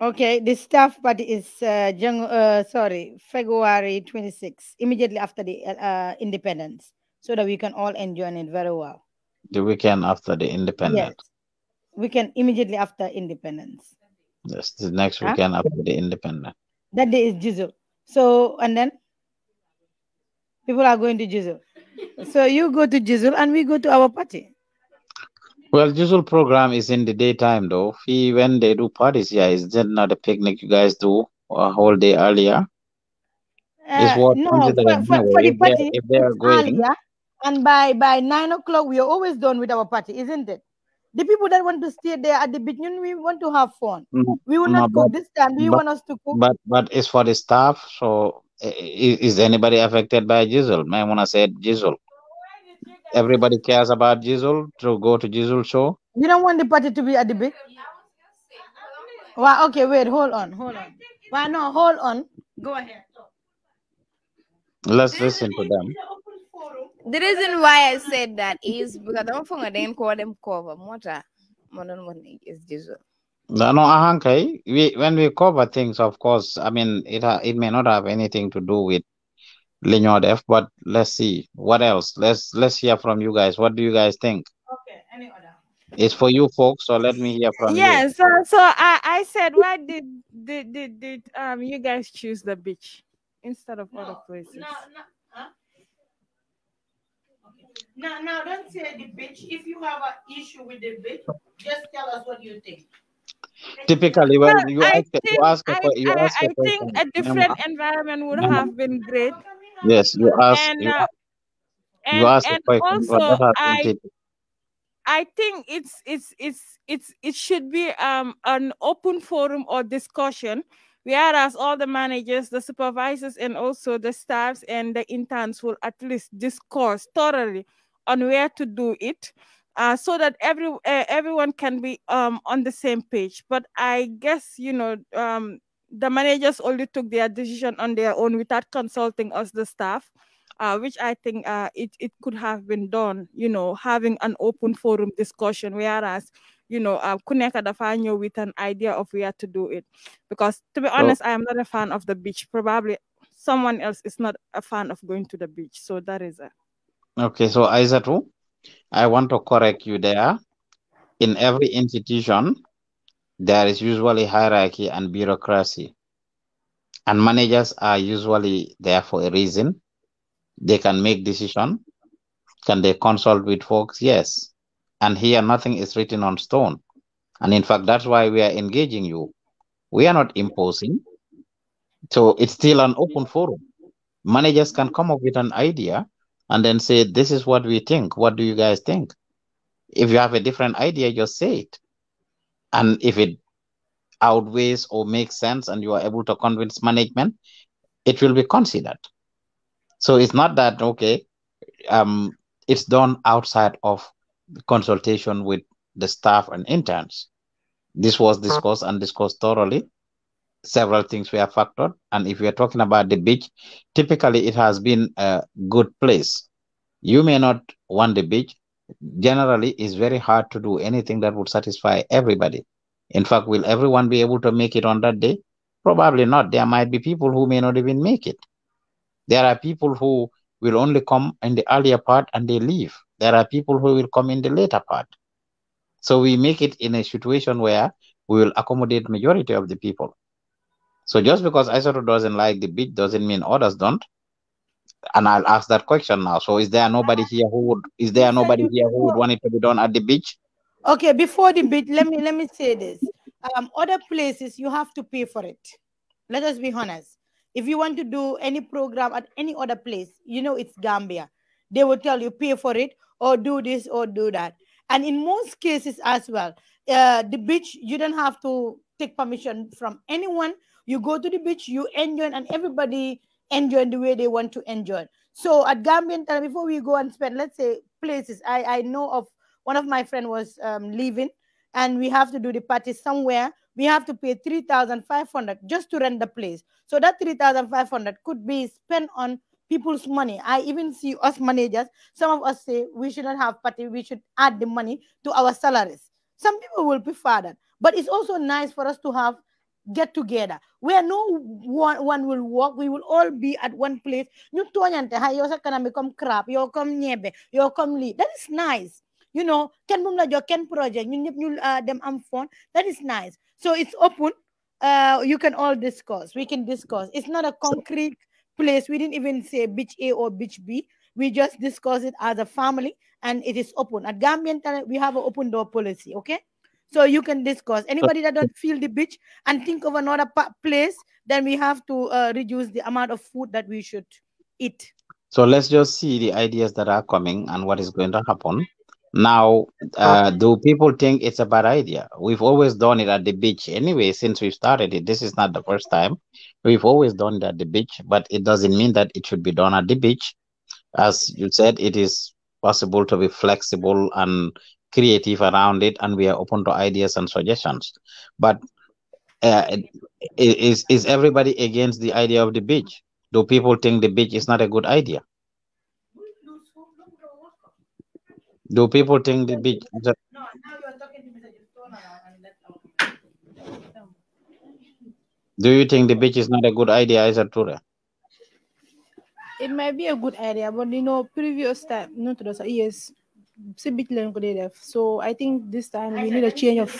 okay, the staff party is uh, Jan- uh, sorry February 26, immediately after the uh, uh, independence, so that we can all enjoy it very well. The weekend after the independence. Yes. Weekend immediately after independence. Yes, the next huh? weekend after the independence. That day is Jizzle. So and then people are going to Jizzle so you go to Jizzle and we go to our party. Well, Jizzle program is in the daytime though. when they do parties yeah, is that not a picnic you guys do a whole day earlier? Uh, is what no, for, for, for the party, if they, earlier, and by by nine o'clock we are always done with our party, isn't it? The people that want to stay there at the beginning, we want to have fun. Mm, we will no, not mm-hmm. cook this time. Do you but, want us to cook? But but it's for the staff, so is anybody affected by Jizzle? wanna say Jizzle. Everybody cares about Jizzle to go to Jizzle show. You don't want the party to be at the big. Why? Okay. Wait. Hold on. Hold on. Why no? Hold on. Go ahead. Let's listen to them. The reason why I said that is because I'm from a call them cover. Mota, is Jizzle. No, uh, okay. We when we cover things, of course. I mean, it ha- it may not have anything to do with linear def, but let's see what else. Let's let's hear from you guys. What do you guys think? Okay, any other? It's for you folks, so let me hear from yeah, you. Yeah, so so I, I said, why did did did, did um you guys choose the beach instead of no, other places? No, no, huh? Now, now, don't say the beach. If you have an issue with the beach, just tell us what you think. Typically, well, well you, ask, think, you ask, I, you I, ask I think a different environment would mm-hmm. have been great. Yes, you ask. And, you, uh, and, you ask and also, I, I think it's it's it's it's it should be um an open forum or discussion whereas all the managers, the supervisors, and also the staffs and the interns will at least discourse thoroughly on where to do it uh, so that every uh, everyone can be um, on the same page. But I guess you know um, the managers only took their decision on their own without consulting us, the staff, uh, which I think uh, it it could have been done. You know, having an open forum discussion, whereas you know, uh, Kuneka Dafanyo with an idea of where to do it. Because to be honest, well, I am not a fan of the beach. Probably someone else is not a fan of going to the beach. So that is it. Okay, so true? I want to correct you there. In every institution, there is usually hierarchy and bureaucracy. And managers are usually there for a reason. They can make decision. Can they consult with folks? Yes. And here nothing is written on stone. And in fact, that's why we are engaging you. We are not imposing. So it's still an open forum. Managers can come up with an idea and then say, This is what we think. What do you guys think? If you have a different idea, just say it. And if it outweighs or makes sense and you are able to convince management, it will be considered. So it's not that, okay, um, it's done outside of consultation with the staff and interns. This was discussed and discussed thoroughly several things were factored. And if we are talking about the beach, typically it has been a good place. You may not want the beach. Generally, it's very hard to do anything that would satisfy everybody. In fact, will everyone be able to make it on that day? Probably not. There might be people who may not even make it. There are people who will only come in the earlier part and they leave. There are people who will come in the later part. So we make it in a situation where we will accommodate majority of the people. So just because Isoto doesn't like the beat doesn't mean others don't. And I'll ask that question now. So is there nobody ah. here who would is there nobody here who would want it to be done at the beach? Okay, before the beach, let me let me say this. Um, other places you have to pay for it. Let us be honest. If you want to do any program at any other place, you know it's Gambia. They will tell you pay for it or do this or do that. And in most cases as well, uh, the beach you don't have to take permission from anyone you go to the beach, you enjoy, and everybody enjoy the way they want to enjoy. So at Gambian time, before we go and spend, let's say places, I, I know of one of my friend was um, leaving and we have to do the party somewhere. We have to pay 3,500 just to rent the place. So that 3,500 could be spent on people's money. I even see us managers, some of us say we shouldn't have party, we should add the money to our salaries. Some people will prefer that. But it's also nice for us to have get together where no one, one will walk we will all be at one place ñu toñante hay yow sa kanam bi become crap You come ñebe you come lii that is nice you know Can mum la jox project You ñëpp ñu them uh, am phone that is nice so it's open uh, you can all discuss we can discuss it's not a concrete place we didn't even say beach a or beach b we just discuss it as a family and it is open at gambian we have an open door policy okay so you can discuss anybody that don't feel the beach and think of another place then we have to uh, reduce the amount of food that we should eat so let's just see the ideas that are coming and what is going to happen now uh, okay. do people think it's a bad idea we've always done it at the beach anyway since we've started it this is not the first time we've always done it at the beach but it doesn't mean that it should be done at the beach as you said it is possible to be flexible and creative around it and we are open to ideas and suggestions but uh, is is everybody against the idea of the beach do people think the beach is not a good idea do people think the beach a... do you think the beach is not a good idea isatura it might be a good idea but you know previous time not yes si bit lañ ko def so I think this time we need a change of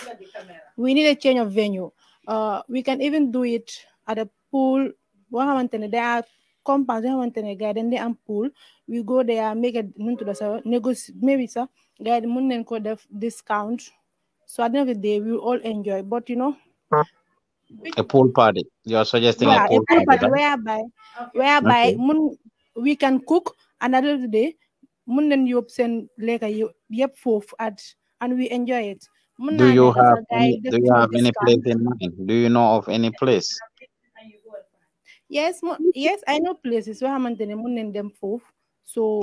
we need a change of venue Uh, we can even do it at a pool boo xamante ne day compounds yoo xamante ne gars yi dañ am pool we go there make a nuntu da sa négocie maybe sax gars yi mën nañ ko def discount so at the end of the day we will all enjoy but you know a pool party you are suggesting a pool party whereby whereby moon, we can cook another day mun nañ at and we enjoy it. do you have any, do you have any place in mind? Do you know of any place? Yes, yes, I know places where I'm going to them So.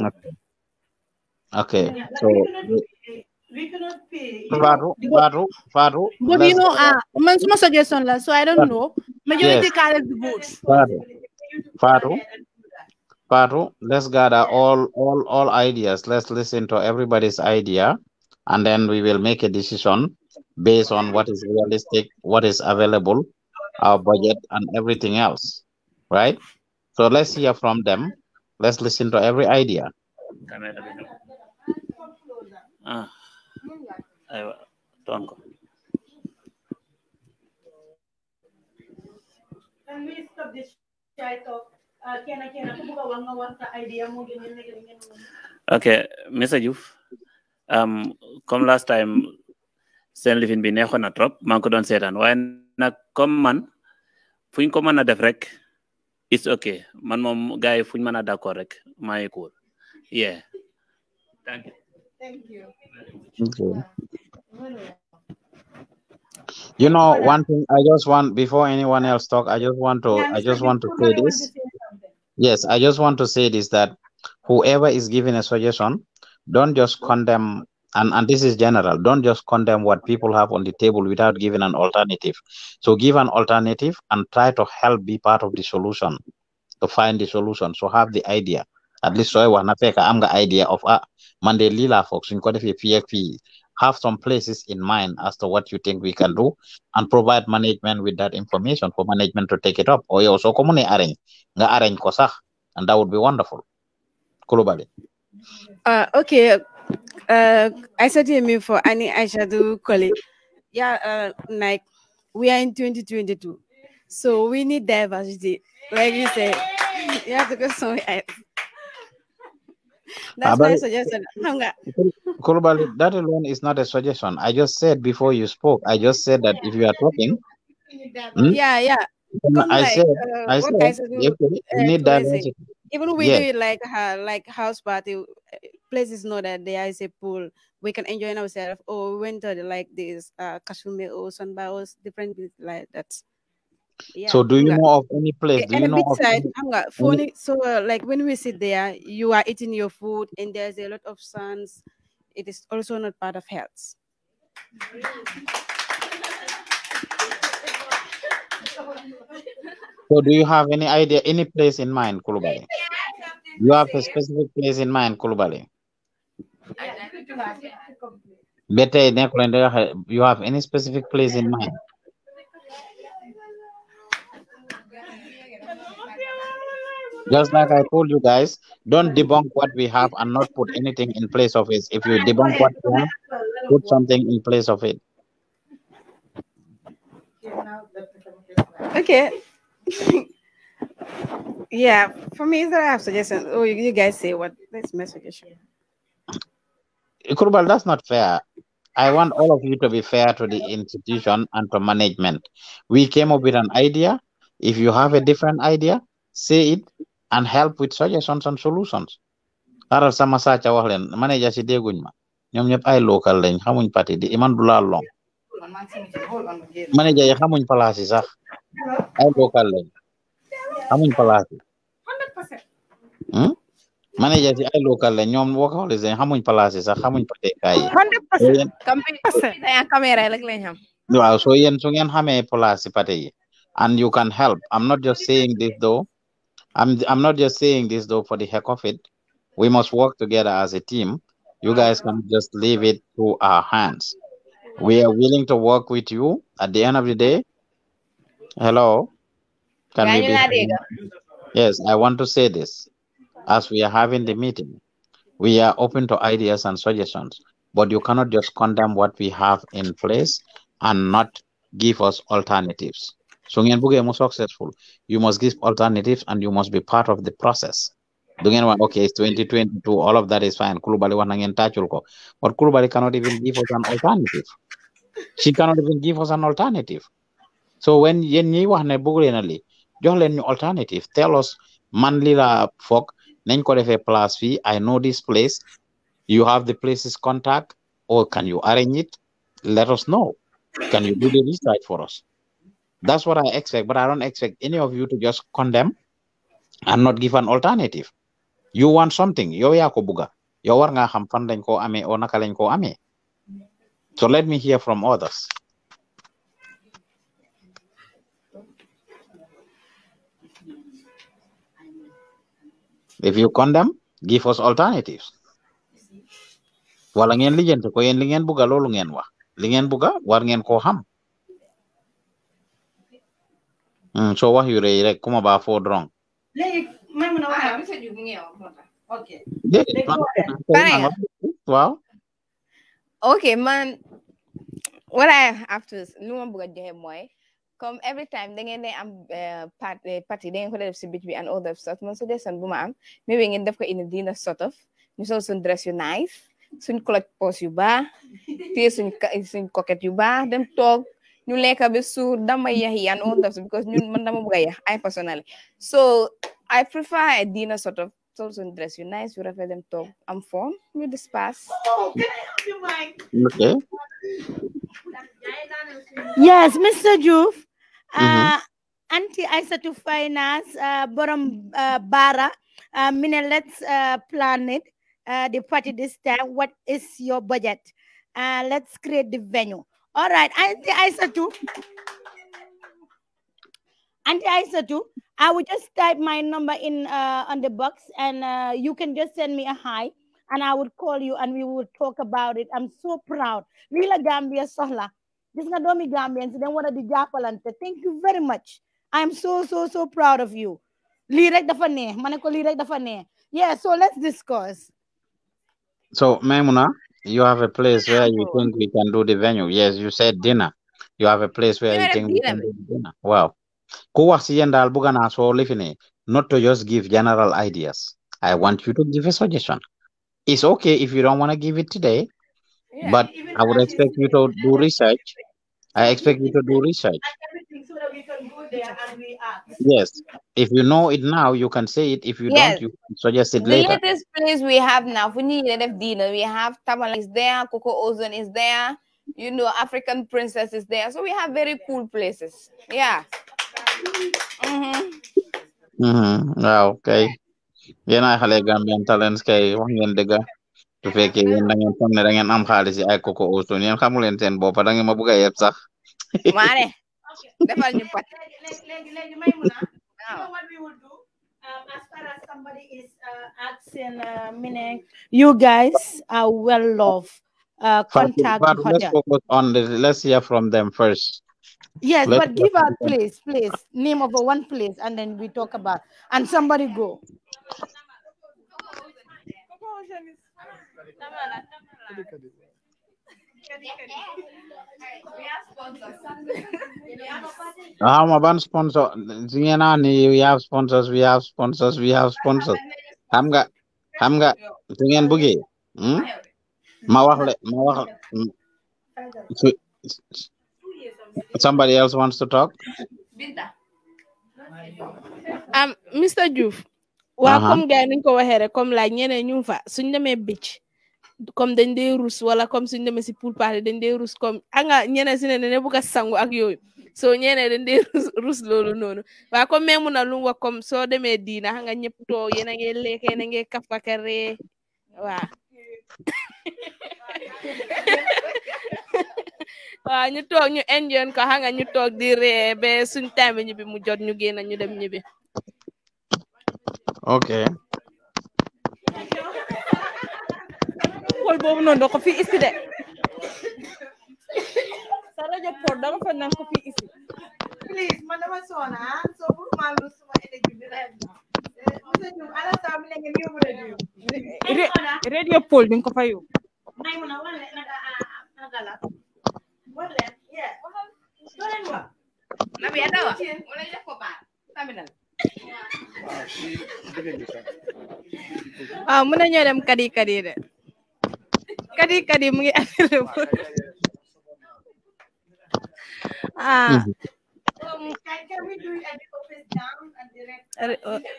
Okay. okay. So. We cannot pay. Faru, Faru, Faru. But you know, uh, suggestion, so I don't know. Majority yes. it the votes. Faru, Faru. Patu, let's gather all all all ideas. Let's listen to everybody's idea, and then we will make a decision based on what is realistic, what is available, our budget, and everything else. Right. So let's hear from them. Let's listen to every idea. Uh, ah, I ok Missa Diouf comme last time seen lifin bi neexoon na trop maa ngi ko doon seetaan waaye nag comme man fuñ ko mën a def rek it's okay. man moom gars yi fuñ mën a d'accord rek maa ngi cool yeah thank you thank you okay. you know one thing i just want before anyone else talk i just want to i just want to say this Yes, I just want to say this that whoever is giving a suggestion, don't just condemn and, and this is general don't just condemn what people have on the table without giving an alternative so give an alternative and try to help be part of the solution to find the solution so have the idea at least so i want to am the idea of ah, a mande fox in fpfp have some places in mind as to what you think we can do and provide management with that information for management to take it up or you also ko arrange nga arrange ko and that would be wonderful globally. uh, okay uh, I said you mean for Annie Aishadu colleague. yeah uh, like we are in 2022 so we need diversity like you said you have to go somewhere else That's my suggestion. Kulubali, that alone is not a suggestion. I just said before you spoke, I just said that if you are talking. Hmm? Yeah, yeah. I said, uh, I said, guys, uh, need diversity. Even we do it like uh, like house party, uh, places know that there is a pool. We can enjoy ourselves. Or winter we to like this uh, Kashmir or Sunba different like that. Yeah. So do you know of any place? Do you know of side, any, so uh, like when we sit there, you are eating your food and there's a lot of suns. It is also not part of health. So do you have any idea, any place in mind, Kulubali? You have a specific place in mind, Kulubali? Better, you have any specific place in mind? Just like I told you guys, don't debunk what we have and not put anything in place of it. If you debunk what have, put something in place of it. Okay. yeah, for me, that I have suggestions. Oh, you, you guys say what? Let's mess with your that's not fair. I want all of you to be fair to the institution and to management. We came up with an idea. If you have a different idea, say it and help with suggestions and solutions aral sama saca wax leen manager si dégguñ ma ñoom ñëpp ay local lañ xamuñ pati di iman du laal long manager yi xamuñ place yi sax ay local lañ xamuñ place yi hmm? manager si ay local lañ ñoom workaholics lañ xamuñ place yi sax xamuñ patekaay yi waaw soo yéen su ngeen xamee place yi pate yi and you can help I'm not just saying this though I'm I'm not just saying this though for the heck of it. We must work together as a team. You guys can just leave it to our hands. We are willing to work with you. At the end of the day, hello. Can we be, yes, I want to say this. As we are having the meeting, we are open to ideas and suggestions, but you cannot just condemn what we have in place and not give us alternatives. So Dengan bagaimana successful, you must give alternatives and you must be part of the process. Dengan one, okay, it's 2022, all of that is fine. Kulubali wanangin tachulko. But Kulubali cannot even give us an alternative. She cannot even give us an alternative. So when yen ni wax ne bëgg leen li, lii jox leen ñu alternative tell us man lii laa foog nañ ko defee place fii I know this place you have the place's contact or can you arrange it let us know can you do the research for us that's what I expect, but I don't expect any of you to just condemn and not give an alternative. You want something, yow yaa ko buga, yow war nga ham fan ko ame amee oo naka lañ koo So let me hear from others. If you condemn, give us alternatives. Wala ngeen lijjanti ko yéen buga loolu ngeen wax li ngeen buga war ngeen koo xam. soo wax yu rëy rek kuma ba foo dron waaw ok man what I have to lu ma joxe mooy comme every time da ngeen day am party da ngeen ko def si beach bi and all that stuff man suggestion bu ma am maybe ngeen def ko in a dinner sort of ñu sol dress yu nice suñ clutch pose yu baax téye suñ suñ yu baax dem toog ñu lekka bi suur dama yaxi and all that because ñun man dama bëgg a yax I personally so I prefer a dinner sort of sol suñu dress yu nice yu rafet dem toog am form ñu dispass okay yes Mr Diouf uh, mm-hmm. anti Aïssatou Finance uh, borom uh, bara mi mine. let's plan it the party this time what is your budget let's create the venue all right, auntie the auntie to I will just type my number in uh, on the box, and uh, you can just send me a hi, and I would call you, and we will talk about it. I'm so proud. Lila Gambia Sohla. This is Nadomi Gambians. Then what are the Japalante? Thank you very much. I'm so so so proud of you. Lirek dafane. Manako lirek dafane. Yeah. So let's discuss. So, Maimuna, you have a place where you think we can do the venue. Yes, you said dinner. You have a place where you think we can do the dinner. Wow. Kuwasiyenda albugana so lifine. Not to just give general ideas. I want you to give a suggestion. It's okay if you don't want to give it today, yeah, but I would expect you to do research. I expect you to do research we can go there and we ask. Yes. If you know it now, you can say it. If you yes. don't, you suggest it the later. The latest place we have now, Funyi dinner, we have Tamala is there, Coco Ozone is there, you know, African Princess is there. So we have very cool places. Yeah. Mm-hmm. Mm-hmm. Wow, ah, okay. yéen ay xale Gambian Talents kay wax ngeen dëgg su fekkee mm-hmm. yéen da ngeen am xaalis yi ay Coco Ozone yéen xamu leen seen bopp da ngeen ma bëgg a yeb sax. maa know oh. what we do um, as far as somebody is uh, asking uh, meaning you guys are well loved uh, contact but, let's focus on this let's hear from them first yes let's but give out place place name of a one place and then we talk about and somebody go I'm a band sponsor. Zinganani, we have sponsors, we have sponsors, we have sponsors. xam nga xam nga su ngeen bëggee somebody else wants to talk um Mr Juf, welcome. comme gars yi ni ñu ko waxee rek comme laaj ñeneen ñu fa comme dañ dee rus wala comme suñ demee si pool party dañ dee rus comme anga ah ñeneen si ne ne bugg a sangu ak yooyu soo ñeneen dañ dee rus rus loolu noonu waaye comme même na lu wax comme soo demee diina anga ah ñëpp toog yéen a ngi lekk yéen a ngi kafakaree waa waaw ñu toog ñu enjoy ko xam ah nga ñu toog di ree ba suñ time bi ñibbi mu jot ñu génn ñu dem ñibbi ok xool boobu noonu da ko fii ici de sa rajo port da nga fa ko fii ici ah, radio pole ñu ko fa yóbbu waaw ah, mën nañoo dem kadi kadi de kadi kadi mu ngi available ah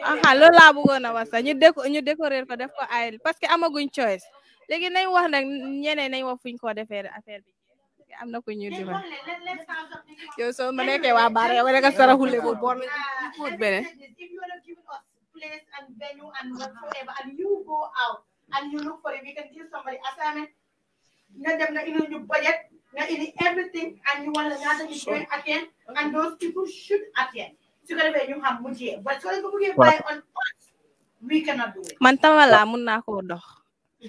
aha loolu laa bëggoon a wax sax ñu déco ñu ko def ko ay parce que amaguñ choice léegi nañ wax nag ñeneen nañ wax fuñ ko defee affaire bi am na ku ñu dugal yow soo ma nekkee waa baara yow rek a saraxule bu bon beneen and you look for it. We can give somebody assignment. Not them not even your budget, not even everything, and you want another to join again. And those people should attend. So kalau be you have mujie. But so gonna be buy on us. We cannot do it. Mantawa la mun na doh. dox.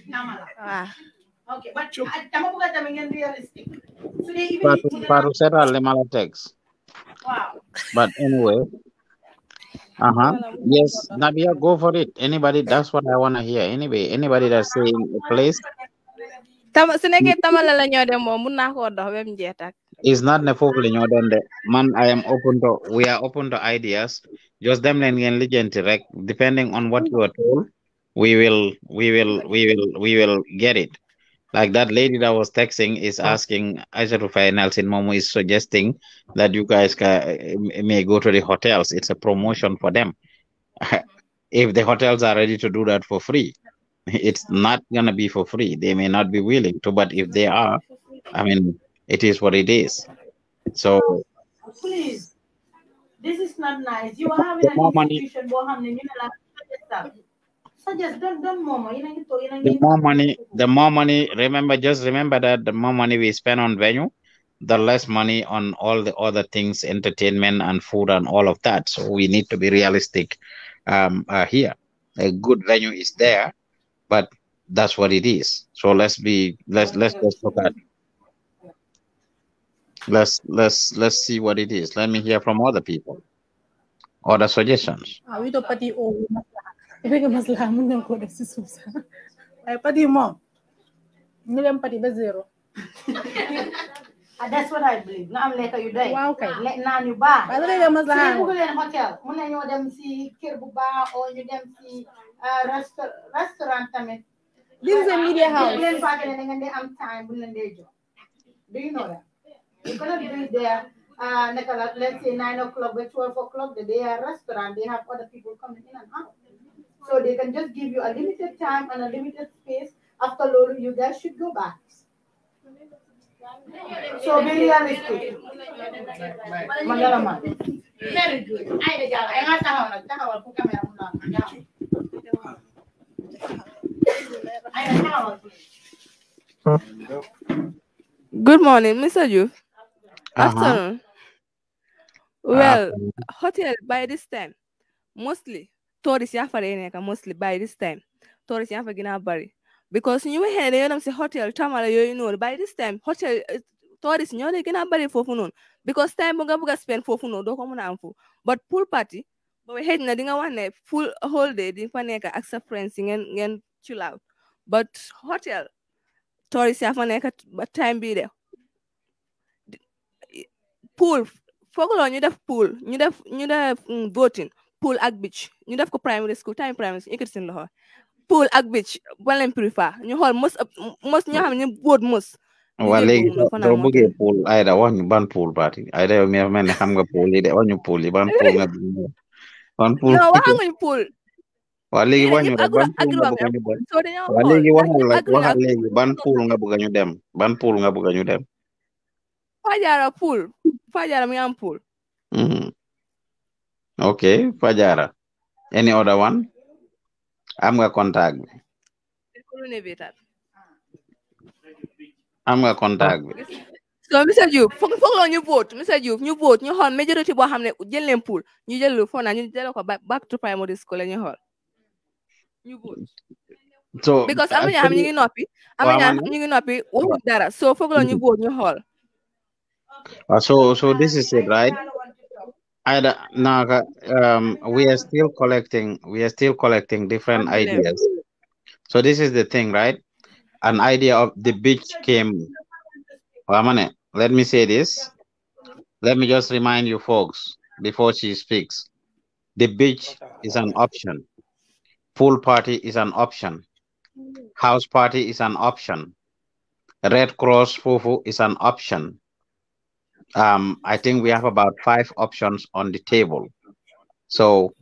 Tamala. Okay, but tama ah, buka tama ngeen realistic. So they even Paru seral lima mala text. Wow. But anyway, Uh-huh. Yes, Nabia, go for it. Anybody, that's what I want to hear. Anyway, anybody that's saying a place. It's not ne fofu la ñoo doon de man I am open to we are open to ideas just them leen ngeen right. depending on what you are told we will we will we will we will get it like that lady that was texting is asking, Aisha Rufai Nelson Momo is suggesting that you guys eh, may go to the hotels. It's a promotion for them. if the hotels are ready to do that for free, it's not going to be for free. They may not be willing to, but if they are, I mean, it is what it is. So. Please, this is not nice. You are having more money. The more money, the more money. Remember, just remember that the more money we spend on venue, the less money on all the other things, entertainment and food and all of that. So we need to be realistic um, uh, here. A good venue is there, but that's what it is. So let's be let's let's just look at let's let's let's see what it is. Let me hear from other people. Other suggestions. Ah, léegi maslaa mën nañ koo def si suuf sax waaye pati moom ñu dem pati ba zéro. ah that's what I believe nga am lekk yu doy. Eh. waaw kay naan yu baax. waaw léegi maslaa bu leen hotel mun nañoo dem si kër bu baax oo ñu dem si ah, restaurant tamit. this is a media house. leen faa keneen da ngeen di am time bu leen dee jox. do you know that? you cannot be there uh, let's say nine o'clock ba twelve o'clock they are ah, restaurant they have other people coming in and out. So they can just give you a limited time and a limited space. After Lolu, you guys should go back. So be realistic. Very good. Good morning, Mr. You. Uh -huh. Afternoon. Well, uh -huh. hotel by this time, mostly tourist ya fare ne ka mostly by this time tourist ya fage na bari because nyu hele yonam namse hotel tamala yo you by this time hotel eh, tourist nyo le gina bari fofu because time buga buga spend fofu do ko na amfu but pool party but we head na dinga wane full whole day din fane ka aksa friends ngen ngen chill out but hotel tourist ya fane ka time be there eh, pool fogo lo nyu def pool nyu def voting pool ak beach ñu def ko primary school time primary school yëkkati seen loxo ak beach ban leen préfère ñu xool mos mos ñoo xam ne boot mos. waa léegi doo bëggee pool ayda wax ñu ban pool baati ayda yow mi mel ne xam nga pool de wax ñu ban pool nga ban ban pool nga bëgg ñu dem waa léegi waxal la waxal léegi ban pool nga bëgg ñu dem ban pool nga bëgg ñu dem. okay Fajara any other one i am gonna contact i am gonna contact bi so Mr Diouf foog foog ñu vote Mr Diouf ñu vote ñu xool majority boo hamlet. ne jël leen pool You jël lu foog naa ñu jël ko back to primary school la ñu xool ñu vote so because i am not ñoo xam i am not ñoo xam ñu ngi noppi waxuñ dara so foog la ñu vote ñu xool ah, so so this is it right I don't, know. um, we are still collecting. We are still collecting different ideas. So this is the thing, right? An idea of the beach came. Let me say this. Let me just remind you folks before she speaks. The beach is an option. Pool party is an option. House party is an option. Red Cross Fufu is an option. Um, I think we have about five options on the table. So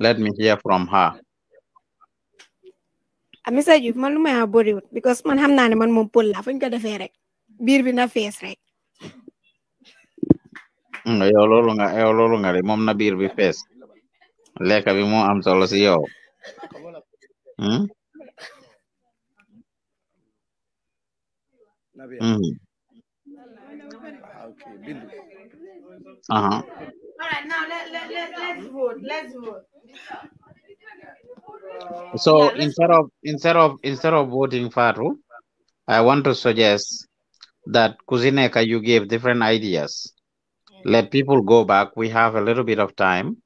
let me hear from her. ami ah, sa Diouf man lu may a boriwut because man xam naa ne man moom pël laa fu ñu ko defee rek biir bi na fees rek mm, yow loolu nga yow nga de na biir bi fees lekk bi moo am solo si yow hmm Bindu. Uh huh. All right, now let, let, let, let's vote. Let's vote. So yeah, instead of instead of instead of voting Faru, I want to suggest that Kuzineka, you gave different ideas. Let people go back. We have a little bit of time.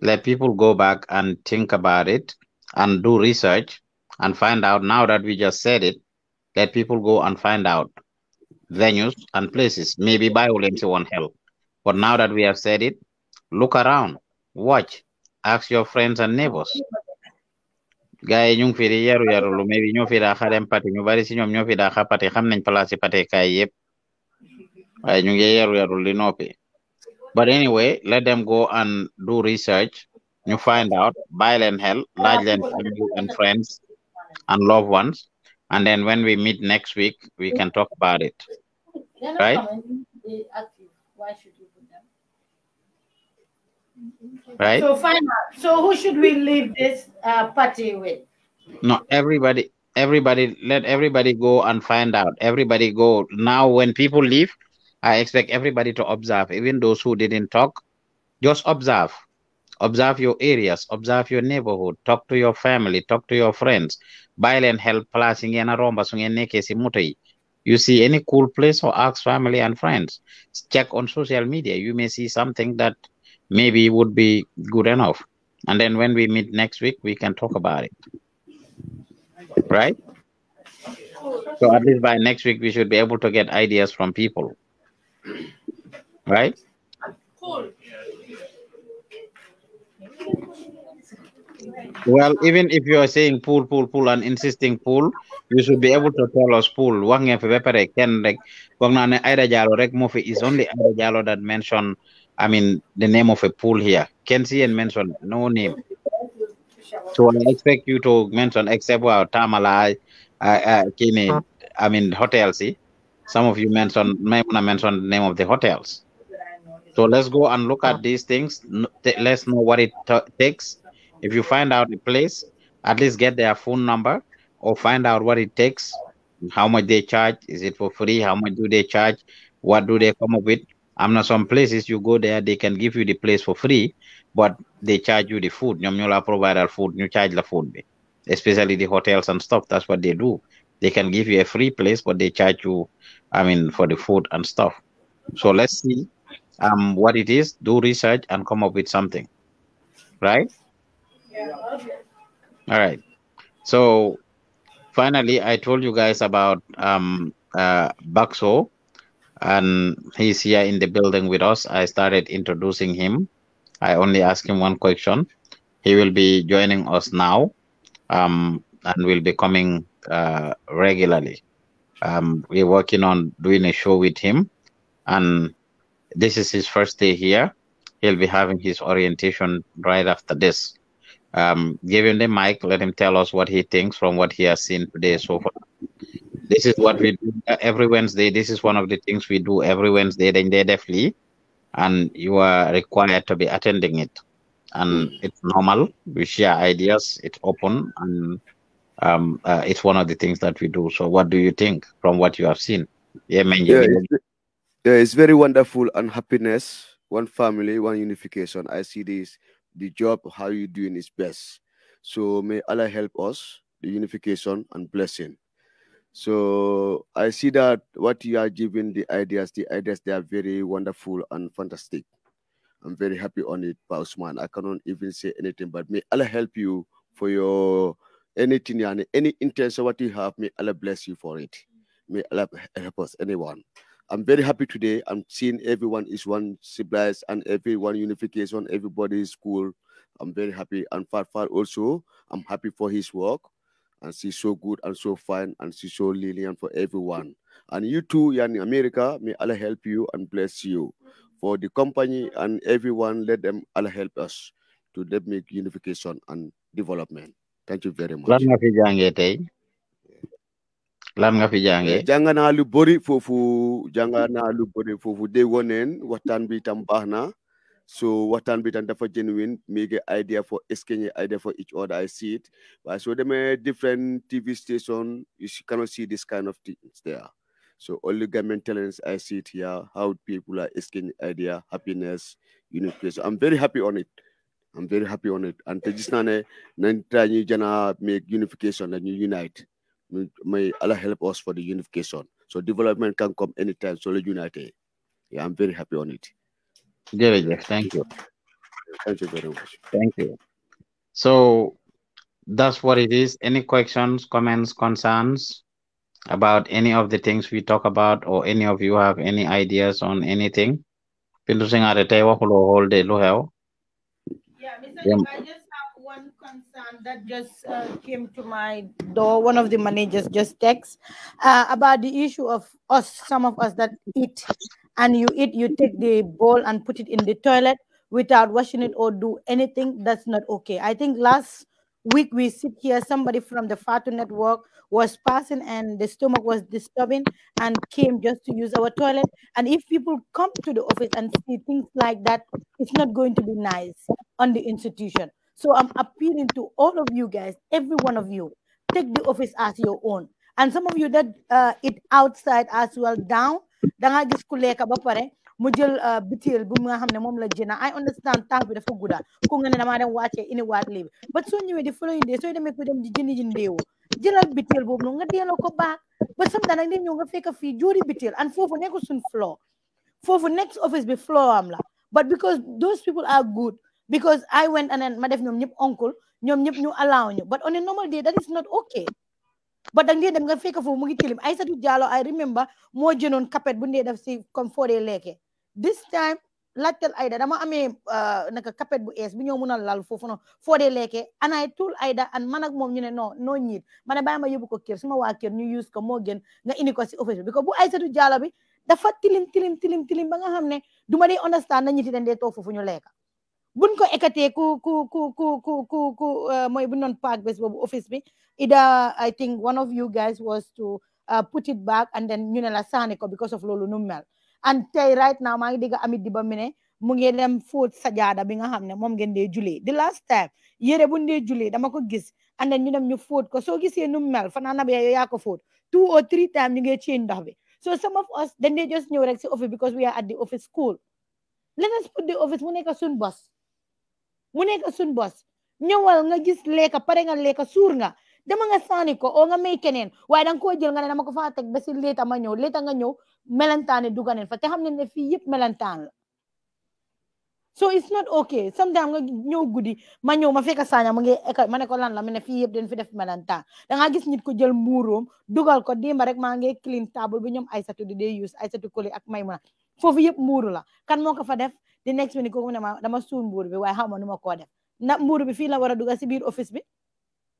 Let people go back and think about it and do research and find out. Now that we just said it, let people go and find out venues and places. Maybe violence won't help. But now that we have said it, look around, watch, ask your friends and neighbors. gars yi ñu ngi fi di yaru yaru lu maybe ñoo fi daa xa dem pati ñu bari si ñoom ñoo fi daa xa pati xam nañ place pati kaay yëpp waaye ñu ngi yaru yaru li noppi but anyway let them go and do research ñu find out buy leen xel laaj leen family and friends and loved ones and then when we meet next week, we can talk about it. Right? Right. So final. So who should we leave this uh, party with? No, everybody. Everybody, let everybody go and find out. Everybody go now. When people leave, I expect everybody to observe, even those who didn't talk. Just observe observe your areas, observe your neighborhood, talk to your family, talk to your friends. Buy and help plus in romba mutai. You see any cool place or ask family and friends. Check on social media. You may see something that maybe would be good enough. And then when we meet next week, we can talk about it. Right? So at least by next week, we should be able to get ideas from people. Right? Cool. Well, even if you are saying pool, pool, pool, and insisting pool, you should be able to tell us pool. One of the ken can, wang na Jalo rek mofi is only Jalo that mention. I mean the name of a pool here. Can see and mention no name. So I expect you to mention except well Tamala, I, uh, Kini, I mean hotels. See, some of you mentioned may want to mention the name of the hotels. So let's go and look at ah. these things. Let's know what it takes. If you find out the place, at least get their phone number or find out what it takes, how much they charge. Is it for free? How much do they charge? What do they come up with? I'm not some places you go there, they can give you the place for free, but they charge you the food. Nyomnyola provide food, you charge the food, especially the hotels and stuff. That's what they do. They can give you a free place, but they charge you, I mean, for the food and stuff. So let's see um, what it is, do research, and come up with something. Right? Yeah. All right. So finally, I told you guys about um, uh, Baxo, and he's here in the building with us. I started introducing him. I only asked him one question. He will be joining us now um, and will be coming uh, regularly. Um, we're working on doing a show with him, and this is his first day here. He'll be having his orientation right after this. Um, give him the mic. Let him tell us what he thinks from what he has seen today so far. This is what we do every Wednesday. This is one of the things we do every Wednesday, then they definitely, and you are required to be attending it. And it's normal. We share ideas. It's open, and um, uh, it's one of the things that we do. So, what do you think from what you have seen? Yeah, man. Yeah, there is very wonderful and happiness, one family, one unification. I see this, the job, how you doing is best. So may Allah help us, the unification and blessing. So I see that what you are giving the ideas, the ideas, they are very wonderful and fantastic. I'm very happy on it, Pausman. I cannot even say anything, but may Allah help you for your anything, any intention what you have. May Allah bless you for it. May Allah help us, anyone. I'm very happy today. I'm seeing everyone is one civilized and everyone unification, everybody is cool. I'm very happy. And Far Far also, I'm happy for his work. And she's so good and so fine and she's so lenient for everyone. And you too, you're in America, may Allah help you and bless you. For the company and everyone, let them Allah help us to let make unification and development. Thank you very much lan nga fi jàngee jàng lu bori eh, foofu jàng naa lu bori foofu de neen watan bi tam na so watan bi tam dafa genuine mi idea for exchanging idea for each other I see it So soo demee different TV station you cannot see this kind of things there so all the government talents I see it here how people are asking idea happiness unification. so I'm very happy on it I'm very happy on it and just now, naa ne nañ try make unification and unite may Allah help us for the unification. So development can come anytime. So let's unite. Yeah, I'm very happy on it. thank you. Thank you very much. Thank you. So that's what it is. Any questions, comments, concerns about any of the things we talk about, or any of you have any ideas on anything? we're losing our table, hello, all day, hello. Yeah, Mr. Yeah. I just understand that just uh, came to my door one of the managers just texts uh, about the issue of us some of us that eat and you eat you take the bowl and put it in the toilet without washing it or do anything that's not okay i think last week we sit here somebody from the fatu network was passing and the stomach was disturbing and came just to use our toilet and if people come to the office and see things like that it's not going to be nice on the institution so I'm appealing to all of you guys, every one of you, take the office as your own. And some of you that uh, it outside as well down, danga nga gis ku lekk ba pare mu jël uh, bitéel bu nga xam ne la jëna I understand temps bi dafa gudda ku nga ne damaa dem wàccee ini waat lii but soo ñëwee di following day sooy demee ku dem di jëndi ji ndéewu jëlal bitéel boobu nga delloo ko baax ba sam da nag ñëw nga fekk fii jóori bitéel and foofu nekkul suñ floor foofu next office bi floor am la but because those people are good because I went and then ma def ñoom ñëpp oncle ñoom ñëpp allow ñu but on a normal day that is not okay but dang dee dem nga fekk foofu mu I said to Diallo I remember moo jënoon carpet bu ndee def si comme foo dee lekke this time laajtal Ida, dama amee euh, naka kapet bu ees bu ñoo mun a lal foofu noonu foo dee lekke and I told Ida and man mom moom ñu ne no need ma ne bàyyi ma yóbbu ko kër suma waa kër use ko moo na nga office bi because bu Aïssatou Jala bi fat tilim tilim tilim tilim ba nga xam ne du understand na ñiti dañ dee toog foofu ñu buñ ko ekatee ku ku ku ku ku ku eh, non park bés office ida i think one of you guys was to eh, put it back and then you ne la saani ko because of loolu nu and tey right now maa ngi dégg amit di ba mu ne mu ngi dem fóot sajaada bi nga ngeen the last time yére bu dee julee dama ko gis and then ñu dem ñu fóot ko so gisee nu mel fanaa na ya ya ko fóot two or three times ñu ngi change ndox bi so some of us then they just ñëw rek si office because we are at the office school let us put the office mu nekk suñ boss mu nekk suñ bos ñëwal nga gis lekka pare nga lekka suur nga dama nga sani ko oo nga may keneen waaye danga koo jël nga ne dama ko faa teg ba si léeta ma ñëw léta nga ñëw melantaane duga neen fa te xam ne ne fii yëpp melantaan la so it's not okay sometimes nga ñëw guddi ma ñëw ma fekk saaña mu ngi école ma ne ko lan la mu ne fii yëpp den fi def melantaan dangaa gis nit ko jël muuróom dugal ko dimba rek maa ngi clean table bi ñoom Aysatu di dee use Aysatu Koli ak Maymuna fofu yep mbuuru la kan moko fa def the next minute ko ne ma dama sun mbuuru bi way xam ma nu ma def na mbuuru bi fi la wara duga ci biir office bi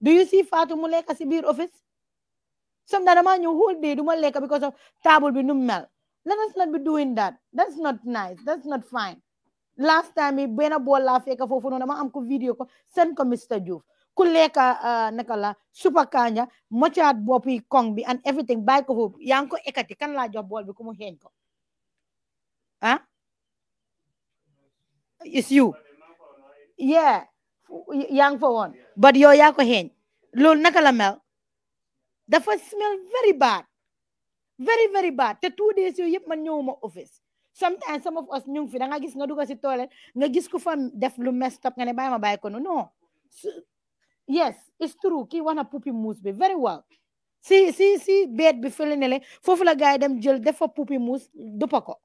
do you see Fatou mu lek ci biir office sam na dama ñu whole day duma lek because of table bi nu mel let us not be doing that that's not nice that's not fine last time bi benn bol la fek fofu noonu dama am ko video ko sen ko Mr Diouf ku lekka uh, naka la super kanya mochat boppi kong bi and everything bike ko yang ko ekati kan la jox bol bi ku mu ko Huh? It's you. Yeah. young for one. But yo yako hen. Lul, nakalamel. The first smell very bad. Very, very bad. The two days you yip man nyoma office. Sometimes some of us nyung fi da nga gis nga duga si toilet, nga gis ko fa def lu messed up nga ne bay ma bay ko no. yes, it's true. Ki wana poopy moose be very well. See see see bed be feeling ele. Fofu la guy them jël defo fa pupi moose dupa ko.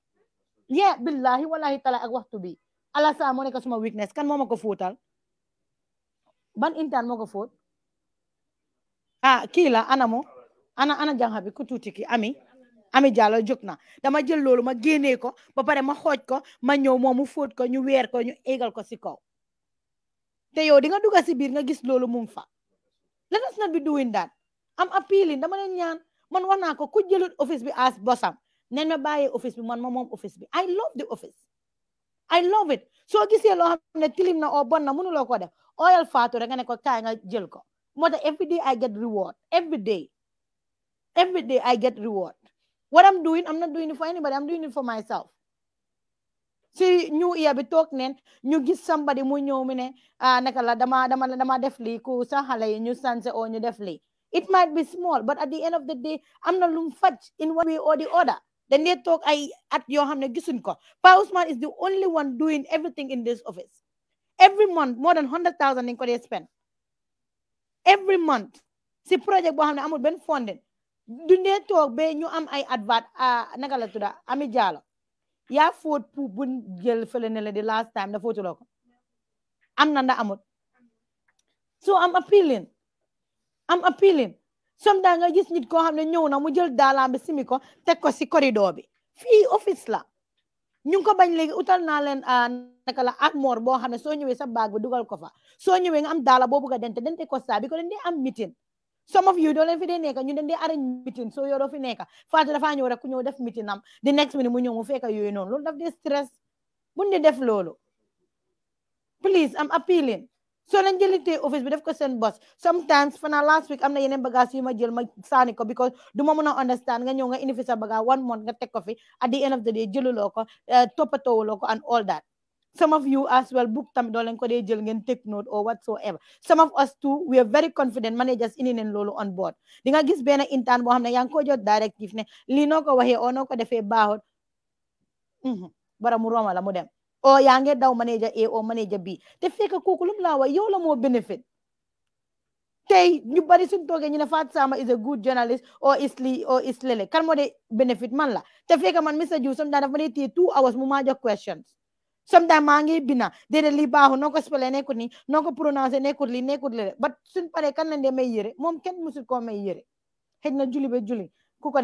Ya, billahi wallahi tala ak waxtu bi. ala sa mo nek suma weakness kan moo ma ko ban intern mo ko ah ki la ana mo ana ana jànxa bi ku tuti ki ami ami jàllo jukna dama jël loolu ma gene ko ba pare ma xoj ko ma ñew moom mu ko ñu wër ko ñu égal ko si kaw te yow di nga dugga ci bir nga gis mum fa let us not be doing that am appealing dama len ñaan man wana ko ku jëlut office bi as bosam Then I buy office bi man ma office bi I love the office I love it soo gisee loo xam ne tilim na oo oh, bon na munu ko def oyal faatu rek nga ne ko kaay nga jël ko every day I get reward every day every day I get reward what I'm doing I'm not doing it for anybody I'm doing it for myself See, new year bi toog neen ñu gis somebody mu ñëw mi ne ah naka la dama dama dama def lii ku sa halay. yi ñu sanse oo oh, ñu def it might be small but at the end of the day i am not lum in one way or the other dañ dee toog at Johanna Gisunko. ne ko is the only one doing everything in this office every month more than hundred in Korea dee spend every month si project boo xam been funded. benn funding du dee am I advert naka la tudda Ami Jallow yaa fóot pu buñ the last time The da fóotuloo i am Nanda nda amut so am appealing i am appealing sometimes nga gis nit koo xam ne ñëw na mu jël daalaam bi simi ko teg ko si corridor bi fii office la ñu ngi ko bañ léegi utal naa leen ah, naka la armoire boo xam ne soo ñëwee sa baag bi dugal ko fa soo ñëwee nga am daala boo bëgg a dente dente ko saa bi ko leen di am meeting some of yoo doo fi dee nekk ñu den dee arrange meeting soo yoroo fi nekk faatu dafaa ñëw rek ku ñëw def meeting am di next minute mu ñëw mu fekk yooyu noonu loolu daf dee stress buñ di def loolu please am appealing So nañ jëlitee office bi def ko seen boss sometimes fana last week am na yeneen bagage yu ma jël ma sànni ko because du ma mën a understand nga ñëw nga indi fi sa baga one month nga teg ko fi at the end of the day jëluloo ko eh, toppatoowuloo ko and all that some of you as well book tamit doo leen ko dee jël ngeen take note or whatsoever some of us too we are very confident managers indi neen loolu on board di nga gis benn intern boo xam yang ko jot directive ne lii noo ko waxee oo noo ko defee baaxut mm-hmm. bara mu roma la mu dem or yaa ngi manager manager or manager B The fake kuku lu mu laa wax benefit tey new bari suñ ni ñu fat Sama is a good journalist or is or is lele kan de benefit man la te fekk man Mr Diouf sometimes dafa ma dee two hours mumaja questions sometimes maa bina They lii liba noo spell spellé nekkut nii noo ko prononcé nekkut but suñ paree kan lañ dee may yére Mom kenn musul koo may yére xëj na juli Julie juli ku ko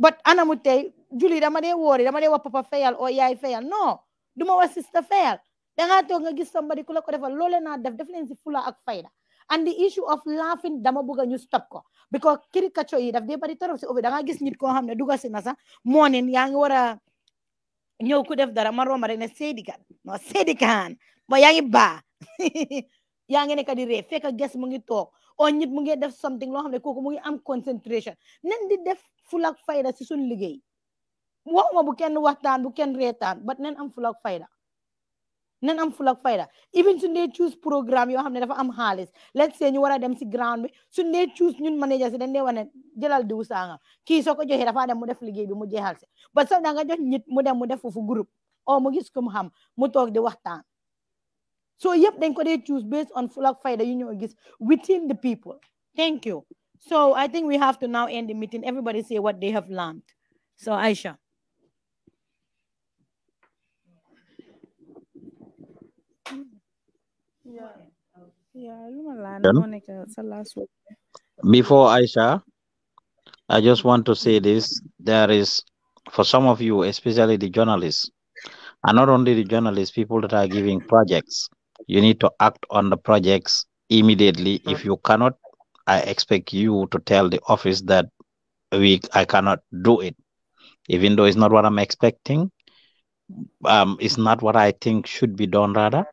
But Anna mu tay Julie, dama they worry, dama they wa papa fail or oh, yai fail. No, duma wa sister fail. Danga to nga gis somebody kula ko defal lole na def def len si fula ak fayda. And the issue of laughing dama buga ñu stop ko because kiri kacho yi daf dé bari torop si oh, da nga gis nit ko xamné duga si nasa morning nga wara ñew ku def dara maroma rek ne sedikan no sedikan ba yaangi ba nga ne ka di re ak guess mu ngi tok oo ñëpp mu ngi def something loo xam ne kooku mu ngi am concentration nan di def fulak fayda si suñ liggéey waxuma bu kenn waxtaan bu kenn reetaan but nan am fulak fayda nan am fulak fayda even suñ dee choose programme yoo xam ne dafa am xaalis let's say ñu war a dem si ground bi suñ dee choose ñun manager si dañ dee wane jëlal diw sanga kii soo ko joxee dafa dem mu def liggéey bi mu jeexal si but sax da nga jox nit mu dem mu def foofu groupe oo oh, mu gis ko mu xam mu toog di waxtaan so yep, then ko dee choose based on flag fight the union against within the people thank you so I think we have to now end the meeting everybody say what they have learned so Aisha Before Aisha, I just want to say this. There is, for some of you, especially the journalists, and not only the journalists, people that are giving projects, you need to act on the projects immediately. If you cannot, I expect you to tell the office that we I cannot do it, even though it's not what I'm expecting. Um, it's not what I think should be done rather,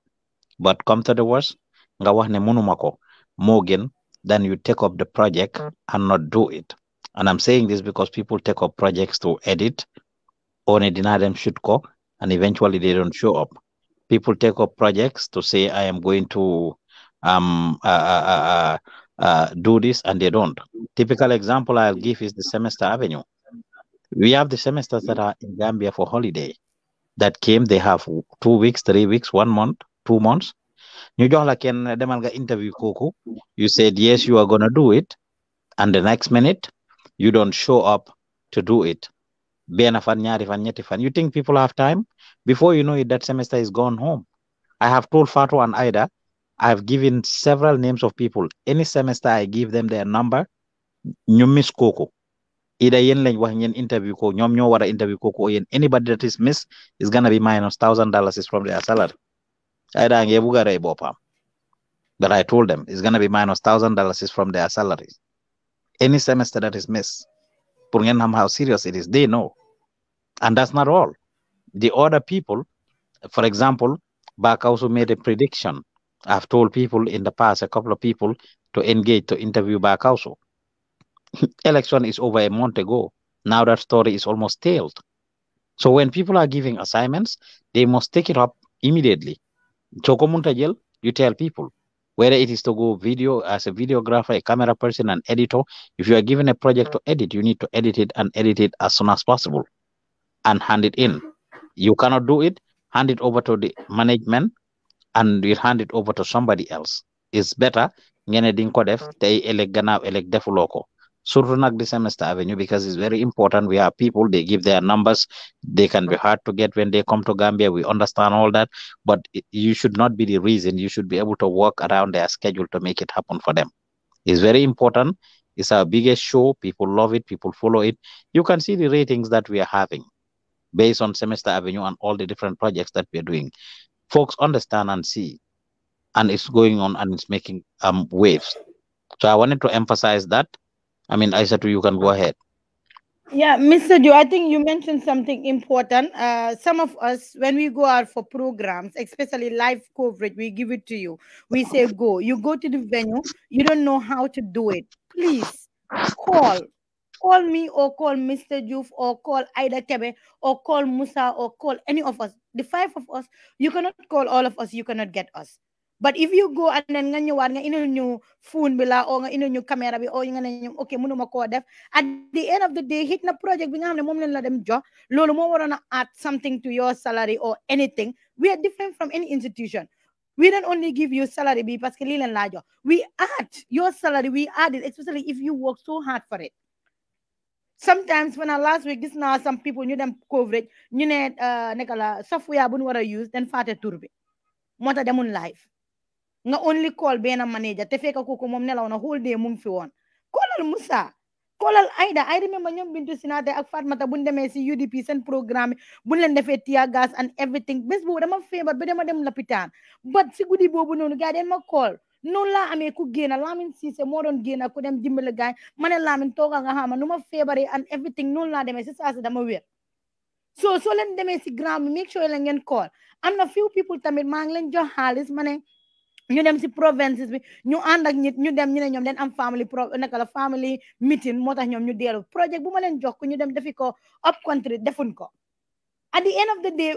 but come to the worst, Morgan, then ne you take up the project mm. and not do it. And I'm saying this because people take up projects to edit, only deny them should go, and eventually they don't show up people take up projects to say i am going to um uh uh, uh, uh, uh, do this and they don't typical example i'll give is the semester avenue we have the semesters that are in gambia for holiday that came they have two weeks three weeks one month two months You jox la kenn demal nga interview kooku you said yes you are gonna do it and the next minute you don't show up to do it you think people have time before you know it, that semester is gone home. I have told Fatu and Ida, I've given several names of people. Any semester, I give them their number. ñu miss kooku ida yéen lañ wax interview ko ñoom ñoo war interview Koko yéen anybody that is miss is gonna be minus thousand dollars is from their salary ida ang buga rey boppam but I told them it's gonna be minus thousand dollars is from their salaries any semester that is missed pour ham how serious it is they know and that's not all the other people, for example, Bach also made a prediction. I've told people in the past, a couple of people, to engage to interview Bach also. Election is over a month ago. Now that story is almost tailed. So when people are giving assignments, they must take it up immediately. muntajel, you tell people whether it is to go video as a videographer, a camera person, an editor. If you are given a project to edit, you need to edit it and edit it as soon as possible and hand it in you cannot do it hand it over to the management and you hand it over to somebody else it's better ngene din ko def tay eleg ganaw eleg defulo ko surtout nak semester avenue because it's very important we have people they give their numbers they can be hard to get when they come to gambia we understand all that but it, you should not be the reason you should be able to work around their schedule to make it happen for them it's very important it's our biggest show people love it people follow it you can see the ratings that we are having based on Semester Avenue and all the different projects that we're doing. Folks understand and see, and it's going on and it's making um, waves. So I wanted to emphasize that. I mean, I said to you can go ahead. Yeah, Mr. Joe, I think you mentioned something important. Uh, some of us, when we go out for programs, especially live coverage, we give it to you. We say, go. You go to the venue, you don't know how to do it. Please call, call me or call Mr. Juf or call Ida Kebe or call Musa or call any of us, the five of us, you cannot call all of us, you cannot get us. But if you go and then nga ñëwaat nga indil ñu phone bi la or nga indil ñu caméra bi o nga ne ñu ok mënuma koo def at the end of the day hit na project bi nga xam ne moom lañ la dem jox loolu moo waroon add something to your salary or anything we are different from any institution we don't only give you salary bi parce que lii leen laa jox we add your salary we add it especially if you work so hard for it sometimes when I last week gis now some people knew them coverage You know, uh la software bu ñu war use then faate tur bi moo tax demul life. nga only call a manager te kuku kooku moom nelaw na whole day mu one. fi al Musa. Call al Aida I remember ñoom Bintu Sinaate ak mata buñ demee si UDP send programme buñ leen defee gas and everything bés boobu dama feebar ba dama dem lopitaan but si guddi boobu noonu gars ma call no la ame ku génna Lamin Siise se doon génna ku dem dimbali gaay ma ne Lamin toogal nga xama nu ma and everything no la demee si saa si dama wér so so len demee si gram bi make sure la ngeen call am na few people tamit maa ngi leen jox xaalis ma ne ñu dem si provinces bi ñu ànd ak nit ñu dem ñu ne ñoom leen am family pro naka family meeting moo tax ñoom ñu deelu projet bu ma leen jox ku ñu dem defi up country defuñ ko at the end of the day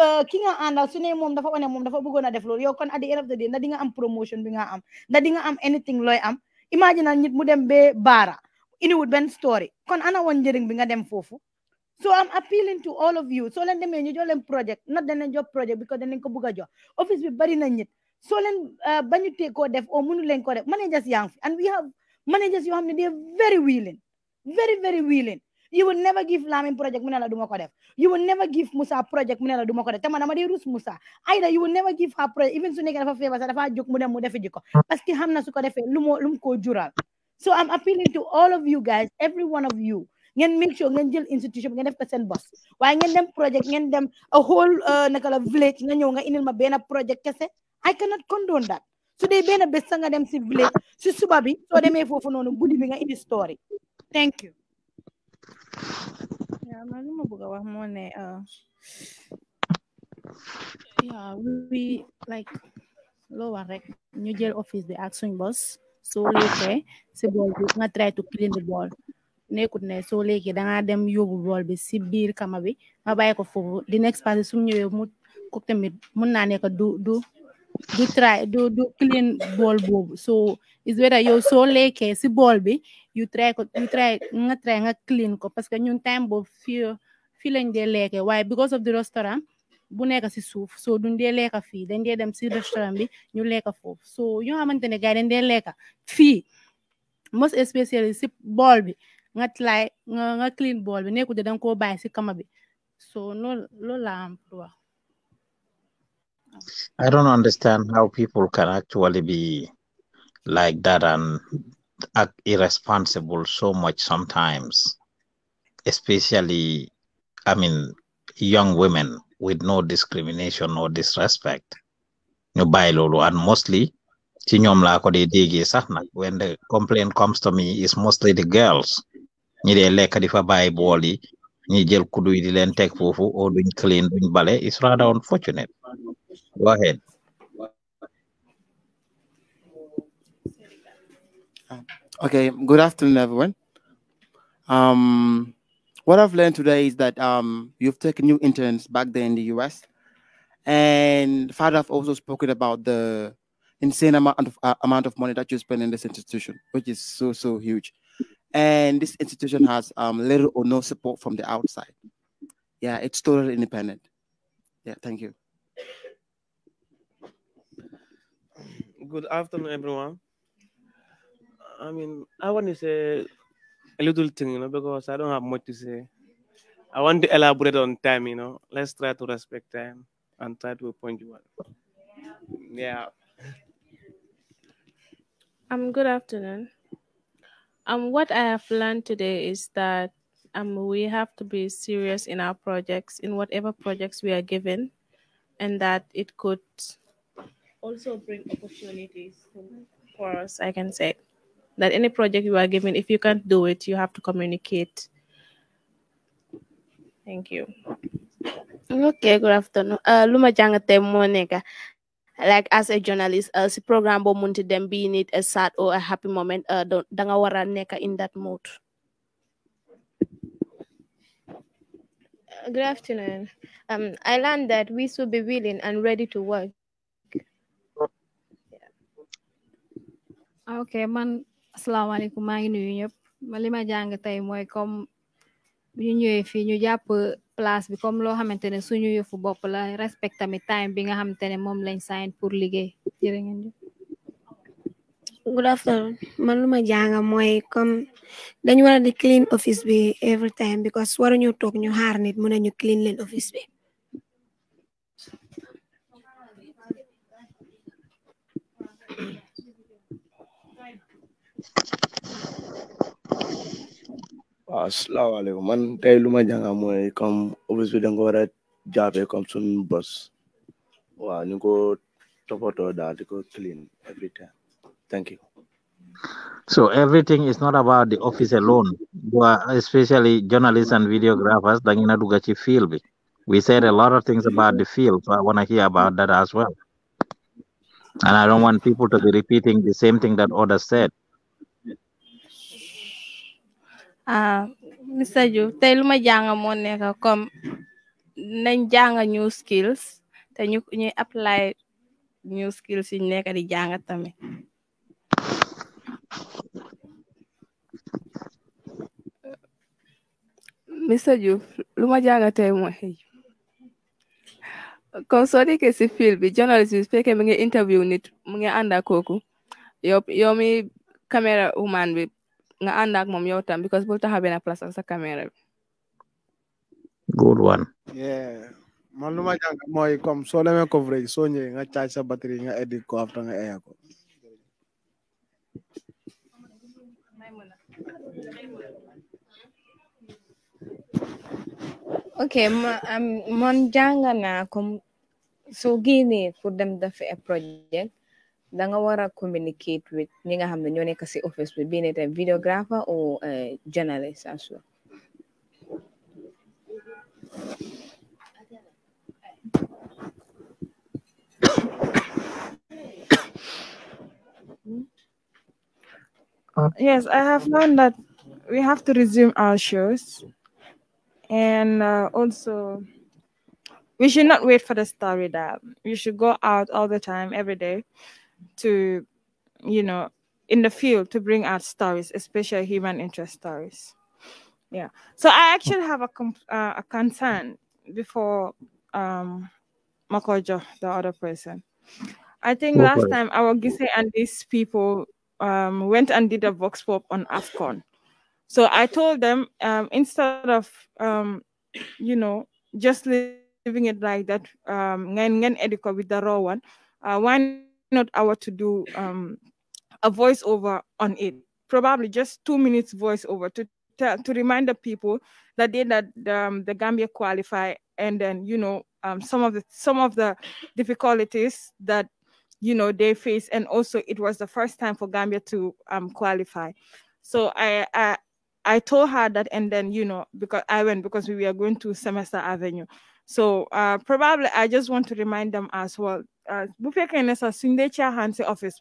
uh, ki nga àndal su ne moom dafa wane moom dafa bëggoon a def loolu yow kon at the end of the day ndax di nga am promotion bi nga am ndax di nga am anything looy am imagine nit mu dem ba baara indiwut benn story kon ana woon njëriñ bi nga dem foofu so I'm appealing to all of you So leen demee ñu jox leen project not danañ jox project because danañ ko bëgg a jox office bi bari na nit soo leen uh, bañu tee koo def o mënu leen ko def managers Yang fi and we have managers yoo xam ne they very willing very very willing you will never give Lamin project mu ne you will never give Musa project mu ne la du ma ko rus Musa Either you will never give her project even su nekkee dafa feebar sax dafa jóg mu dem mu defi ji ko parce que xam na so I'm appealing to all of you guys every one of you ngeen make sure ngeen jël institution bi ngeen def ko boss Why ngeen dem project ngeen dem a whole uh nakala village nga ñëw nga indil ma benn project kese I cannot condone that So they benn bés sa nga dem si village si suba bi soo demee foofu noonu guddi bi in the story thank you Ya, malum buka wah mone. Yeah, uh, we like lower rek New jël office bi ak boss So late, si bool bi nga try to clean the bool nekkut ne late. lekkee dangaa dem yóbbu bool bi si biir kama bi nga bàyyi ko foofu di next party su ñëwee mu ko tamit mun naa nekk du du Du tr du du clean bol bob. so Izweda yo so leke siby nga tre nga lin ko pas kan un témbo fir filnde leke wa go op di restaurant buka si suf, so du die leka fi, dam sistraambi leka fof. So you ha man gande leka fi Mo spesia Bolby nga kli bolby neko de dan ko bay se kama be so lo laploa. I don't understand how people can actually be like that and act irresponsible so much sometimes, especially, I mean, young women with no discrimination or disrespect. No bailolo, and mostly, when the complaint comes to me, it's mostly the girls. ñi dee lekk di fa kudu yi di leen teg foofu o clean duñ bale it's rather unfortunate Go ahead. Ah, okay, good afternoon, everyone. Um, what I've learned today is that um, you've taken new interns back there in the US, and Father, I've also spoken about the insane amount of uh, amount of money that you spend in this institution, which is so so huge. And this institution has um, little or no support from the outside. Yeah, it's totally independent. Yeah, thank you. Good afternoon, everyone. I mean, I want to say a little thing, you know, because I don't have much to say. I want to elaborate on time, you know. Let's try to respect time and try to you one. Yeah. Um, good afternoon. Um, what I have learned today is that um, we have to be serious in our projects, in whatever projects we are given, and that it could also bring opportunities for us, I can say. That any project you are given, if you can't do it, you have to communicate. Thank you. Okay, good afternoon. Uh, luma jangate moneka. Like as a journalist, uh, si program bo munti dem be in it a sad or a happy moment, uh, danga wara neka in that mood. Uh, good afternoon. Um, I learned that we should be willing and ready to work ok man alaykum ma ngi nuyu ñep ma lima jang tay moy eh, comme ñu ñëwé eh, fi ñu japp place bi comme lo xamantene suñu yofu bop la respect tamit time bi nga xamantene mom lañ sign pour liggéey jërë ngeen jëf good afternoon man luma ma moy comme eh, dañu wara di clean office bi every time because ñu tok ñu haar nit mëna ñu clean leen office bi waaw asalaamaaleykum man tey lu ma jànga mooy comme office bi danga ko war a jàppee comme suñ bos waaw ñu ko toppatoo daal di ko clean every time thank you so everything is not about the office alone you especially journalists and videographers da ngeen a ci field bi we said a lot of things about the field so I want to hear about that as well and I don't want people to be repeating the same thing that others said ah Mr Diouf tey lu ma jànga moo nekka comme nañ jànga new skills te ñu ñuy apply new skills yi di jànga tamit Mr Diouf lu ma jànga tey mooy comme soo nekkee si fiil bi journaliste bi su mi ngi interview nit mu ngi ànd ak kooku yow yow mi caméra bi nga ànd ak moom yow tam because bul taxaw benn place sa caméra bi. good one. yeah man lu ma jàng mooy soo demee coverage nga charge sa batterie nga edit ko après nga eya ok man jàng naa comme soo génnee pour dem dafa projet. da communicate with ñi nga xam ne kasi office with being a videographer or eh, journalist as well uh, yes, I have learned that we have to resume our shows. And uh, also, we should not wait for the story that we should go out all the time, every day, to, you know, in the field to bring out stories, especially human interest stories. Yeah. So I actually have a uh, a concern before um, Makojo, the other person. I think okay. last time our Gise and these people um, went and did a vox pop on AFCON. So I told them um, instead of, um, you know, just leaving it like that, um, with the raw one, uh, why not hour to do um, a voiceover on it, probably just two minutes voiceover to to remind the people that they that um, the Gambia qualify, and then you know um, some of the some of the difficulties that you know they face, and also it was the first time for Gambia to um, qualify. So I, I I told her that, and then you know because I went because we were going to Semester Avenue. So uh, probably I just want to remind them as well bu fekkee ne sax suñ dee office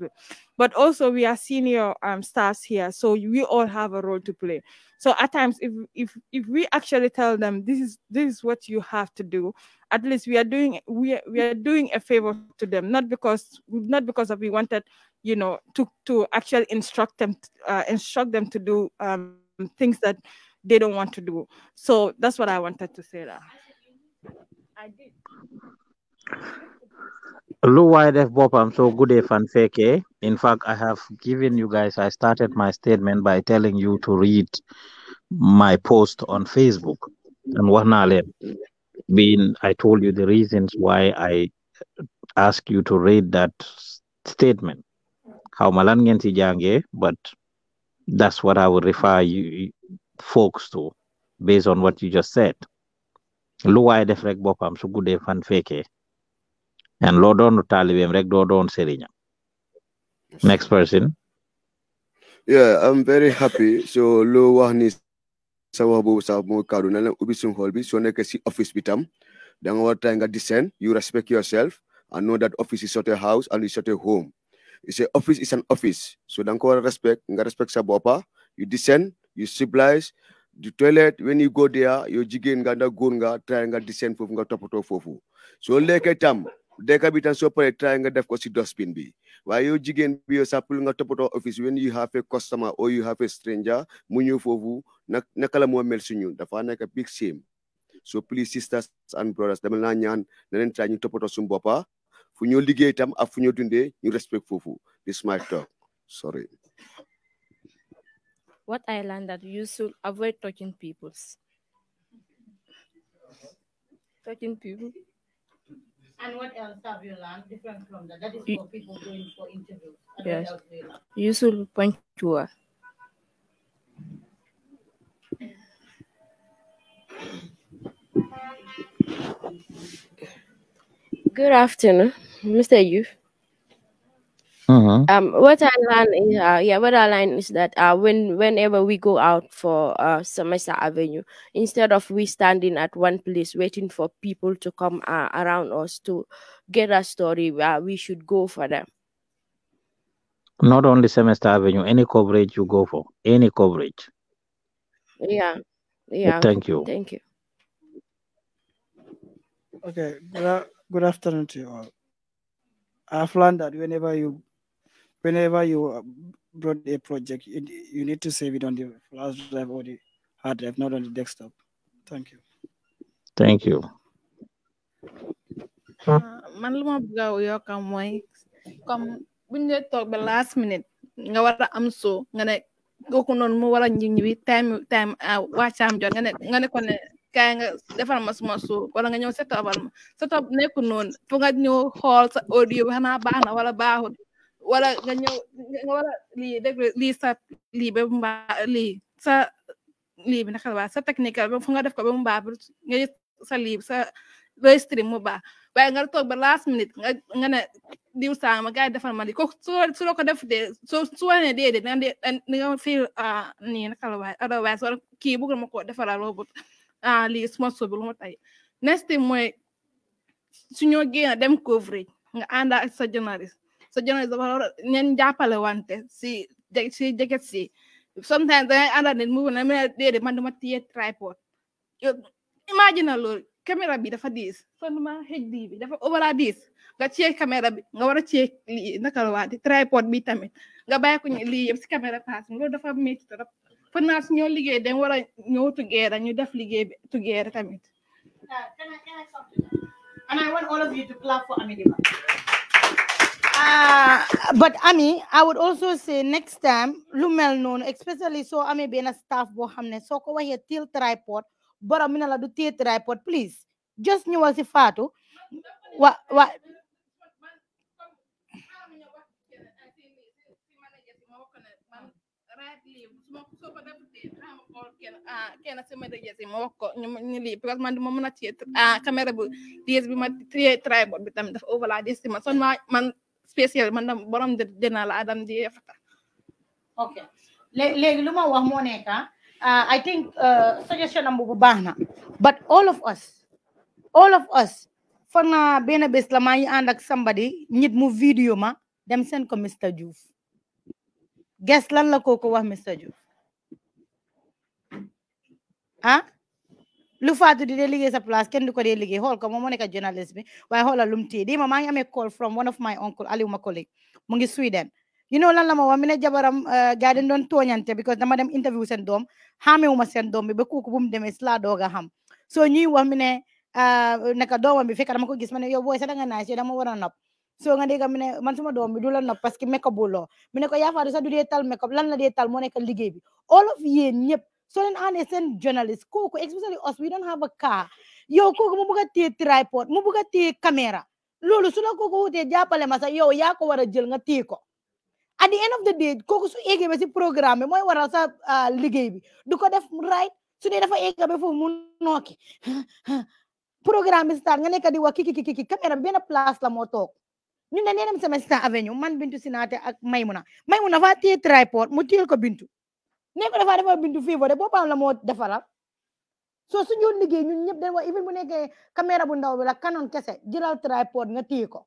but also we are senior um, staffs here so we all have a role to play so at times if if if we actually tell them this is this is what you have to do at least we are doing we are, we are doing a favor to them not because not because of we wanted you know to to actually instruct them uh, instruct them to do um, things that they don't want to do so that's what i wanted to say there. i did Hello, YDF Bob. I'm so good if and fake. Eh? In fact, I have given you guys, I started my statement by telling you to read my post on Facebook. And one alem, being I told you the reasons why I ask you to read that statement. How malangen jange, but that's what I would refer you folks to based on what you just said. Hello, YDF Bob. I'm so good if and fake. and loo doonu taalibeem rek doo doon sëriñam next person yeah I'm very happy so loo wax ni sa wax boobu sax moo kaddu na leen ubbi xool bi soo nekkee si office bi tam da nga war tey nga discern you respect yourself and know that office is not a house and it's not home it's a office is an office so da ko war a respect nga respect sa boppa yu discern you civilise the toilet when you go there yow jigéen nga ndax góor nga try nga discern foofu nga toppatoo foofu soo lekkee tam deka bi tam soo paree try nga def ko si dustbin bi waaye yow jigéen bi yow nga office when you have a customer or you have a stranger mu ñëw foofu nag naka la moo mel suñu dafa big shame so please sisters and brothers dama na ñaan na leen try ñu topoto suñu boppa fu ñoo liggéey tam ak fu ñoo dundee ñu respect foofu this my talk sorry what I learned that you should avoid touching peoples touching people and what else have you learned different from that? That is for people going for interviews. And yes. Usul punctual. Good afternoon, Mr. Youth. Mm-hmm. Um, what I learned is, uh, yeah, what I learned is that uh, when whenever we go out for uh, Semester Avenue, instead of we standing at one place waiting for people to come uh, around us to get a story, uh, we should go for them. Not only Semester Avenue, any coverage you go for, any coverage. Yeah, yeah. Thank you. Thank you. Okay. Good, good afternoon to you all. I've learned that whenever you whenever you uh, brought a project, it, you need to save it on the flash drive or the hard drive, not on the desktop. Thank you. Thank you. Uh, man luma buga bëgg a yokk mooy comme buñ dee last minute nga amso. a am soo mo ne kooku noonu time time uh, waacaam jot nga ne nga ne ko kaya kaay nga defal ma suma soo wala nga ñëw setobal ma setop nekku noonu fu nga ñëw xool sa audio Hana ba na wala baaxul wala nga lii dégg lii sa lii ba mu lii sa lii bi naka sa technique ba fu nga def ko ba mu baax nga sa lii sa looy mu baax waaye nga toog ba last minute nga nga ne diw saama gars yi defal ma lii ko su la ko def dee soo su wane dee dee nga nga ah, nii naka la otherwise wala kii bëgg ma ko defal robot ah lii suma bi lu ma tay next su ñoo génn dem coverage nga ànd ak sa journaliste so journalist dafa war neen jàppale wante si si si sometimes dangay ànd ak nit mu ne ma déedéet man dama téye tripod imagine loolu caméra bi dafa diis son ma HD bi dafa overall diis nga téye caméra bi nga war a téye lii naka la waati bi tamit nga bàyyi ko lii yëpp si caméra pass loolu dafa métti trop fan naa ñoo liggéey dañ war a ñëw together ñu def liggéey bi together tamit. Uh, but but mean, I would also say next time Lumel mel especially so. I may be in a staff, soo ko waxee til tripod borom mi na la i téye tripod to just ñëwal si Fatou wa wa kenn si manager si ma wax ko ñu man caméra bu diis be my téye tripod bi tamit dafa overla diis si son man spécial man dam borom dina la adam di fata ok léegi lu ma wax moo nekk ah, I think ah, suggestion am bu baax na but all of us all of us fan na benn bés la maa ngi ànd ak somebody nit mu vidéo ma dem seen ko Mr Diouf guess lan la kooku wax Mr Diouf ah lu faatu di sa place kenn du ko dee liggéey xool ko moom moo nekk bi waaye xoolal lu mu ma maa ngi a call from one of my uncle Ali, ma colleague, mu ngi Sweden you know lan la ma wax jabaram gars dañ doon because dama dem interview seen doom xaamewuma seen doom bi ba kooku bu mu demee si laa a so ñuy wax mi naka doomam bi fekk dama ko gis ma ne yow sa da nga nice yow dama war a so nga dégg mi man suma doom bi du la parce que make bu loo mi ko yaa faatu sax du dee tal make lan la dee tal moo nekk liggéey bi all of yéen ñëpp soo leen àndee seen journalist kooku especially us we don't have a car yow kooku mu bugg a téye tripod mu bugg a téye caméra loolu su la kooku wutee jàppale ma sa yow yaa ko war a jël nga téye ko at the end of the day kooku su eggee ba si programme bi mooy waral sa ah, liggéey bi du ko def right su dee dafa egg ba foofu mu nooki programme bi start nga nekk di wax kiki kiki caméra bi benn place la moo toog ñun dañ dem Semester Avenue man Bintu Sinaate ak Maymuna Maymuna faa téye tripod mu téyel ko Bintu ne ko dafa defal bintu fii de boppam la moo defaral soo suñu liggéey ñun ñëpp dañ wax even bu nekkee caméra bu ndaw bi la canon kese jëlal tripod nga téye ko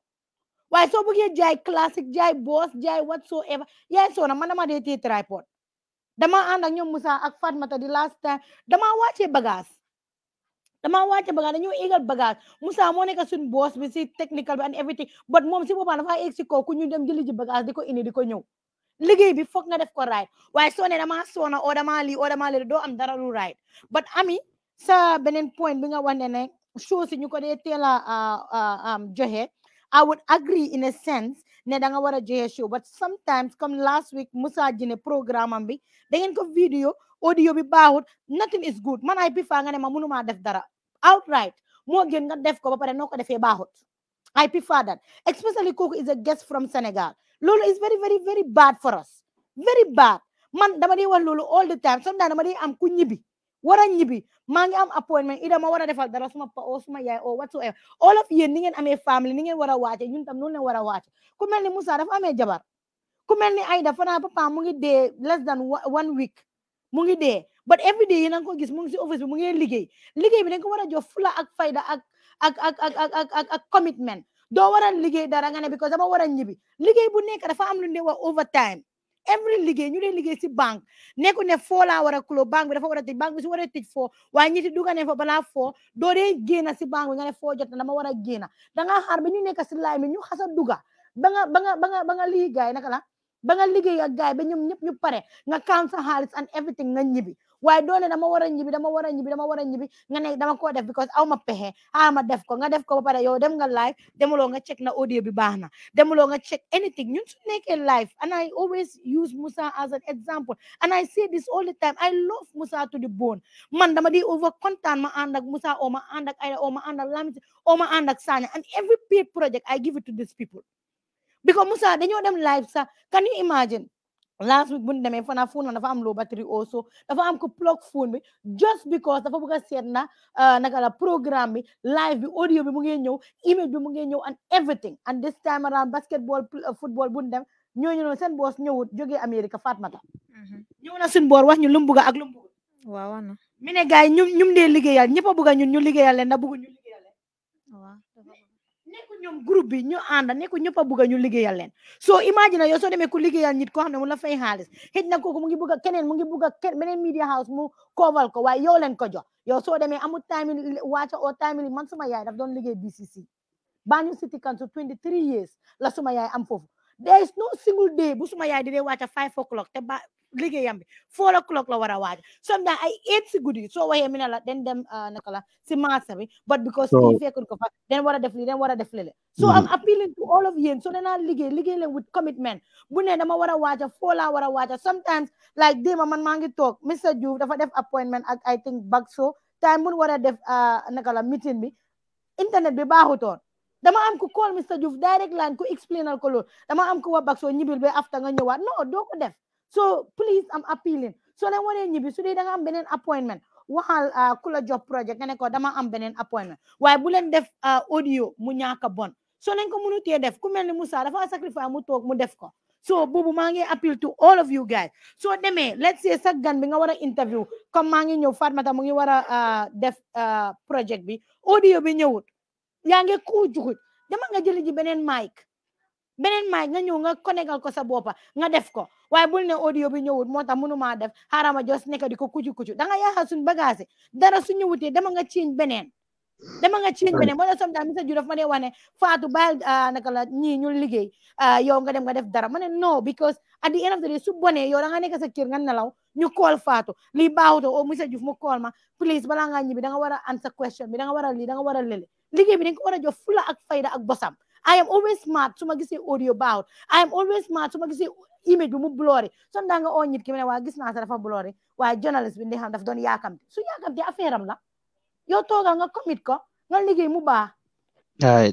waaye soo bëggee jaay classique jaay boss jaay whatsoever yaay soona man ma dee téye tripod dama ànd ak ñoom Moussa ak Fatmata di last time dama wàccee bagage dama wàccee bagage dañoo égal bagage Moussa moo nekk suñu boss bi si technical bi and everything but moom si boppam dafa egg si ku ñu dem jëli ji bagage di ko indi di ko ñëw liggéey bi fuck nga def ko right waaye soo ne damaa soona oo damaa lii oo damaa lii am dara do right but ami sa beneen point bi one wax ne ne show si ñu ko dee teel a joxe I would agree in a sense ne da nga war show but sometimes come last week Moussa Jine programme ambi bi ko video audio bi bahut nothing is good man ay pifa nga ne ma def dara outright Mo gën nga def ko ba pare noo ko defee baaxut I prefer that especially kooku is a guest from Senegal Lulu, is very very very bad for us very bad man dama dee wax Lulu all the time sometimes dama dee am ku ñibbi war a ñibbi maa am appointment ida ma war a defal dara suma pa oo suma yaay oo whatsoever all of yéen ni ngeen family ningen ngeen war a wàcce ñun tam noonu leen war a ni Moussa dafa amee jabar Kumel ni Aida fana apa mu ngi dee less than one week mu day. but every day yéen a ngi ko gis mu si office bi ligay. Ligay liggéey liggéey bi dañ ko war a jox fula ak fayda ak ak ak ak ak commitment doo war a liggéey dara nga ne because dama war a ñibbi liggéey bu nekk dafa am lu ne wax overtime every liggéey ñu dee liggéey si banque nekku ne foo laa war a clos banque bi dafa war a tëj banque bi si war a tëj foo waaye ñiti duga ne fa balaa foo doo dee si banque bi nga ne foo jot na dama war a génna danga xaar ba ñu nekk si laay mi ñu xasa duga ba nga ba nga ba nga ba nga liggéey naka la ba liggéey ak gaay ba ñoom ñëpp ñu pare nga count sa xaalis and everything nga ñibbi Why don't waaye doone I'm a ñibbi dama war a ñibbi dama war a ñibbi nga ne dama I'm because aw ma pexe xaaral ma def ko nga def ko ba pare yow dem nga live demuloo nga check na audio bi baax na demuloo nga check anything ñun su nekkee live and I always use Musa as an example and I say this all the time I love Musa to the bone man am di over content ma ànd ak Musa oo ma ànd ak Aida oo ma ànd ak Lamine oo ma ànd ak Sane and every paid project I give it to these people because Musa dañoo dem live sax can you imagine last week bu ñu demee fana phone dafa am low battery also dafa am ko plug phone bi just because dafa bëgg a na uh, naka la programme bi live bi audio bi mu ngi ñëw image bi mu ngi ñëw and everything and this time around basketball uh, football bu ñu dem ñooñu noonu seen boos ñëwut jógee Amérique Fatmata mm-hmm. ñëw na suñu boor wax ñu lu mu bëgg ak lu mu bëgg waaw waaw mi ne gars yi ñu ñu dee liggéeyal ñëpp a ñun ñu liggéeyal leen na bëgg ñu liggéeyal leen waaw nekku ñoom groupe bi ñu ànda nekku ñëpp a bugg a ñu liggéeyal leen soo imagine yow so demee ku liggéeyal nit ko xam ne mu la fay xaalis xëj na kooku mu ngi bugg a keneen mu ngi bugg a beneen media house mu koobal ko waaye yow ko jox yow soo demee amul time waaca oo time man suma yaay daf doon liggéey BCC Banjul City Council 23 years la suma yaay am foofu there is no single day Busuma suma yaay di dee wàcca five o'clock Teba ligay liggéeyam four o'clock la wara watch. wàcca I na si guddi So waxee mi ne la den dem ah, naka la si marché but because kii fekkul ko fa den war a def lii den war a def lele so am mm-hmm. appealing to all of you. so then I ligay ligay leen with commitment bu ne dama war a wàcca four laa wara watch. sometimes like déema maman mangi talk. toog Mr Diouf dafa def appointment ak I think bag time bu wara def uh ah, nakala meeting me. internet bi baaxutoon dama am ku call Mr Diouf direct line ku explainal ko loolu dama am ku wax bak soo ñibil ba afta nga ñëwaat non doo ko def so please am appealing soo leen waree ñibbi su dee da am beneen appointment waxal ah, ku la jox projet nga ne dama am beneen appointment waaye bu leen def ah, audio mu ñaaka bon soo leen ko mënutee def ku mel ni Moussa dafa sacrifice mu toog mu def ko so boobu maa ngi appeal to all of you guys soo demee let's say sa gan bi nga war a interview comme maa ngi ñëw Fatmata mu ngi war a ah, def projet bi audio bi ñëwut yaa ngi dama nga jëli ji benen mic benen mic nga ñëw nga connectal ko sa nga def ko waaye bul ne audio bi ñewut moo tax def harama jos nekk ko kuju da ya nga yaaxa suñ bagage dara su ñëwutee dama nga ciñ benen dama nga ciñ benen mo la som da monsieur Diouf daf ma wané wax ne ah, naka la ñi ñu liggéey ah, yow nga dem nga def dara mané no because at the end of the day su boné yow da nga nekk sa kër nga nalaw ñu call Fatou lii baaxut o oh, monsieur Diouf mu call ma please balaa ngaa ñibbi da nga war a question bi da nga war a lii da nga war a lële liggéey bi dañ ko war a jox fula ak fayda I am always smart su ma gisee audio baaxut I am always smart su ma gisee image bi mu blori son daa nga oo ñit ki mu ne waa gis naa sa dafa blori waaye journaliste bi ndi xam daf doon yaakamti su a affaire am la yow toogal nga commit ko nga liggéey mu baax ay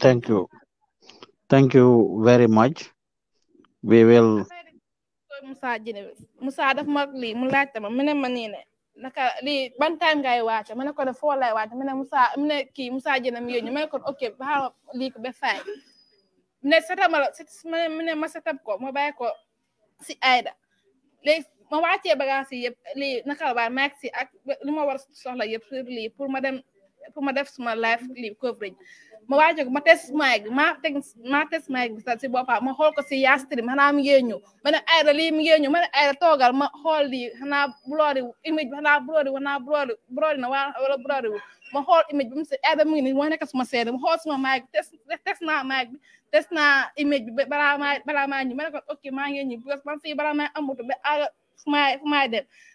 thank you thank you very ak Moussa Djine ma lii mu laajte ma mu ne ma nii ne naka lii ban time ngay wàcce ma ne ko ne foo lay wàcce mu ne Moussa mu ne kii Moussa Djine mu yónni ma ne ko ok ba lii ko ba fay mu ne setamala mu ma setam ko ma bàyyi ko si Aida léegi ma wàccee bagage yi yëpp lii naka la baa maag si ak li ma war soxla yëpp sur lii pour ma dem pour ma def suma live clip coverage ma waajal ma test mic bi ma teg ma test mic bi sax si boppam ma xool ko si yaa stream xanaa mi ngee ñëw ma ne ayra lii mi ngee ñëw ma ne ayra toogal ma xool lii xanaa bloori image bi xanaa bloori xanaa bloori bloori na wala bloori wu ma xool image bi mu si ayra mu ngi nii moo nekk suma seede ma xool suma mic bi test test naa mic bi test naa image bi balaa maa balaa maa ñëw ma ne ko ok maa ngee ñëw parce que man fii balaa maa amatu ba àll fu maay dem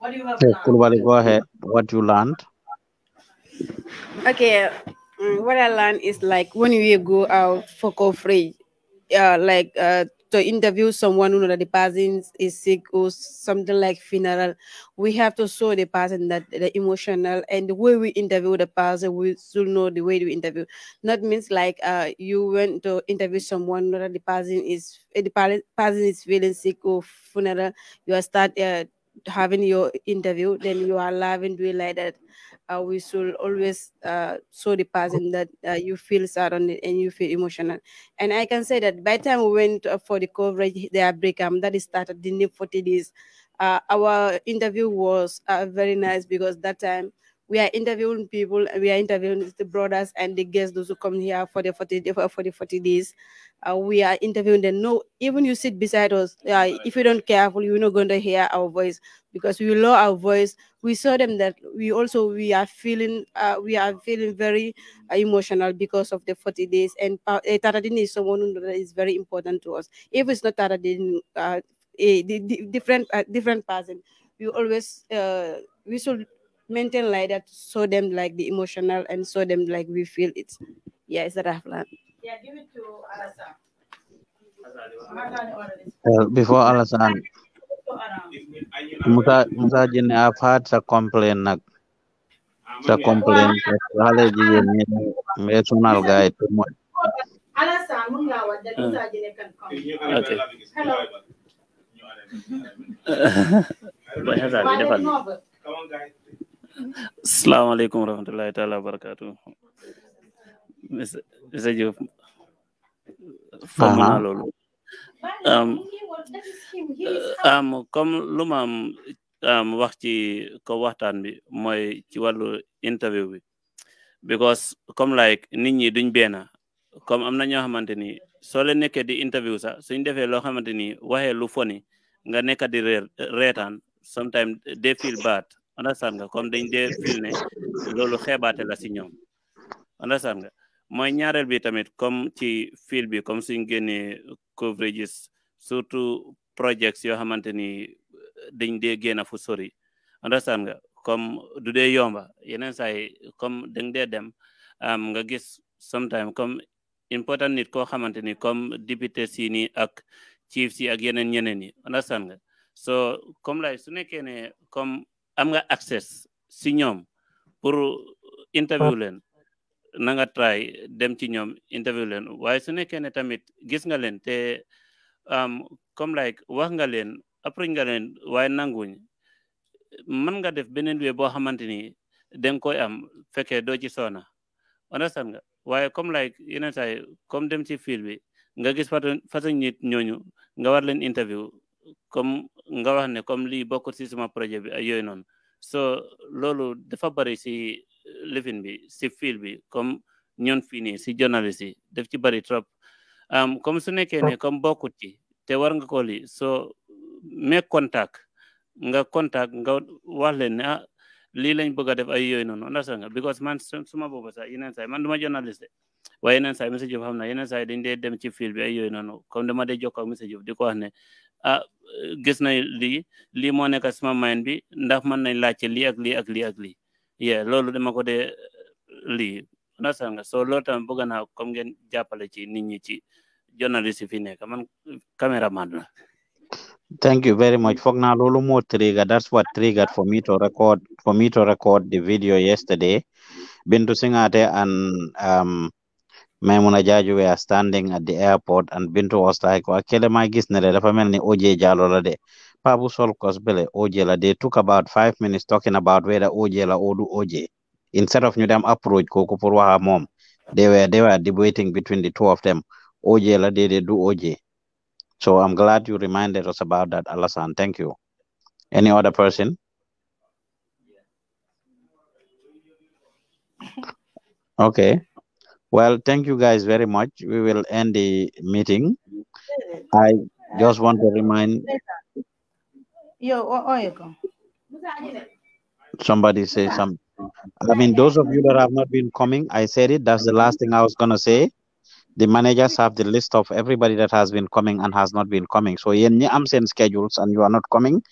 What do you have? Kulwali, go ahead. What you learned? Okay, mm, what I learned is like when we go out for coffee, uh, like uh, to interview someone who know the person is sick or something like funeral, we have to show the person that the emotional and the way we interview the person, we still know the way we interview. Not means like uh you went to interview someone know the person is eh, the person is feeling sick or funeral. You start uh, having your interview, then you are live and like that uh, we should always uh, show the person that uh, you feel sad on it and you feel emotional. And I can say that by the time we went uh, for the coverage, the breakup that started the 40 days, uh, our interview was uh, very nice because that time we are interviewing people we are interviewing the brothers and the guests those who come here for the 40 for the 40 days uh, we are interviewing them no even you sit beside us uh, right. if you don't careful you're not going to hear our voice because we love our voice we saw them that we also we are feeling uh, we are feeling very uh, emotional because of the 40 days and uh, Taradin is someone that is very important to us if it's not Taradin uh, a, a, different uh, different person we always we should maintain like that, show them like the emotional and show them like we feel it. Yeah, it's a rough have Yeah, give it to Alasan. Uh, before Alasan, Musa Musa Jine, I've had a complaint. Nag. the complaint sa hale personal guy too much. Alasan, mung Jine kan come. Okay. Hello. What has salaamaaleykum wa rahmatulahi taala wa barakaatu. monsieur Diouf. fomm naa loolu. am comme lu am wax ci ko waxtaan bi mooy ci wàllu interview bi. because comme like nit ñi duñ benn comme am na ñoo xamante ni soo leen nekkee di interview sa suñ defee loo xamante ni waxee lu foni nga nekk di reetaan sometimes they feel understand nga comme dañ dee fil ne loolu xeebaate la si ñoom understand nga mooy ñaareel bi tamit comme ci fil bi comme suñ génnee coverages surtout projects yoo xamante ni dañ dee a fu sori understand nga comme du dee yomba yenen say yi comme dañ dee dem nga gis sometime comme important nit koo xamante ni comme député si ni ak chief si ak yeneen ñeneen yi understand nga so comme lay su nekkee am nga access si ñoom pour interview ah. leen nanga nga try dem ci ñoom interview leen waaye su nekkee ne tamit gis nga leen te comme like wax nga leen approche nga leen waaye nanguñ mën nga def beneen wee boo xamante ni danga koy am fekkee doo ci soona understand nga waaye comme like yeneen comme dem ci fil bi nga gis façon façon nit nga war leen interview comme nga wax ne comme lii bokkul si suma projet bi ak yooyu noonu so loolu dafa bari si uh, lifin bi si fil bi comme ñun fii nii si journaliste yi daf ci bari trop um, comme su nekkee ne comme bokkut ci te war nga ko lii so mais contact nga contact nga wax leen ne ah lii lañ bëgg a def ay yooyu noonu ndax nga because man suma boobu sax yeneen saa yi man duma journaliste waaye yeneen saa yi monsieur Diop xam na yeneen saa yi dañ dem ci fil bi ay yooyu noonu comme dama dee jokkoo ak monsieur Diop di ko wax ah gis nañ lii lii moo nekk sama bi ndax mën nañ laajte lii ak lii ak lii ye loolu dama ko de lii nasaan nga soo loolu tamit bëgg naa comme ngeen jàppale ci nit ñi ci journaliste yi fi nekk man cameraman la Thank you very much. Fogna Lulumo trigger. That's what triggered for me to record for me record the video yesterday. Bintu Singate and um Maimouna we are standing at the airport and Bintu was like waa kële maa gis ne de dafa mel ni OJ la de paa bu sol kos bele OJ la they took about five minutes talking about whether OJ la or du OJ instead of new dem approach kooku pour waxa mom, they were they were debating between the two of them OJ la de de do OJ so I'm glad you reminded us about that Alasan. thank you any other person okay well, thank you guys very much. We will end the meeting. I just want to remind. Somebody say something. I mean, those of you that have not been coming, I said it. That's the last thing I was going to say. The managers have the list of everybody that has been coming and has not been coming. So, I'm saying schedules and you are not coming,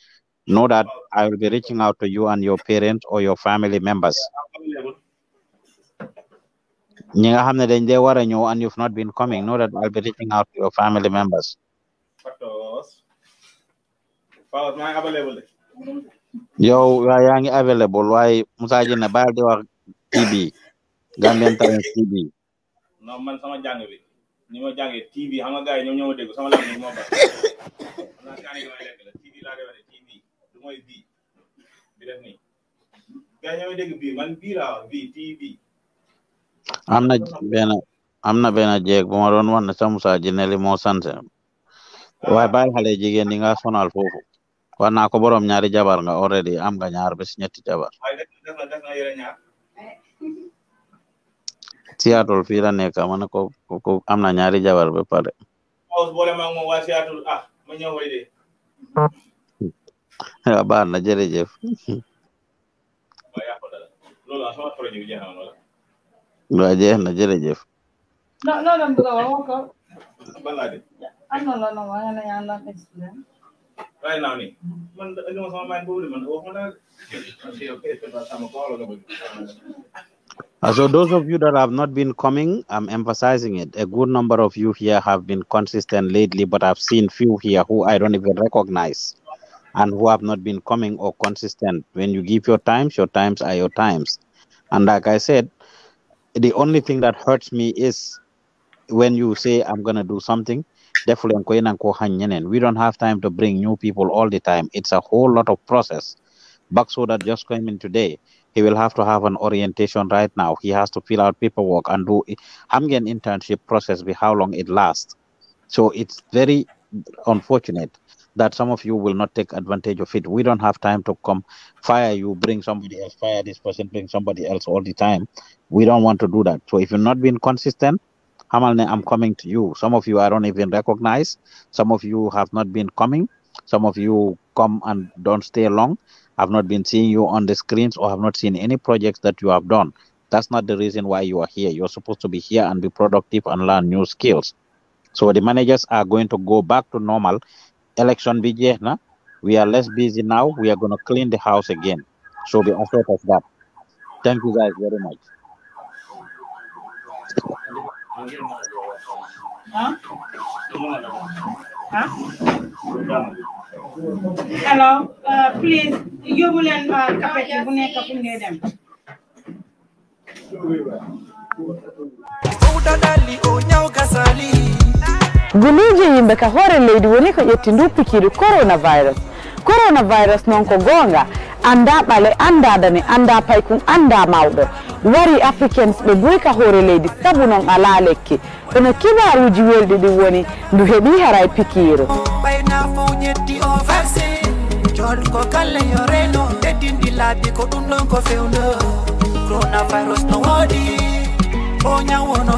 know that I will be reaching out to you and your parents or your family members a and you've not been coming know that I'll be reaching out to your family members. yow waaye yaa available waaye Musa Jine baal di TV Gambian TV. non man sama jàng ni ma jàngee TV xam nga gars yi ñoom sama laaj bi moo baax. TV laa koy available. TV du mooy bii bi def nii gars yi ñoo ma dégg bii man bii laa TV. am na benn am na benn jeeg bu ma doon wax ne sa Musa Jinne li moo sant waaye bàyyi xale jigéen di nga sonal foofu naa ko borom ñaari jabar nga already am nga ñaar bés ñetti jabar Seattle fii la ne ko ko am na ñaari jabar ba pare ah, jërëjëf Rajeex na jërëjëf. No, no, no, because I woke up. I don't know, I'm going explain. Right now, ni. Man, ini masa main bulu man. Oh, mana? So those of you that have not been coming, I'm emphasizing it. A good number of you here have been consistent lately, but I've seen few here who I don't even recognize and who have not been coming or consistent. When you give your times, your times are your times. And like I said, the only thing that hurts me is when you say I'm gonna do something. Definitely, we don't have time to bring new people all the time. It's a whole lot of process. Bakso that just came in today, he will have to have an orientation right now. He has to fill out paperwork and do Hamgen internship process. Be how long it lasts. So it's very unfortunate that some of you will not take advantage of it. We don't have time to come fire you, bring somebody else, fire this person, bring somebody else all the time. We don't want to do that. So if you're not being consistent, Hamalne, I'm coming to you. Some of you I don't even recognize. Some of you have not been coming. Some of you come and don't stay long. I've not been seeing you on the screens or have not seen any projects that you have done. That's not the reason why you are here. You're supposed to be here and be productive and learn new skills. So the managers are going to go back to normal election bi jeex na we are less busy now we are going to clean the house again so be assured of that thank you guys very much huh? Huh? hello uh, please yóbbu leen kapet uh, bu You fu ngeen dem Oda dali o nyau kasali gulluje yimɓe ka hoore leydi woni ko ƴetti coronavirus coronavirus noon ko goonga annda ɓale annda dane annda paykum annda wari Africans ɓe boyi lady hoore leydi sabu noon alaa lekki kono kibaruuji welɗi ɗin woni ndu heɓi haray pikiiru coronavirus no woodi o ñawono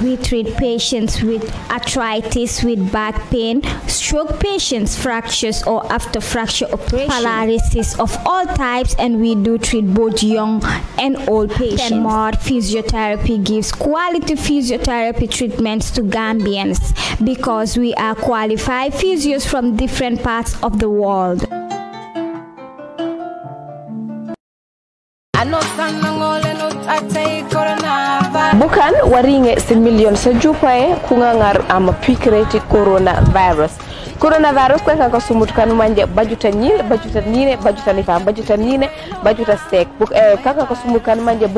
We treat patients with arthritis, with back pain, stroke patients, fractures or after fracture operation, paralysis of all types, and we do treat both young and old patients. More Physiotherapy gives quality physiotherapy treatments to Gambians because we are qualified physios from different parts of the world. I know bukan waringe million sa jupae kungangar ama pikireti coronavirus coronavirus kwa kaka sumut kan manje bajuta nyil bajuta nine bajuta nifa bajuta nine bajuta sek eh, kaka sumut kan manje